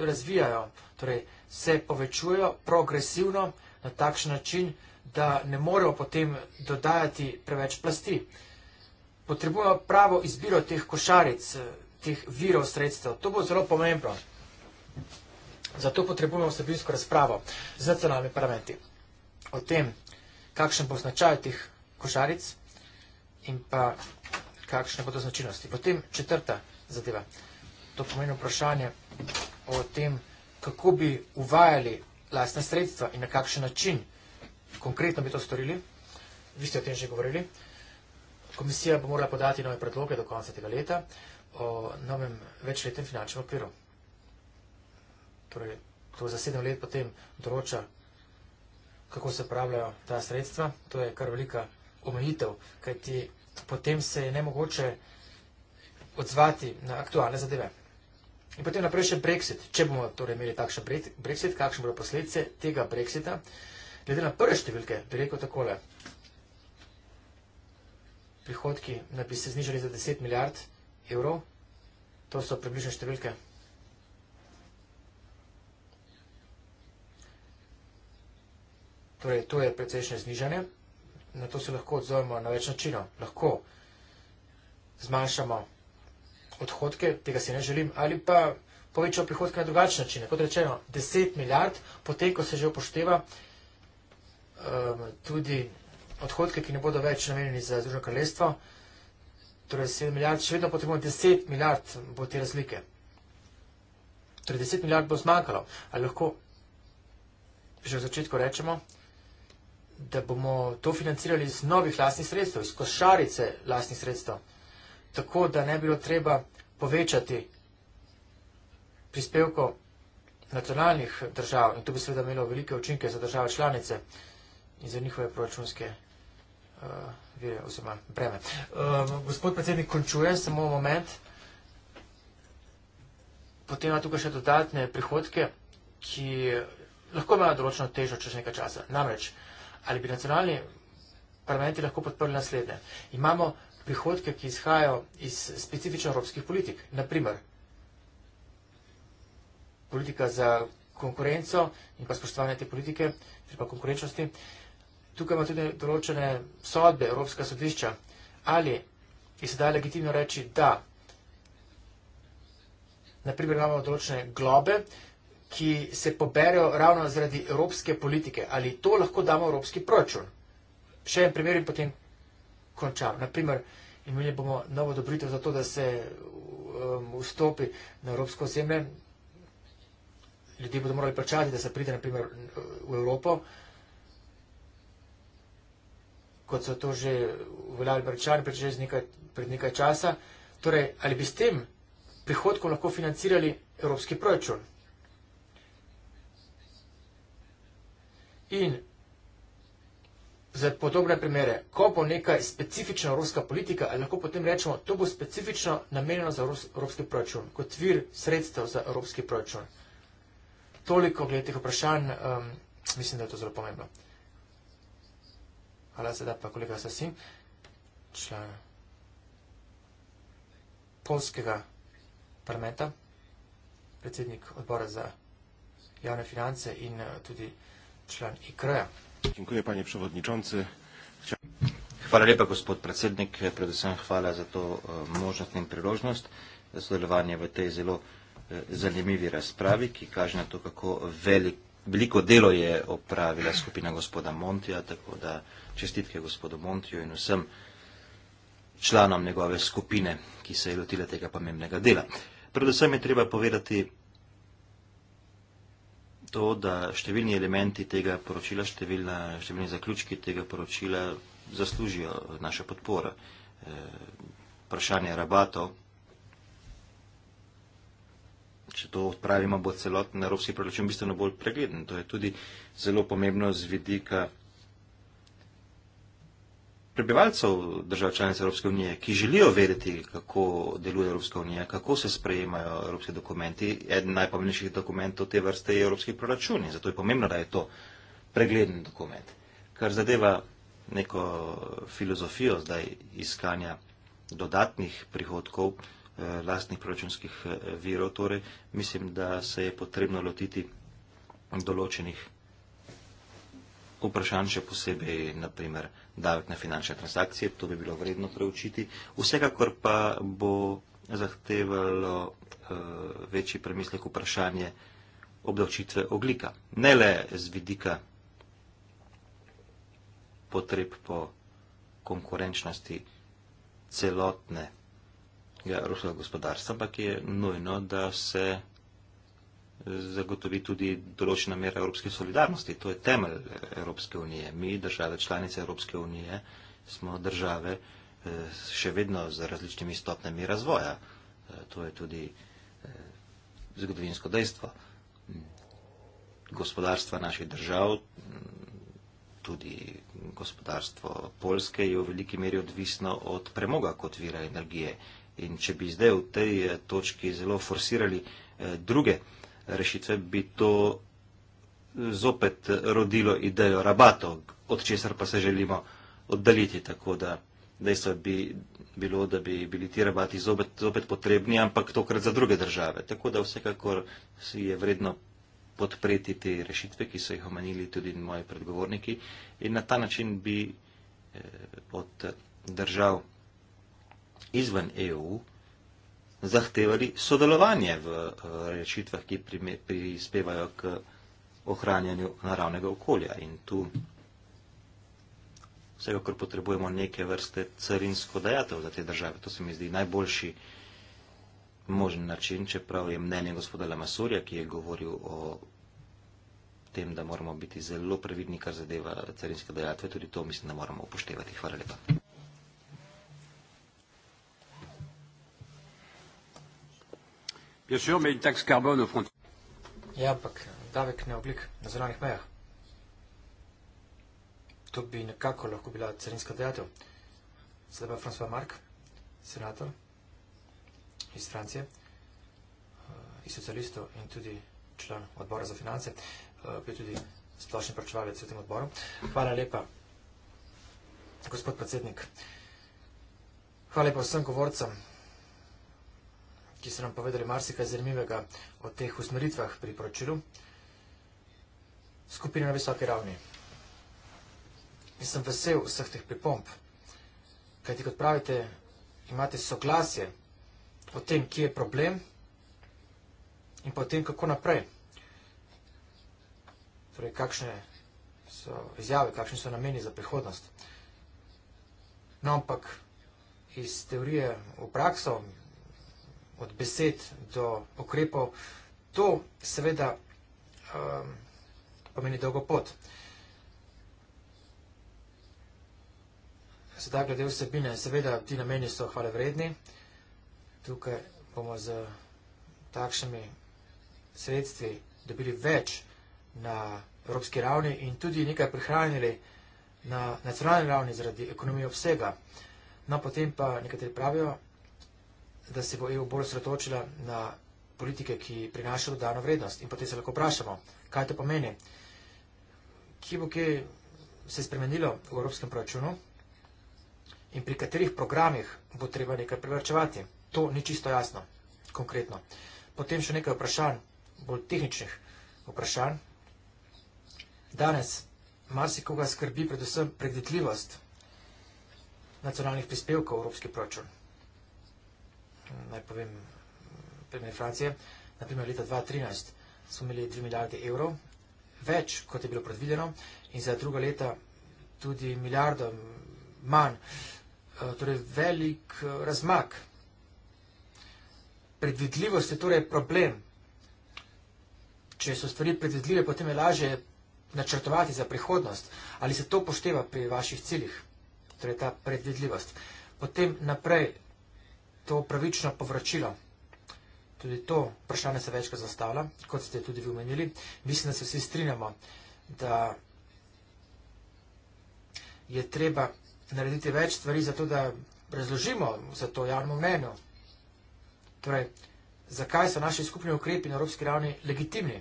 razvijajo, torej se povečujejo progresivno na takšen način, da ne morejo potem dodajati preveč plasti. Potrebujejo pravo izbiro teh košaric, teh virov sredstev. To bo zelo pomembno. Zato potrebujemo vsebinsko razpravo z nacionalnimi parlamenti o tem, kakšen bo značaj teh košaric in pa kakšne bodo značilnosti. Potem četrta zadeva. To pomeni vprašanje o tem, kako bi uvajali lastne sredstva in na kakšen način konkretno bi to storili. Vi ste o tem že govorili. Komisija bo morala podati nove predloge do konca tega leta o novem večletnem finančnem okviru. Torej, to za sedem let potem določa, kako se pravljajo ta sredstva. To je kar velika omejitev, kajti potem se je ne mogoče odzvati na aktualne zadeve. In potem naprej še Brexit. Če bomo torej imeli takšen Brexit, kakšne bodo posledice tega Brexita? Glede na prve številke, bi rekel takole. Prihodki naj bi se znižali za 10 milijard evrov. To so približne številke. Torej, to je precejšnje znižanje na to se lahko odzovemo na več načinov. Lahko zmanjšamo odhodke, tega si ne želim, ali pa povečamo prihodke na drugačen način. Kot rečeno, 10 milijard, potem ko se že upošteva um, tudi odhodke, ki ne bodo več namenjeni za Združeno kraljestvo, torej 7 milijard, še vedno potrebujemo 10 milijard bo te razlike. Torej 10 milijard bo zmanjkalo. Ali lahko že v začetku rečemo, da bomo to financirali iz novih lastnih sredstev, iz košarice lastnih sredstev, tako da ne bi bilo treba povečati prispevko nacionalnih držav in to bi seveda imelo velike učinke za države članice in za njihove proračunske uh, vire oziroma breme. Uh, gospod predsednik, končuje samo moment, potem ima tukaj še dodatne prihodke, ki lahko imajo določeno težo čez nekaj časa. Namreč, uh, ali bi nacionalni parlamenti lahko podprli naslednje. Imamo prihodke, ki izhajajo iz specifičnih evropskih politik, naprimer politika za konkurenco in pa spoštovanje te politike, treba konkurenčnosti. Tukaj ima tudi določene sodbe Evropska sodišča. Ali je sedaj legitimno reči, da naprimer imamo določene globe, ki se poberajo ravno zaradi evropske politike. Ali to lahko damo v evropski proračun? Še en primer in potem končam. Naprimer, imeli bomo novo dobritev za to, da se um, vstopi na evropsko zemlje. Ljudje bodo morali plačati, da se pride naprimer v Evropo, kot so to že uveljavili američani pred, pred nekaj časa. Torej, ali bi s tem prihodkom lahko financirali evropski proračun? In za podobne primere, ko bo neka specifična evropska politika, ali lahko potem rečemo, to bo specifično namenjeno za evropski proračun, kot vir sredstev za evropski proračun. Toliko glede teh vprašanj, um, mislim, da je to zelo pomembno. Hvala se da pa kolega Sasim, član polskega parlamenta, predsednik odbora za javne finance in uh, tudi član IKRA. Dziękuję panie przewodniczący. Chciałem... Hvala lepa, gospod predsednik. Predvsem hvala za to e, možnost in priložnost za sodelovanje v tej zelo e, zanimivi razpravi, ki kaže na to, kako velik, veliko delo je opravila skupina gospoda Montija, tako da čestitke gospodu Montiju in vsem članom njegove skupine, ki se je lotila tega pomembnega dela. Predvsem je treba povedati, to, da številni elementi tega poročila, številna, številni zaključki tega poročila zaslužijo našo podporo. E, vprašanje rabatov, če to odpravimo, bo celoten evropski proračun bistveno bolj pregleden. To je tudi zelo pomembno z vidika prebivalcev držav članic Evropske unije, ki želijo vedeti, kako deluje Evropska unija, kako se sprejemajo evropski dokumenti. Eden najpomembnejših dokumentov te vrste je evropski proračun in zato je pomembno, da je to pregleden dokument. Kar zadeva neko filozofijo zdaj iskanja dodatnih prihodkov, eh, lastnih proračunskih eh, virov, torej mislim, da se je potrebno lotiti določenih vprašanj, še posebej, naprimer, davek na finančne transakcije, to bi bilo vredno preučiti. Vsekakor pa bo zahtevalo uh, večji premislek vprašanje obdavčitve oglika. Ne le z vidika potreb po konkurenčnosti celotnega ruskega gospodarstva, ampak je nujno, da se zagotovi tudi določena mera evropske solidarnosti. To je temelj Evropske unije. Mi, države članice Evropske unije, smo države eh, še vedno z različnimi stopnjami razvoja. Eh, to je tudi eh, zgodovinsko dejstvo. Gospodarstva naših držav, tudi gospodarstvo Polske, je v veliki meri odvisno od premoga kot vira energije. In če bi zdaj v tej točki zelo forsirali druge rešitve, bi to zopet rodilo idejo rabatov, od česar pa se želimo oddaliti. Tako da dejstvo bi bilo, da bi bili ti rabati zopet, zopet potrebni, ampak tokrat za druge države. Tako da vsekakor si je vredno podpreti te rešitve, ki so jih omenili tudi moji predgovorniki in na ta način bi eh, od držav izven EU eh, zahtevali sodelovanje v eh, rešitvah, ki prispevajo k ohranjanju naravnega okolja. In tu vsega, kar potrebujemo, neke vrste carinsko dajatev za te države. To se mi zdi najboljši možen način, čeprav je mnenje gospoda Lamasurja, ki je govoril o tem, da moramo biti zelo previdni, kar zadeva carinske dajatve, tudi to mislim, da moramo upoštevati. Hvala lepa. Ja, ampak davek na oglik na zunanih mejah. To bi nekako lahko bila carinska dejatev. Sedaj pa François Mark, senator iz Francije, eh, iz socialistov in tudi član odbora za finance, eh, bil tudi splošni pračevalec v tem odboru. Hvala lepa, gospod predsednik. Hvala lepa vsem govorcem ki so nam povedali marsikaj zanimivega o teh usmeritvah pri poročilu, skupine na visoki ravni. In sem vesel vseh teh pripomb, kajti kot pravite, imate soglasje o tem, kje je problem in pa o tem, kako naprej. Torej, kakšne so izjave, kakšne so nameni za prihodnost. No, ampak iz teorije v prakso, od besed do ukrepov, to seveda um, pomeni dolgo pot. Sedaj, glede vsebine, seveda ti nameni so hvale vredni. Tukaj bomo z takšnimi sredstvi dobili več na evropski ravni in tudi nekaj prihranili na nacionalni ravni zaradi ekonomije obsega. No, potem pa nekateri pravijo, da se bo EU bolj sretočila na politike, ki prinašajo dodano vrednost. In potem se lahko vprašamo, kaj to pomeni. Kje bo kje se spremenilo v evropskem proračunu in pri katerih programih bo treba nekaj privrčevati. To ni čisto jasno, konkretno. Potem še nekaj vprašanj, bolj tehničnih vprašanj. Danes marsikoga skrbi predvsem predvidljivost nacionalnih prispevkov v evropski proračun naj povem, primer Francije, naprimer leta 2013 smo imeli 3 milijarde evrov, več, kot je bilo predvideno, in za druga leta tudi milijardo manj, e, torej velik e, razmak. Predvidljivost je torej problem. Če so stvari predvidljive, potem je lažje načrtovati za prihodnost. Ali se to pošteva pri vaših ciljih? Torej ta predvidljivost. Potem naprej, to pravično povračilo? Tudi to vprašanje se večkrat zastavlja, kot ste tudi vi omenili. Mislim, da se vsi strinjamo, da je treba narediti več stvari za to, da razložimo za to javno mnenje. Torej, zakaj so naši skupni ukrepi na evropski ravni legitimni?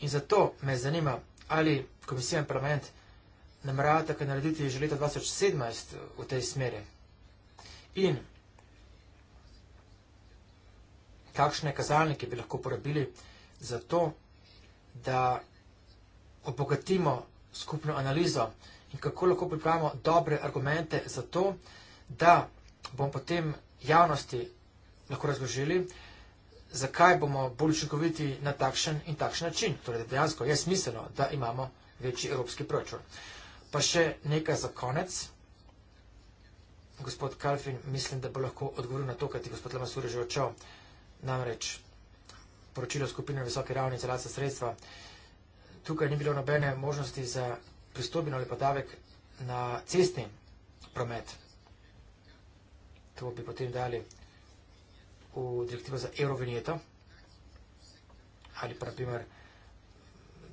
In zato me zanima, ali komisija in parlament namerata kaj narediti že leta 2017 v tej smeri. In kakšne kazalnike bi lahko uporabili za to, da obogatimo skupno analizo in kako lahko pripravimo dobre argumente za to, da bomo potem javnosti lahko razložili, zakaj bomo bolj učinkoviti na takšen in takšen način. Torej, da dejansko je smiselno, da imamo večji evropski proračun. Pa še nekaj za konec gospod Kalfin, mislim, da bo lahko odgovoril na to, kaj ti gospod Lamasur je že očel. Namreč, poročilo skupine visoke ravni za lasa sredstva, tukaj ni bilo nobene možnosti za pristobino ali podavek na cestni promet. To bi potem dali v direktivo za eurovinjeto ali pa, na primer,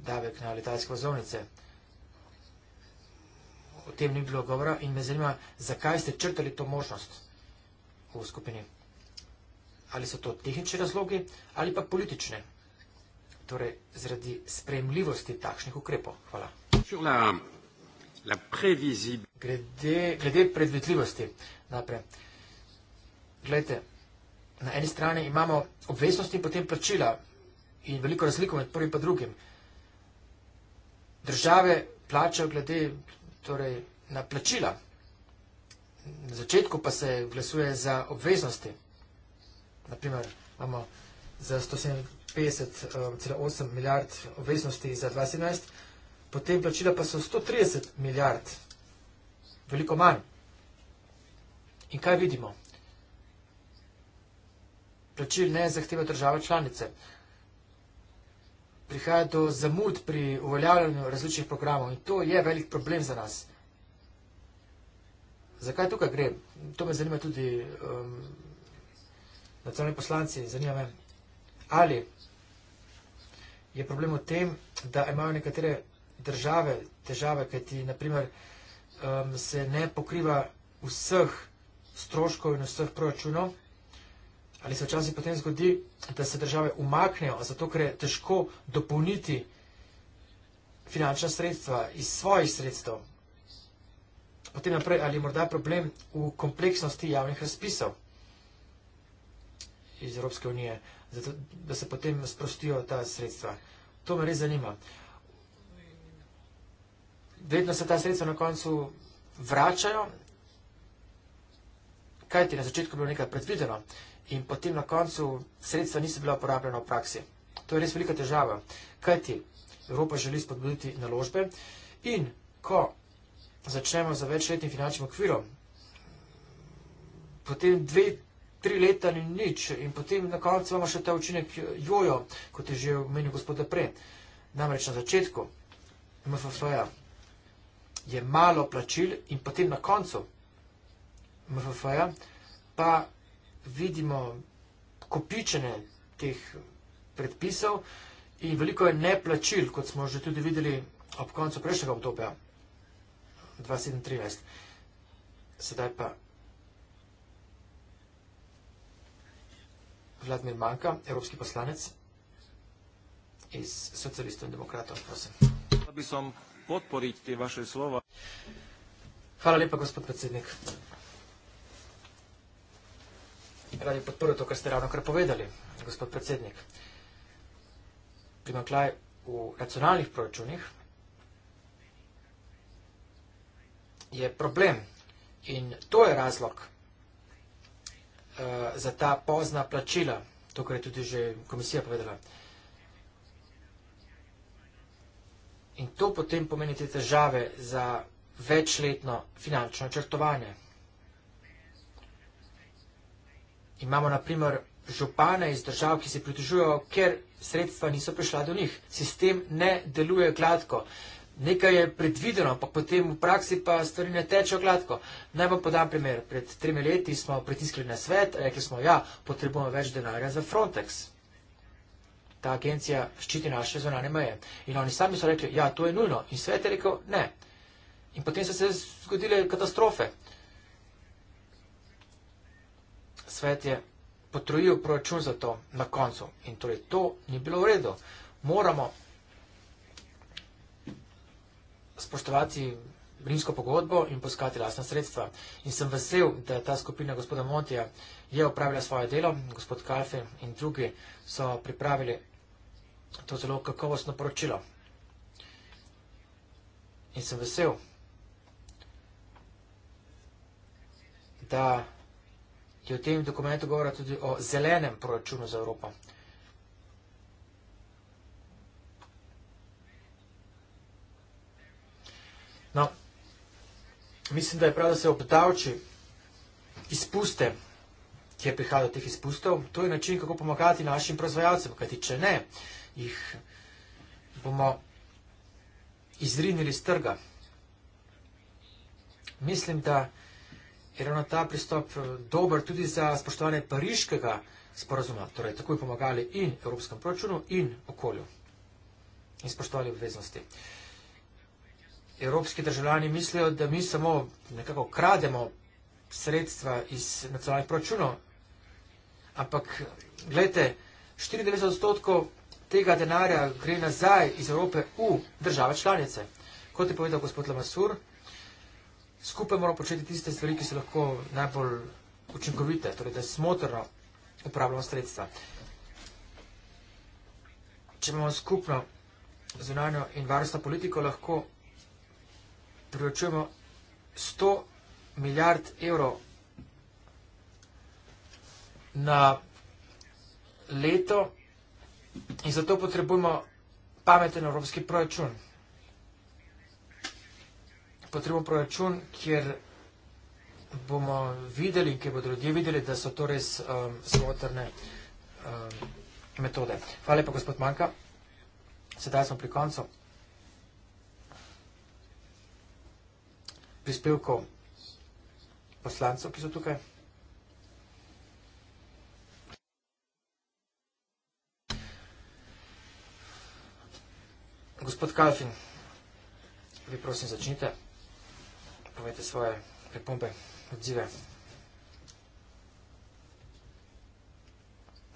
davek na letalske vozovnice o tem ni bilo govora in me zanima, zakaj ste črtali to možnost v skupini. Ali so to tehnične razloge ali pa politične? Torej, zaradi sprejemljivosti takšnih ukrepov. Hvala. La, la glede, glede predvidljivosti, naprej. Glejte, na eni strani imamo obveznosti in potem plačila in veliko razliko med prvim in drugim. Države plačajo glede torej na plačila. Na začetku pa se glasuje za obveznosti. Naprimer, imamo za 157,8 eh, milijard obveznosti za 2017, potem plačila pa so 130 milijard, veliko manj. In kaj vidimo? Plačil ne zahteva država članice prihaja do zamud pri uveljavljanju različnih programov in to je velik problem za nas. Zakaj tukaj gre? To me zanima tudi um, nacionalni poslanci, zanima me. Ali je problem v tem, da imajo nekatere države težave, kajti naprimer um, se ne pokriva vseh stroškov in vseh proračunov, Ali se včasih potem zgodi, da se države umaknejo, zato ker je težko dopolniti finančna sredstva iz svojih sredstev. Potem naprej, ali morda problem v kompleksnosti javnih razpisov iz Evropske unije, zato, da se potem sprostijo ta sredstva. To me res zanima. Vedno se ta sredstva na koncu vračajo, kajti na začetku je bilo nekaj predvideno in potem na koncu sredstva niso bila uporabljena v praksi. To je res velika težava, kajti Evropa želi spodbuditi naložbe in ko začnemo za večletnim finančnim okvirom, potem dve, tri leta ni nič in potem na koncu imamo še ta učinek jojo, kot je že omenil gospod Depre. Namreč na začetku MFF-ja je malo plačil in potem na koncu MFF-ja pa vidimo kopičene teh predpisov in veliko je neplačil, kot smo že tudi videli ob koncu prejšnjega obdobja 2013. Sedaj pa Vladimir Manka, evropski poslanec iz socialistov in demokratov. Prosim. Hvala lepa, gospod predsednik radi podprli to, kar ste ravno kar povedali, gospod predsednik. Primaklaj v racionalnih proračunih je problem in to je razlog uh, za ta pozna plačila, to, kar je tudi že komisija povedala. In to potem pomeni te težave za večletno finančno črtovanje. Imamo naprimer župane iz držav, ki se pritožujejo, ker sredstva niso prišla do njih. Sistem ne deluje gladko. Nekaj je predvideno, ampak potem v praksi pa stvari ne tečejo gladko. Naj vam podam primer. Pred tremi leti smo pritiskali na svet, rekli smo, ja, potrebujemo več denarja za Frontex. Ta agencija ščiti naše zvonane meje. In oni sami so rekli, ja, to je nujno. In svet je rekel, ne. In potem so se zgodile katastrofe. svet je potrojil proračun za to na koncu. In torej to ni bilo v redu. Moramo spoštovati rimsko pogodbo in poskati lasna sredstva. In sem vesel, da je ta skupina gospoda Montija je opravila svoje delo, gospod Kalfe in drugi so pripravili to zelo kakovostno poročilo. In sem vesel, da je v tem dokumentu govora tudi o zelenem proračunu za Evropo. No, mislim, da je prav, da se obdavči izpuste, ki je prihajal od teh izpustov. To je način, kako pomagati našim proizvajalcem, kajti če ne, jih bomo izrinili z trga. Mislim, da je ravno ta pristop eh, dober tudi za spoštovanje pariškega sporazuma, torej takoj pomagali in evropskem proračunu in okolju in spoštovali obveznosti. Evropski državljani mislijo, da mi samo nekako krademo sredstva iz nacionalnih proračunov, ampak gledajte, 94 odstotkov tega denarja gre nazaj iz Evrope v države članice. Kot je povedal gospod Lamasur, skupaj moramo početi tiste stvari, ki so lahko najbolj učinkovite, torej da je smotrno upravljamo sredstva. Če imamo skupno zunanjo in varnostno politiko, lahko priročujemo 100 milijard evrov na leto in zato potrebujemo pameten evropski proračun potrebujemo proračun, kjer bomo videli in kjer bodo ljudje videli, da so to res um, smotrne um, metode. Hvala lepa, gospod Manka. Sedaj smo pri koncu prispevkov poslancev, ki so tukaj. Gospod Kalfin, vi prosim začnite povejte svoje pripombe, odzive.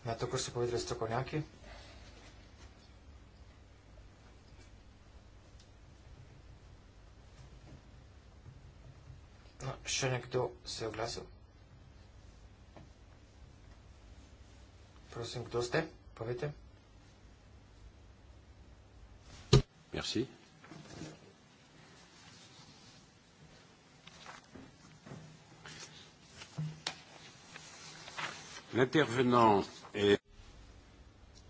Na to, kar so povedali strokovnjaki. No, še nekdo se je oglasil. Prosim, kdo ste? Povejte. Merci. L'intervenant est...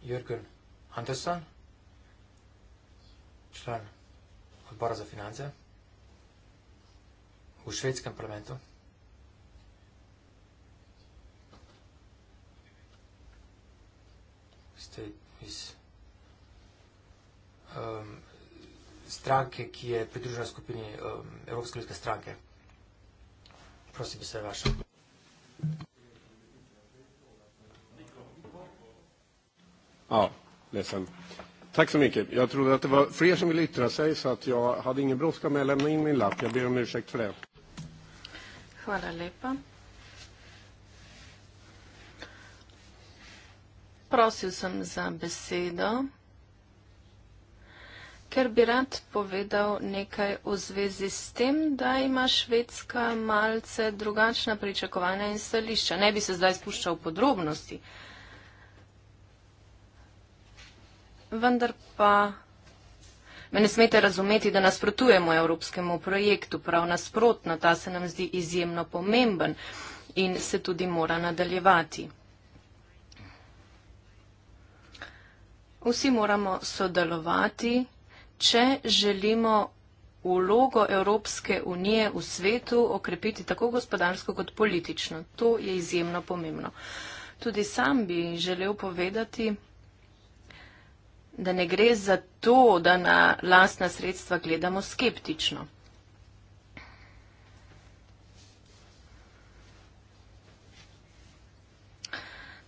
Jürgen, Anderson? Član odbora za finance? V švedskem parlamentu? Ste iz um, stranke, ki je pridružena skupini um, Evropske ljudske stranke. Prosim, bi se vaša. Thank you. Ja, ledsen. Tack så mycket. Jag trodde att det var fler som ville yttra sig så att jag hade ingen brådska med att lämna in min lapp. Jag ber om ursäkt för det. Hvala Prosil sem za besedo, ker bi rad povedal nekaj v zvezi s tem, da ima Švedska malce drugačna pričakovanja in stališča. Ne bi se zdaj spuščal v podrobnosti, vendar pa me ne smete razumeti, da nasprotujemo evropskemu projektu. Prav nasprotno, ta se nam zdi izjemno pomemben in se tudi mora nadaljevati. Vsi moramo sodelovati, če želimo vlogo Evropske unije v svetu okrepiti tako gospodarsko kot politično. To je izjemno pomembno. Tudi sam bi želel povedati, da ne gre za to, da na lastna sredstva gledamo skeptično.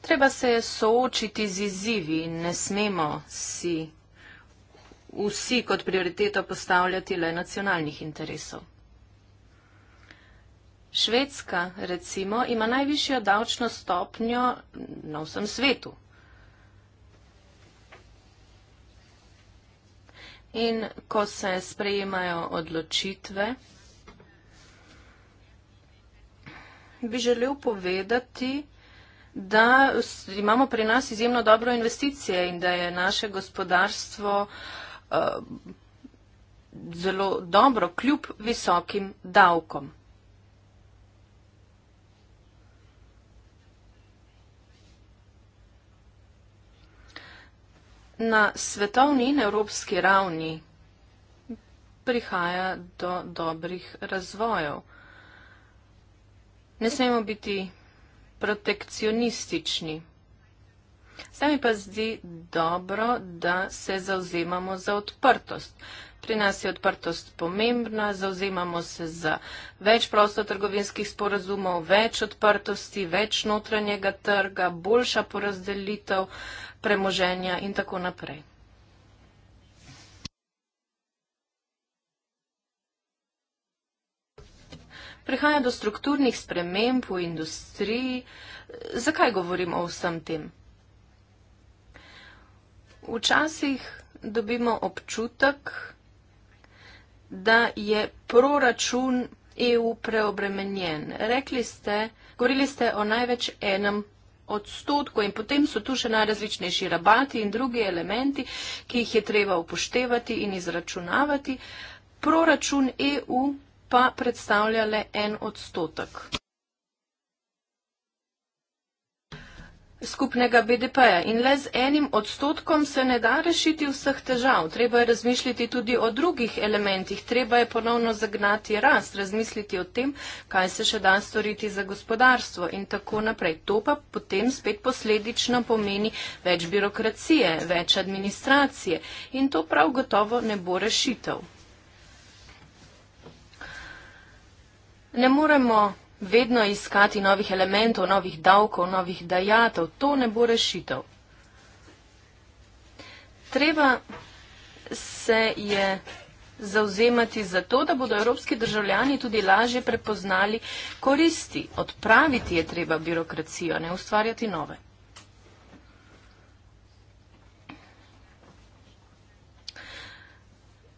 Treba se soočiti z izzivi in ne smemo si vsi kot prioriteto postavljati le nacionalnih interesov. Švedska, recimo, ima najvišjo davčno stopnjo na vsem svetu. In ko se sprejemajo odločitve, bi želel povedati, da imamo pri nas izjemno dobro investicije in da je naše gospodarstvo uh, zelo dobro kljub visokim davkom. na svetovni in evropski ravni prihaja do dobrih razvojev. Ne smemo biti protekcionistični. Sami pa zdi dobro, da se zauzemamo za odprtost. Pri nas je odprtost pomembna, zauzemamo se za več prostotrgovinskih sporazumov, več odprtosti, več notranjega trga, boljša porazdelitev premoženja in tako naprej. Prihaja do strukturnih sprememb v industriji. Zakaj govorimo o vsem tem? Včasih dobimo občutek, da je to nekaj, da je proračun EU preobremenjen. Rekli ste, govorili ste o največ enem odstotku in potem so tu še najrazličnejši rabati in drugi elementi, ki jih je treba upoštevati in izračunavati. Proračun EU pa predstavlja le en odstotek. skupnega BDP-ja in le z enim odstotkom se ne da rešiti vseh težav. Treba je razmišljati tudi o drugih elementih, treba je ponovno zagnati rast, razmisliti o tem, kaj se še da storiti za gospodarstvo in tako naprej. To pa potem spet posledično pomeni več birokracije, več administracije in to prav gotovo ne bo rešitev. Ne moremo vedno iskati novih elementov, novih davkov, novih dajatov, to ne bo rešitev. Treba se je zauzemati za to, da bodo evropski državljani tudi lažje prepoznali koristi. Odpraviti je treba birokracijo, ne ustvarjati nove.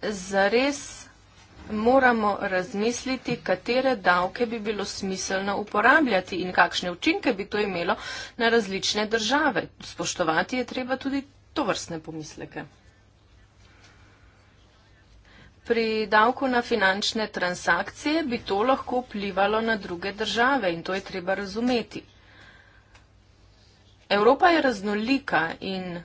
Zares moramo razmisliti, katere davke bi bilo smiselno uporabljati in kakšne učinke bi to imelo na različne države. Spoštovati je treba tudi to vrstne pomisleke. Pri davku na finančne transakcije bi to lahko vplivalo na druge države in to je treba razumeti. Evropa je raznolika in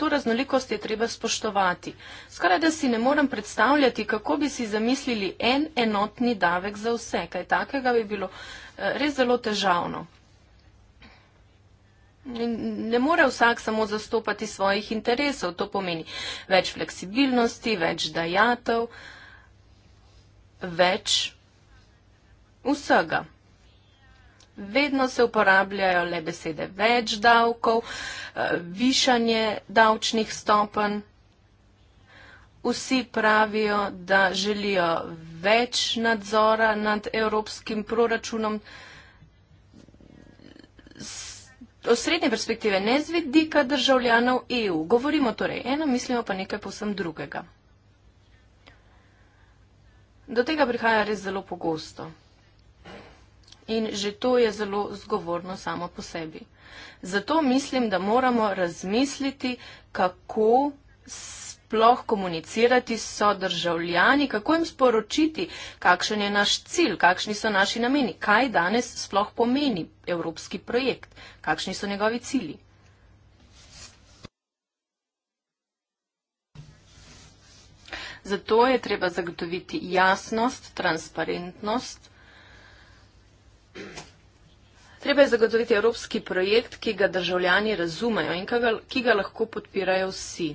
to raznolikost je treba spoštovati. Skoraj da si ne morem predstavljati, kako bi si zamislili en enotni davek za vse. Kaj takega bi bilo eh, res zelo težavno. Ne more vsak samo zastopati svojih interesov, to pomeni več fleksibilnosti, več dajatev, več vsega vedno se uporabljajo le besede več davkov, eh, višanje davčnih stopenj. Vsi pravijo, da želijo več nadzora nad evropskim proračunom. O srednje perspektive ne z vidika državljanov EU. Govorimo torej eno, mislimo pa nekaj posem drugega. Do tega prihaja res zelo pogosto in že to je zelo zgovorno samo po sebi. Zato mislim, da moramo razmisliti, kako sploh komunicirati s sodržavljani, kako jim sporočiti, kakšen je naš cilj, kakšni so naši nameni, kaj danes sploh pomeni evropski projekt, kakšni so njegovi cili. Zato je treba zagotoviti jasnost, transparentnost, Treba je zagotoviti evropski projekt, ki ga državljani razumejo in ki ga lahko podpirajo vsi.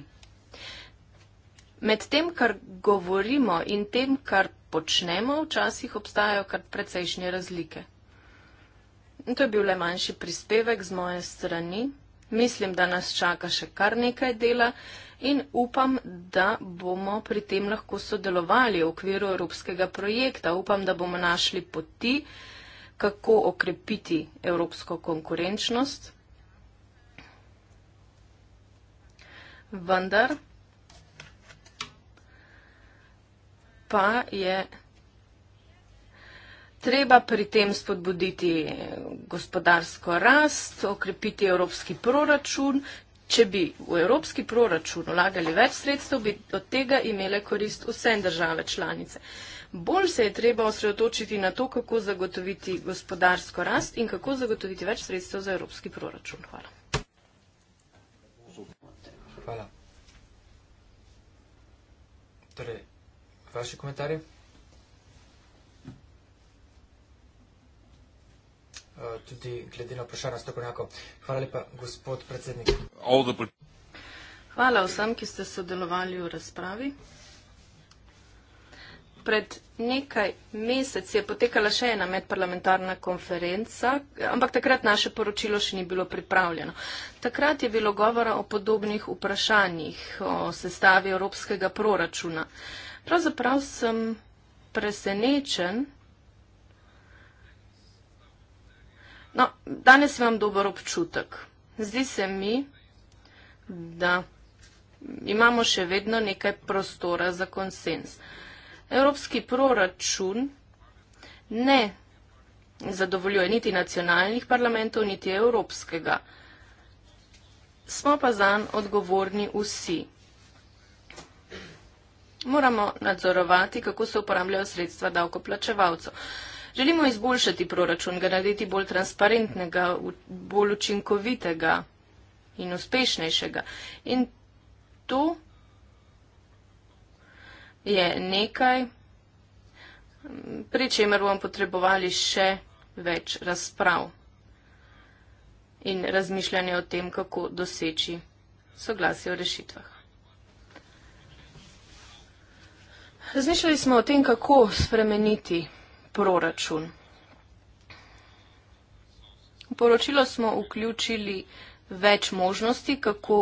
Med tem, kar govorimo in tem, kar počnemo, včasih obstajajo kar precejšnje razlike. In to je bil le manjši prispevek z moje strani. Mislim, da nas čaka še kar nekaj dela in upam, da bomo pri tem lahko sodelovali v okviru evropskega projekta. Upam, da bomo našli poti kako okrepiti evropsko konkurenčnost. Vendar pa je treba pri tem spodbuditi gospodarsko rast, okrepiti evropski proračun. Če bi v evropski proračun vlagali več sredstev, bi od tega imele korist vse države članice. Uh, Bolj se je treba osredotočiti na to, kako zagotoviti gospodarsko rast in kako zagotoviti več sredstev za evropski proračun. Hvala. Hvala. Torej, vaši komentarji? Eh, tudi glede na vprašanje strokovnjakov. Hvala lepa, gospod predsednik. Hvala vsem, ki ste sodelovali v razpravi pred nekaj meseci je potekala še ena medparlamentarna konferenca, ampak takrat naše poročilo še ni bilo pripravljeno. Takrat je bilo govora o podobnih vprašanjih, o sestavi evropskega proračuna. Pravzaprav sem presenečen. No, danes imam dober občutek. Zdi se mi, da imamo še vedno nekaj prostora za konsens. Evropski proračun ne zadovoljuje niti nacionalnih parlamentov, niti evropskega. Smo pa zan odgovorni vsi. Moramo nadzorovati, kako se uporabljajo sredstva davkoplačevalcev. Želimo izboljšati proračun, ga narediti bolj transparentnega, bolj učinkovitega in uspešnejšega. In to je nekaj, pri čemer bomo potrebovali še več razprav in razmišljanje o tem, kako doseči soglasje o rešitvah. Razmišljali smo o tem, kako spremeniti proračun. V poročilo smo vključili več možnosti, kako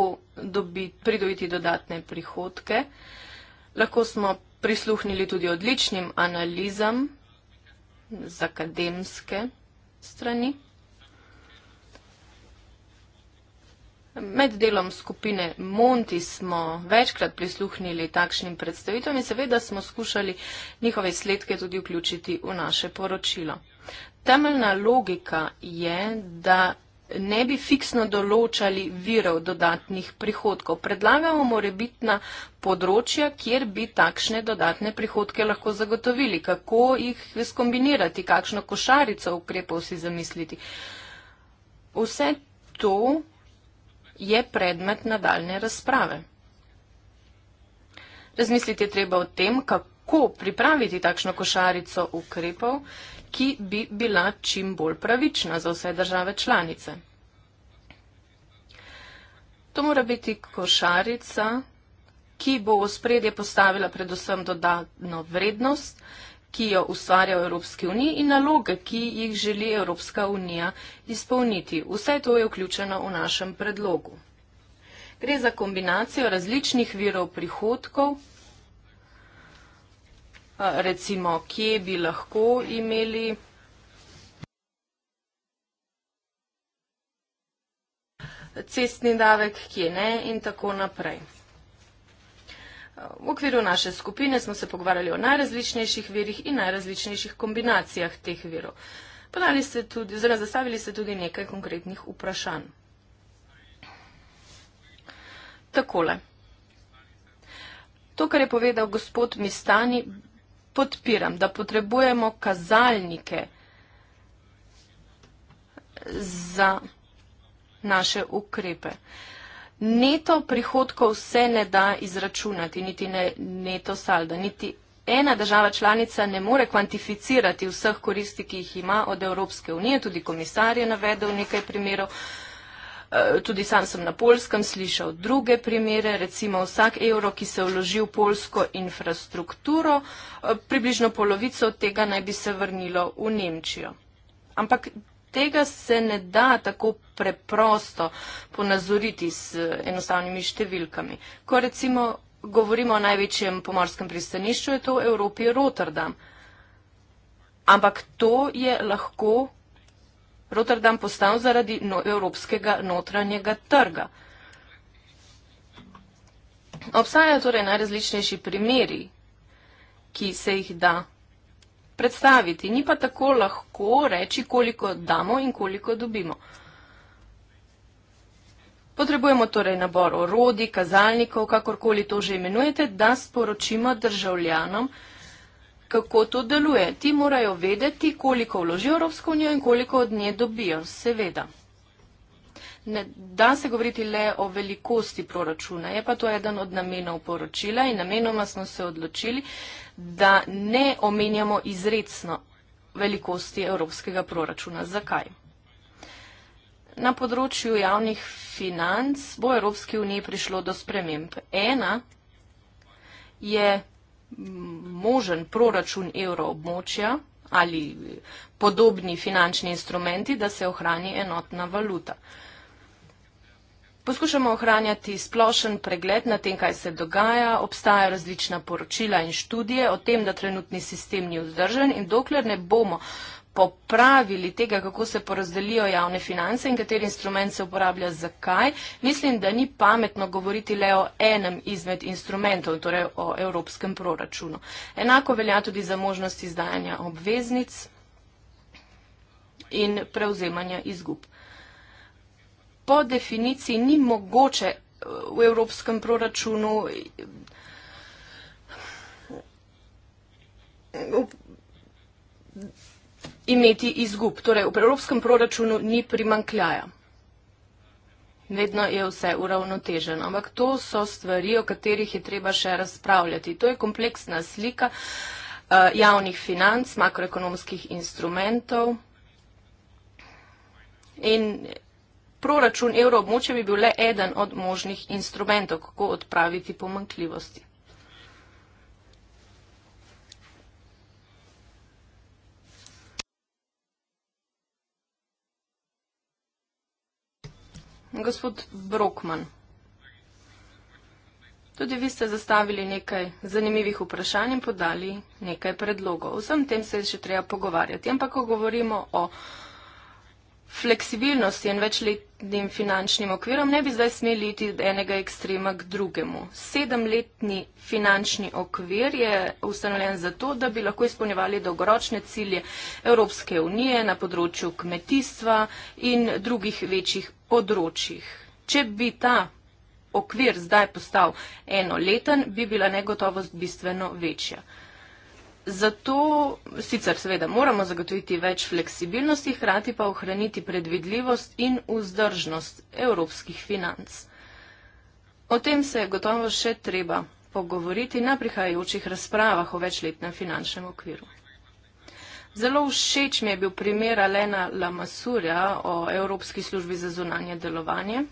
dobi, pridobiti dodatne prihodke. Uh, Lahko smo prisluhnili tudi odličnim analizam z akademske strani. Med delom skupine Monti smo večkrat prisluhnili takšnim predstavitvam in seveda smo skušali njihove sledke tudi vključiti v naše poročilo. Temeljna logika je, da ne bi fiksno določali virov dodatnih prihodkov. Predlagamo morebitna področja, kjer bi takšne dodatne prihodke lahko zagotovili. Kako jih skombinirati, kakšno košarico ukrepov si zamisliti. Vse to je predmet nadaljne razprave. Razmisliti je treba o tem, kako pripraviti takšno košarico ukrepov, ki bi bila čim bolj pravična za vse države članice. To mora biti košarica, ki bo v spredje postavila predvsem dodatno vrednost, ki jo ustvarja v Evropski uniji in naloge, ki jih želi Evropska unija izpolniti. Vse to je vključeno v našem predlogu. Gre za kombinacijo različnih virov prihodkov, recimo, kje bi lahko imeli cestni davek, kje ne in tako naprej. V okviru naše skupine smo se pogovarjali o najrazličnejših verih in najrazličnejših kombinacijah teh verov. Podali ste tudi, oziroma zastavili ste tudi nekaj konkretnih vprašanj. Takole. To, kar je povedal gospod Mistani, podpiram, da potrebujemo kazalnike za naše ukrepe. Neto prihodkov se ne da izračunati, niti ne, neto salda, niti ena država članica ne more kvantificirati vseh koristi, ki jih ima od Evropske unije, tudi komisar je navedel nekaj primerov. Eh, tudi sam sem na polskem slišal druge primere, recimo vsak evro, ki se vloži v polsko infrastrukturo, eh, približno polovico od tega naj bi se vrnilo v Nemčijo. Ampak tega se ne da tako preprosto ponazoriti s enostavnimi številkami. Ko recimo govorimo o največjem pomorskem pristanišču, je to v Evropi Rotterdam. Ampak to je lahko Rotterdam postal zaradi no evropskega notranjega trga. Obstajajo torej najrazličnejši primeri, ki se jih da predstaviti. Ni pa tako lahko reči, koliko damo in koliko dobimo. Potrebujemo torej nabor orodij, kazalnikov, kakorkoli to že imenujete, da sporočimo državljanom, kako to deluje. Ti morajo vedeti, koliko vloži Evropsko unijo in koliko od nje dobijo, seveda. Ne da se govoriti le o velikosti proračuna, je pa to eden od namenov poročila in namenoma smo se odločili, da ne omenjamo izredno velikosti evropskega proračuna. Zakaj? Na področju javnih financ bo Evropski uniji prišlo do sprememb. Ena je možen proračun evroobmočja ali podobni finančni instrumenti, da se ohrani enotna valuta. Poskušamo ohranjati splošen pregled na tem, kaj se dogaja. Obstajajo različna poročila in študije o tem, da trenutni sistem ni vzdržen in dokler ne bomo popravili tega, kako se porazdelijo javne finance in kateri instrument se uporablja zakaj, mislim, da ni pametno govoriti le o enem izmed instrumentov, torej o evropskem proračunu. Enako velja tudi za možnost izdajanja obveznic in prevzemanja izgub. Po definiciji ni mogoče eh, v evropskem proračunu imeti izgub. Torej, v evropskem proračunu ni primankljaja. Vedno je vse uravnoteženo. Ampak to so stvari, o katerih je treba še razpravljati. To je kompleksna slika uh, javnih financ, makroekonomskih instrumentov. In proračun evroobmočja bi bil le eden od možnih instrumentov, kako odpraviti pomankljivosti. Gospod Brokman, tudi vi ste zastavili nekaj zanimivih vprašanj in podali nekaj predlogov. Vsem tem se je še treba pogovarjati. Ampak, ko govorimo o fleksibilnosti in večletnim finančnim okvirom ne bi zdaj smeli iti enega ekstrema k drugemu. Sedemletni finančni okvir je ustanovljen zato, da bi lahko izpolnjevali dolgoročne cilje Evropske unije na področju kmetijstva in drugih večjih področjih. Če bi ta okvir zdaj postal enoleten, bi bila negotovost bistveno večja. Zato sicer seveda moramo zagotoviti več fleksibilnosti, hkrati pa ohraniti predvidljivost in vzdržnost evropskih financ. O tem se je gotovo še treba pogovoriti na prihajajočih razpravah o večletnem finančnem okviru. Zelo všeč mi je bil primer Alena Lamasurja o Evropski službi za zunanje delovanje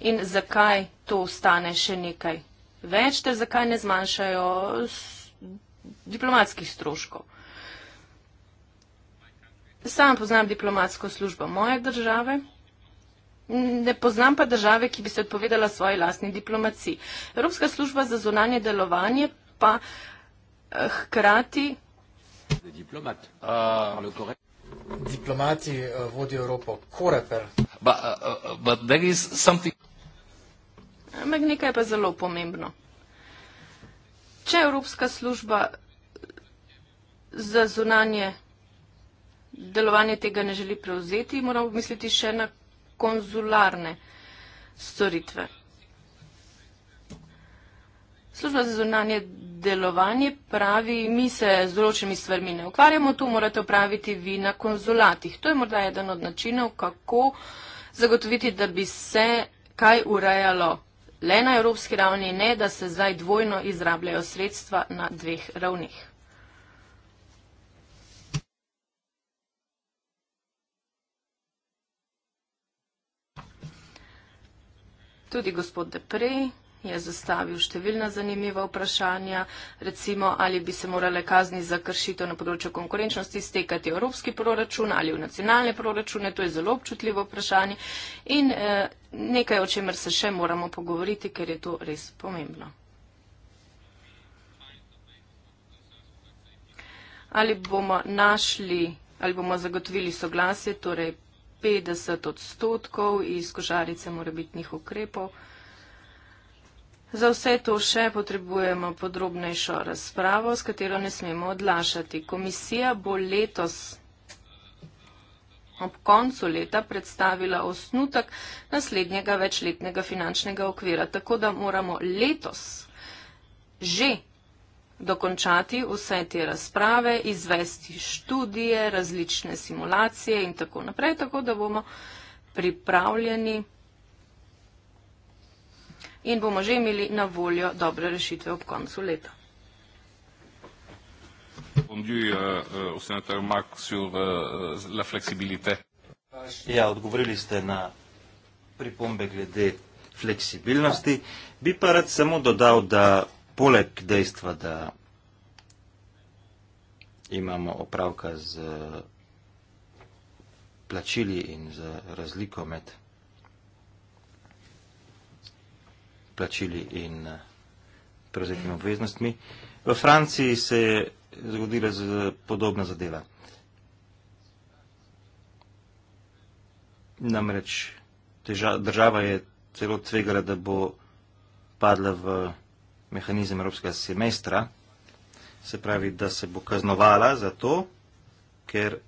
in zakaj to stane še nekaj več ter zakaj ne zmanjšajo diplomatskih stroškov. Sam poznam diplomatsko službo moje države, ne poznam pa države, ki bi se odpovedala svoji lastni diplomaciji. Evropska služba za zunanje delovanje pa eh, hkrati. Diplomat. Uh, Diplomati eh, vodijo Evropo, koreper. Eh, Ampak uh, uh, something... nekaj je pa zelo pomembno če Evropska služba za zunanje delovanje tega ne želi prevzeti, moramo misliti še na konzularne storitve. Služba za zunanje delovanje pravi, mi se z določenimi stvarmi ne ukvarjamo, to morate opraviti vi na konzulatih. To je morda eden od načinov, kako zagotoviti, da bi se kaj urejalo le na evropski ravni, ne da se zdaj dvojno izrabljajo sredstva na dveh ravnih. Tudi gospod Deprej je zastavil številna zanimiva vprašanja, recimo ali bi se morale kazni za kršitev na področju konkurenčnosti stekati v evropski proračun ali v nacionalne proračune, to je zelo občutljivo vprašanje in eh, nekaj, o čemer se še moramo pogovoriti, ker je to res pomembno. Ali bomo našli, ali bomo zagotovili soglasje, torej 50 odstotkov iz košarice morebitnih ukrepov. Za vse to še potrebujemo podrobnejšo razpravo, s katero ne smemo odlašati. Komisija bo letos ob koncu leta predstavila osnutek naslednjega večletnega finančnega okvira, tako da moramo letos že dokončati vse te razprave, izvesti študije, različne simulacije in tako naprej, tako da bomo pripravljeni in bomo že imeli na voljo dobre rešitve ob koncu leta. Eh, eh, eh, ja, odgovorili ste na pripombe glede fleksibilnosti. Bi pa rad samo dodal, da poleg dejstva, da imamo opravka z plačili in z razliko med plačili in eh, prevzetimi obveznostmi. V Franciji se je zgodila podobna zadeva. Namreč država je celo tvegala, da bo padla v mehanizem evropskega semestra, se pravi, da se bo kaznovala za to, ker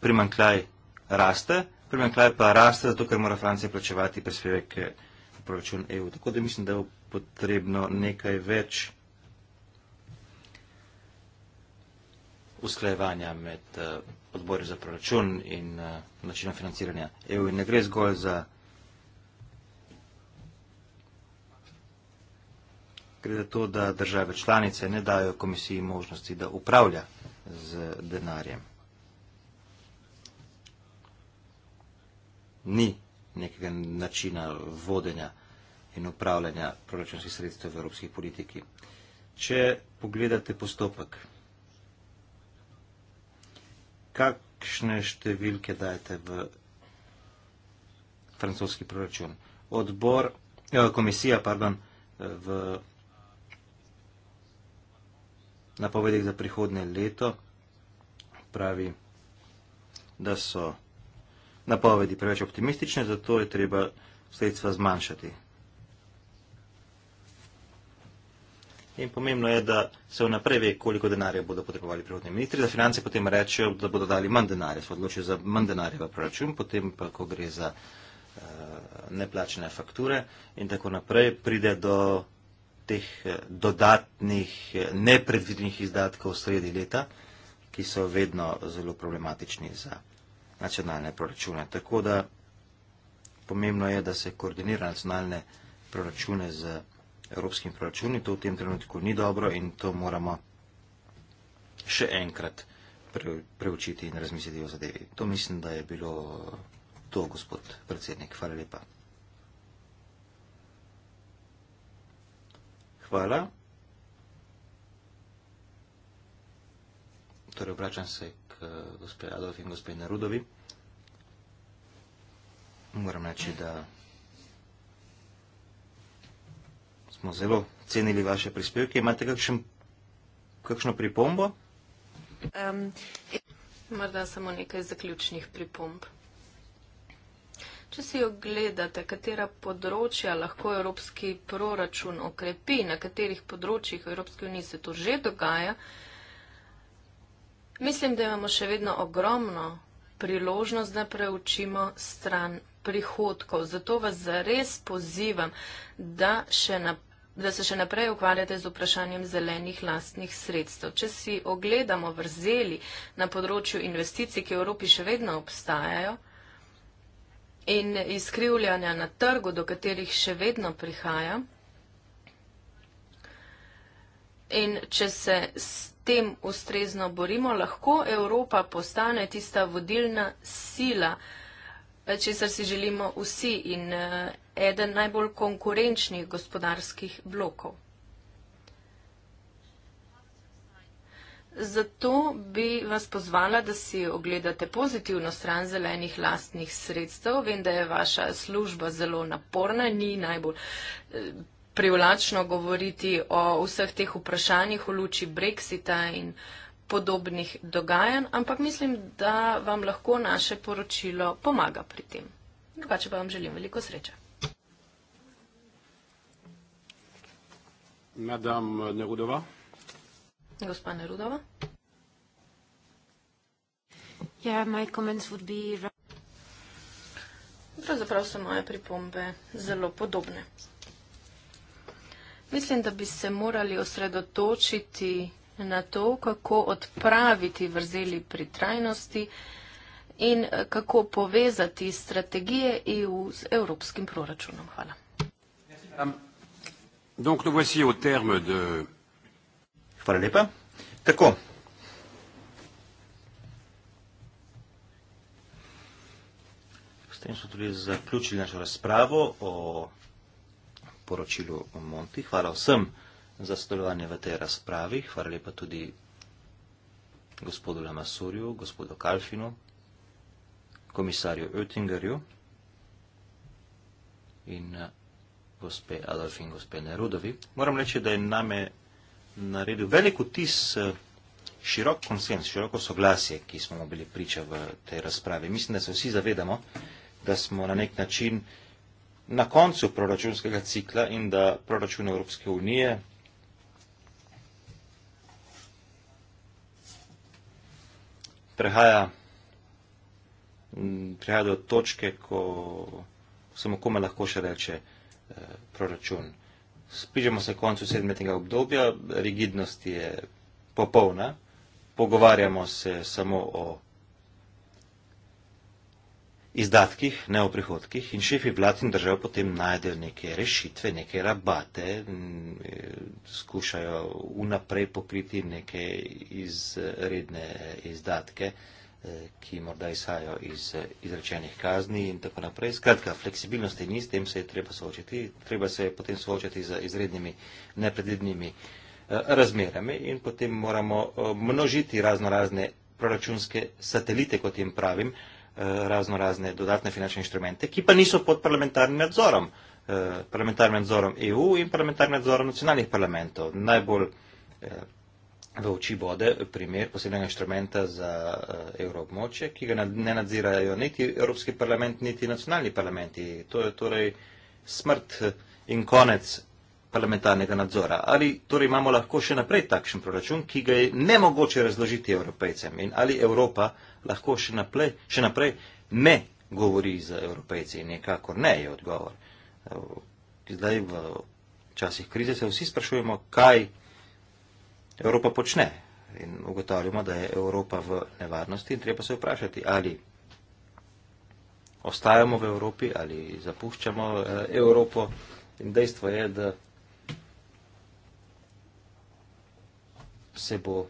primankljaj raste, Primerkaj pa raste, zato ker mora Francija plačevati prispevek v proračun EU. Tako da mislim, da je potrebno nekaj več usklajevanja med uh, odbori za proračun in uh, načinom financiranja EU. In ne gre zgolj za. Gre za to, da države članice ne dajo komisiji možnosti, da upravlja z denarjem. ni nekega načina vodenja in upravljanja proračunskih sredstev v evropski politiki. Če pogledate postopek, kakšne številke dajete v francoski proračun? Odbor, eh, komisija, pardon, eh, v napovedih za prihodnje leto pravi, da so napovedi preveč optimistične, zato je treba sredstva zmanjšati. In pomembno je, da se vnaprej ve, koliko denarja bodo potrebovali prihodni ministri. Za finance potem rečejo, da bodo dali manj denarja. Se odločijo za manj denarja v proračun, potem pa, ko gre za uh, neplačene fakture in tako naprej, pride do teh eh, dodatnih eh, nepredvidenih izdatkov sredi leta, ki so vedno zelo problematični za nacionalne proračune. Tako da pomembno je, da se koordinira nacionalne proračune z evropskim proračuni. To v tem trenutku ni dobro in to moramo še enkrat preučiti in razmisliti o zadevi. To mislim, da je bilo to, gospod predsednik. Hvala lepa. Hvala. Torej, obračam se Eh, gospe Adolf in gospe Narudovi. Moram reči, da smo zelo cenili vaše prispevke. Imate kakšen, kakšno pripombo? Um, morda samo nekaj zaključnih pripomb. Če si jo gledate, katera področja lahko evropski proračun okrepi, na katerih področjih v Evropski uniji se to že dogaja, uh, Mislim, da imamo še vedno ogromno priložnost, da preučimo stran prihodkov. Zato vas zares pozivam, da, še na, da se še naprej ukvarjate z vprašanjem zelenih lastnih sredstev. Če si ogledamo vrzeli na področju investicij, ki v Evropi še vedno obstajajo in izkrivljanja na trgu, do katerih še vedno prihajam, In če se s tem ustrezno borimo, lahko Evropa postane tista vodilna sila, eh, česar si želimo vsi in eh, eden najbolj konkurenčnih gospodarskih blokov. Zato bi vas pozvala, da si ogledate pozitivno stran zelenih lastnih sredstev. Vem, da je vaša služba zelo naporna, ni najbolj eh, privlačno govoriti o vseh teh vprašanjih v luči Brexita in podobnih dogajanj, ampak mislim, da vam lahko naše poročilo pomaga pri tem. Drugače pa vam želim veliko sreče. Madame Nerudova. Gospa Nerudova. Yeah, ja, my comments would be... Pravzaprav so moje pripombe zelo podobne. Mislim, da bi se morali osredotočiti na to, kako odpraviti vrzeli pri trajnosti in eh, kako povezati strategije EU z evropskim proračunom. Hvala. Um, Hvala lepa. Tako. S tem smo tudi zaključili našo razpravo o poročilu Monti. Hvala vsem za sodelovanje v tej razpravi. Hvala lepa tudi gospodu Lamasurju, gospodu Kalfinu, komisarju Oettingerju in eh, gospe Adolf in gospe Nerudovi. Moram reči, da je name naredil velik vtis eh, širok konsens, široko soglasje, ki smo mu bili priča v tej razpravi. Mislim, da se vsi zavedamo, da smo na nek način na koncu proračunskega cikla in da proračun Evropske unije prehaja, prehaja do točke, ko samo kome lahko še reče eh, proračun. Spižemo se koncu sedmetnega obdobja, rigidnost je popolna, pogovarjamo se samo o proračunu, izdatkih, ne o prihodkih, in šefi vlad in držav potem najdejo neke rešitve, neke rabate, e, skušajo vnaprej pokriti neke izredne izdatke, e, ki morda izhajajo iz e, izrečenih kazni in tako naprej. Skratka, fleksibilnosti ni, s tem se je treba soočiti, treba se je potem soočiti z izrednimi, nepredvidnimi razmerami in potem moramo množiti razno razne proračunske satelite, kot jim pravim, Eh, razno razne dodatne finančne inštrumente, ki pa niso pod parlamentarnim nadzorom. Eh, parlamentarnim nadzorom EU in parlamentarnim nadzorom nacionalnih parlamentov. Najbolj eh, v oči bode primer posebnega inštrumenta za evroobmočje, ki ga ne nadzirajo niti Evropski parlament, niti nacionalni parlamenti. To je torej smrt in konec parlamentarnega nadzora. Ali torej imamo lahko še naprej takšen proračun, ki ga je ne mogoče razložiti evropejcem in ali Evropa lahko še naprej, še naprej ne govori z evropejci in nekako ne je odgovor. Eh, zdaj v časih krize se vsi sprašujemo, kaj Evropa počne in ugotavljamo, da je Evropa v nevarnosti in treba se vprašati, ali ostajamo v Evropi ali zapuščamo eh, Evropo. In dejstvo je, da se bo,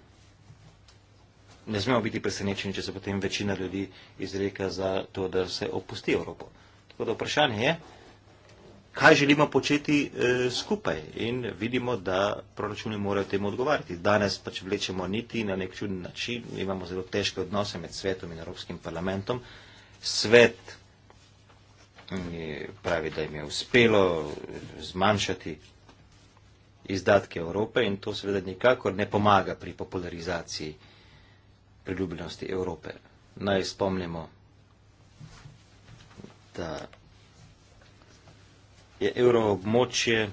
ne smemo biti presenečeni, če se potem večina ljudi izreka za to, da se opusti Evropo. Tako da vprašanje je, kaj želimo početi e, skupaj in vidimo, da proračuni morajo temu odgovarjati. Danes pač vlečemo niti na nek čuden način, imamo zelo težke odnose med svetom in Evropskim parlamentom. Svet mm, pravi, da jim je uspelo zmanjšati izdatke Evrope in to seveda nikakor ne pomaga pri popularizaciji priljubljenosti Evrope. Naj spomnimo, da je evro območje,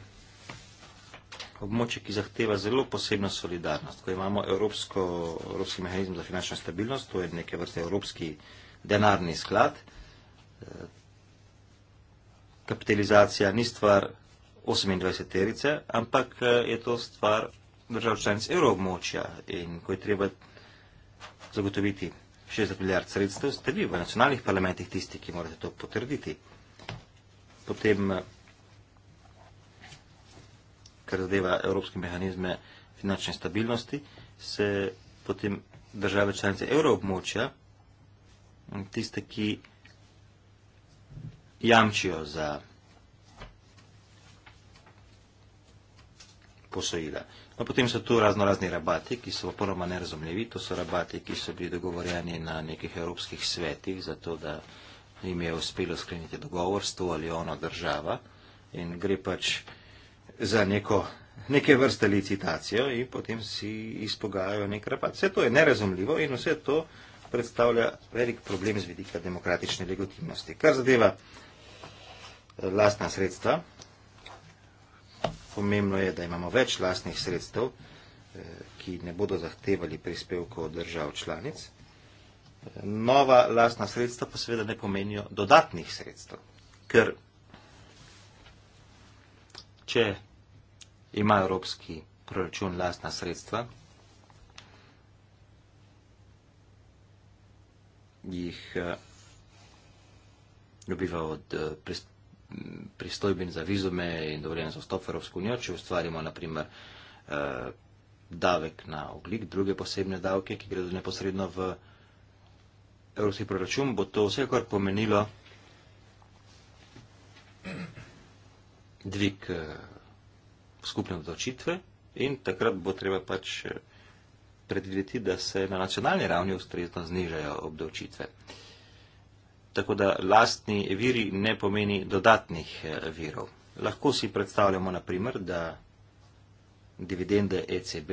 območje, ki zahteva zelo posebno solidarnost. Ko imamo evropsko, evropski mehanizm za finančno stabilnost, to je neke vrste evropski denarni sklad, eh, kapitalizacija ni stvar 28 terice, ampak eh, je to stvar držav članic evroobmočja in ko je treba zagotoviti 60 milijard sredstev, ste vi v nacionalnih parlamentih tisti, ki morate to potrditi. Potem, eh, kar zadeva evropske mehanizme finančne stabilnosti, se potem države članice evroobmočja, mm, tiste, ki jamčijo za posojila. No, potem so tu razno razni rabati, ki so popolnoma nerazumljivi. To so rabati, ki so bili dogovorjeni na nekih evropskih svetih, zato da jim je uspelo skleniti dogovor s to ali ono država. In gre pač za neko, neke vrste licitacijo in potem si izpogajajo nek rabat. Vse to je nerazumljivo in vse to predstavlja velik problem z vidika demokratične legitimnosti. Kar zadeva eh, lastna sredstva. Pomembno je, da imamo več lastnih sredstev, eh, ki ne bodo zahtevali prispevkov držav članic. Nova lastna sredstva pa seveda ne pomenijo dodatnih sredstev, ker če ima evropski proračun lastna sredstva, jih eh, dobiva od eh, prispevkov pristojbin za vizume in dovoljenja za vstop v Evropsko unijo, če ustvarimo naprimer eh, davek na oglik, druge posebne davke, ki gredo neposredno v evropski proračun, bo to vsekakor pomenilo dvig eh, skupne odločitve in takrat bo treba pač eh, predvideti, da se na nacionalni ravni ustrezno znižajo obdavčitve. Uh, tako da lastni viri ne pomeni dodatnih eh, virov. Lahko si predstavljamo, naprimer, da dividende ECB,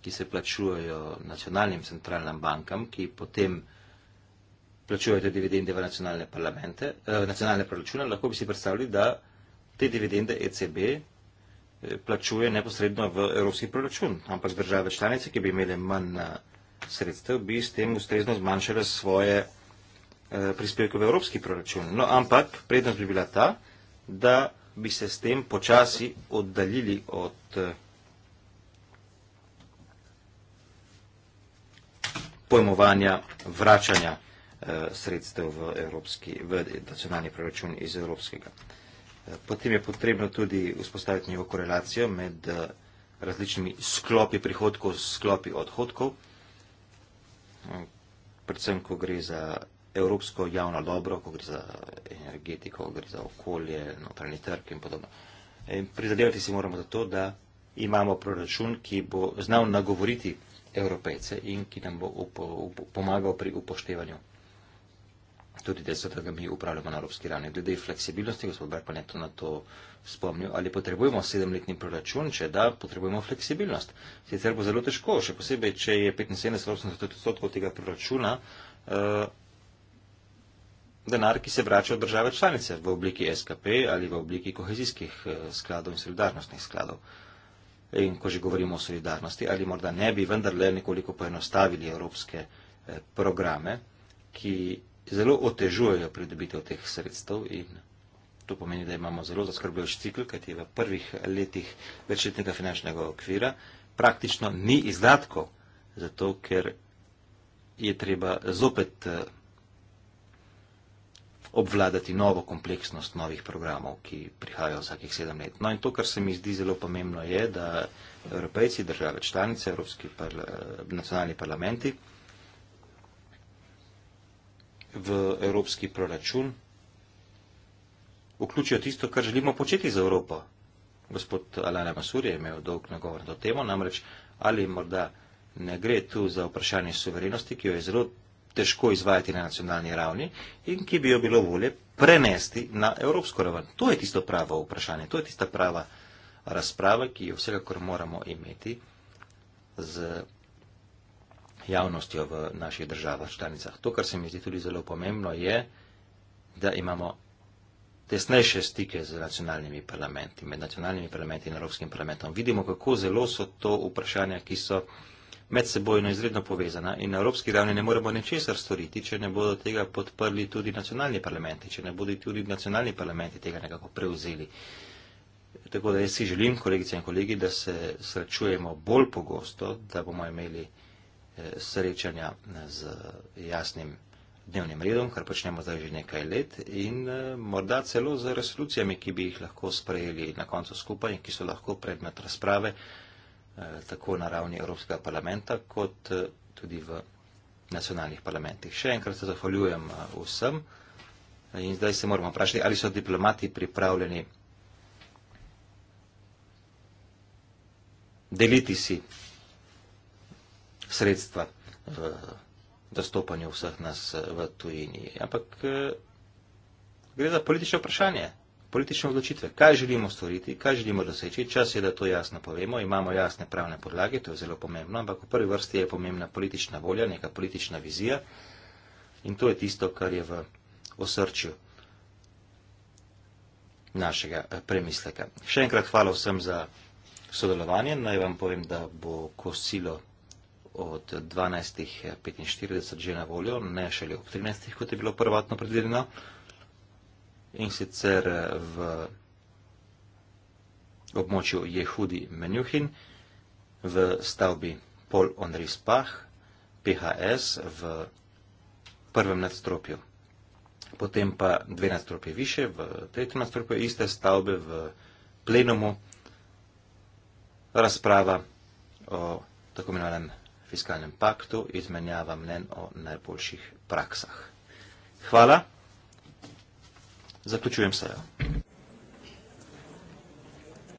ki se plačujejo nacionalnim centralnim bankam, ki potem plačujete dividende v nacionalne parlamente, eh, nacionalne proračune, lahko bi si predstavljali, da te dividende ECB eh, plačuje neposredno v evropski proračun, ampak države članice, ki bi imele manj eh, sredstev, bi s tem ustrezno zmanjšale svoje Eh, prispevke v evropski proračun. No, ampak prednost bi bila ta, da bi se s tem počasi oddaljili od eh, pojmovanja vračanja eh, sredstev v, evropski, v nacionalni proračun iz evropskega. Potem je potrebno tudi vzpostaviti njegovo korelacijo med različnimi sklopi prihodkov, sklopi odhodkov, predvsem ko gre za evropsko javno dobro, ko gre za energetiko, ko gre za okolje, notranji trg in podobno. In prizadevati si moramo za to, da imamo proračun, ki bo znal nagovoriti evropejce in ki nam bo upo, upo, pomagal pri upoštevanju tudi dejstva, da ga mi upravljamo na evropski ravni. Glede fleksibilnosti, gospod Berkmanet na to spomnil, ali potrebujemo sedemletni proračun, če da, potrebujemo fleksibilnost. Sicer bo zelo težko, še posebej, če je 75-80 odstotkov tega proračuna. Uh, denar, ki se vrača v države članice v obliki SKP ali v obliki kohezijskih eh, skladov in solidarnostnih skladov. In ko že govorimo o solidarnosti, ali morda ne bi vendarle nekoliko poenostavili evropske eh, programe, ki zelo otežujejo pridobitev teh sredstev in to pomeni, da imamo zelo zaskrbljujoč cikl, kajti v prvih letih večletnega finančnega okvira praktično ni izdatkov, zato ker je treba zopet eh, obvladati novo kompleksnost novih programov, ki prihajajo vsakih sedem let. No in to, kar se mi zdi zelo pomembno, je, da evropejci, države članice, evropski parla, nacionalni parlamenti v evropski proračun vključijo tisto, kar želimo početi z Evropo. Gospod Alana Masur je imel dolg nagovor na to temo, namreč ali morda ne gre tu za vprašanje suverenosti, ki jo je zelo težko izvajati na nacionalni ravni in ki bi jo bilo volje prenesti na evropsko raven. To je tisto pravo vprašanje, to je tista prava razprava, ki jo vsekakor moramo imeti z javnostjo v naših državah, članicah. To, kar se mi zdi tudi zelo pomembno, je, da imamo tesnejše stike z nacionalnimi parlamenti, med nacionalnimi parlamenti in Evropskim parlamentom. Vidimo, kako zelo so to vprašanja, ki so medsebojno izredno povezana in na evropski ravni ne moremo ničesar storiti, če ne bodo tega podprli tudi nacionalni parlamenti, če ne bodo tudi nacionalni parlamenti tega nekako prevzeli. Tako da jaz si želim, kolegice in kolegi, da se srečujemo bolj pogosto, da bomo imeli eh, srečanja eh, z jasnim dnevnim redom, kar počnemo zdaj že nekaj let in eh, morda celo z resolucijami, ki bi jih lahko sprejeli na koncu skupaj in ki so lahko predmet razprave. Eh, tako na ravni Evropskega parlamenta, kot eh, tudi v nacionalnih parlamentih. Še enkrat se zahvaljujem eh, vsem in zdaj se moramo vprašati, ali so diplomati pripravljeni deliti si sredstva v dostopanju vseh nas v tujini. Ampak gre za politično vprašanje politične odločitve, kaj želimo storiti, kaj želimo doseči. Čas je, da to jasno povemo, imamo jasne pravne podlage, to je zelo pomembno, ampak v prvi vrsti je pomembna politična volja, neka politična vizija in to je tisto, kar je v osrčju našega eh, premisleka. Še enkrat hvala vsem za sodelovanje. Naj vam povem, da bo kosilo od 12.45 že na voljo, ne šele ob 13.00, kot je bilo prvotno predvideno in sicer v območju Jehudi Menuhin v stavbi Pol Onrispah, PHS v prvem nadstropju. Potem pa dve nadstropje više v tretjem nadstropju iste stavbe v plenumu razprava o tako imenovanem fiskalnem paktu, izmenjava mnen o najboljših praksah. Hvala. Zaključujem sejo.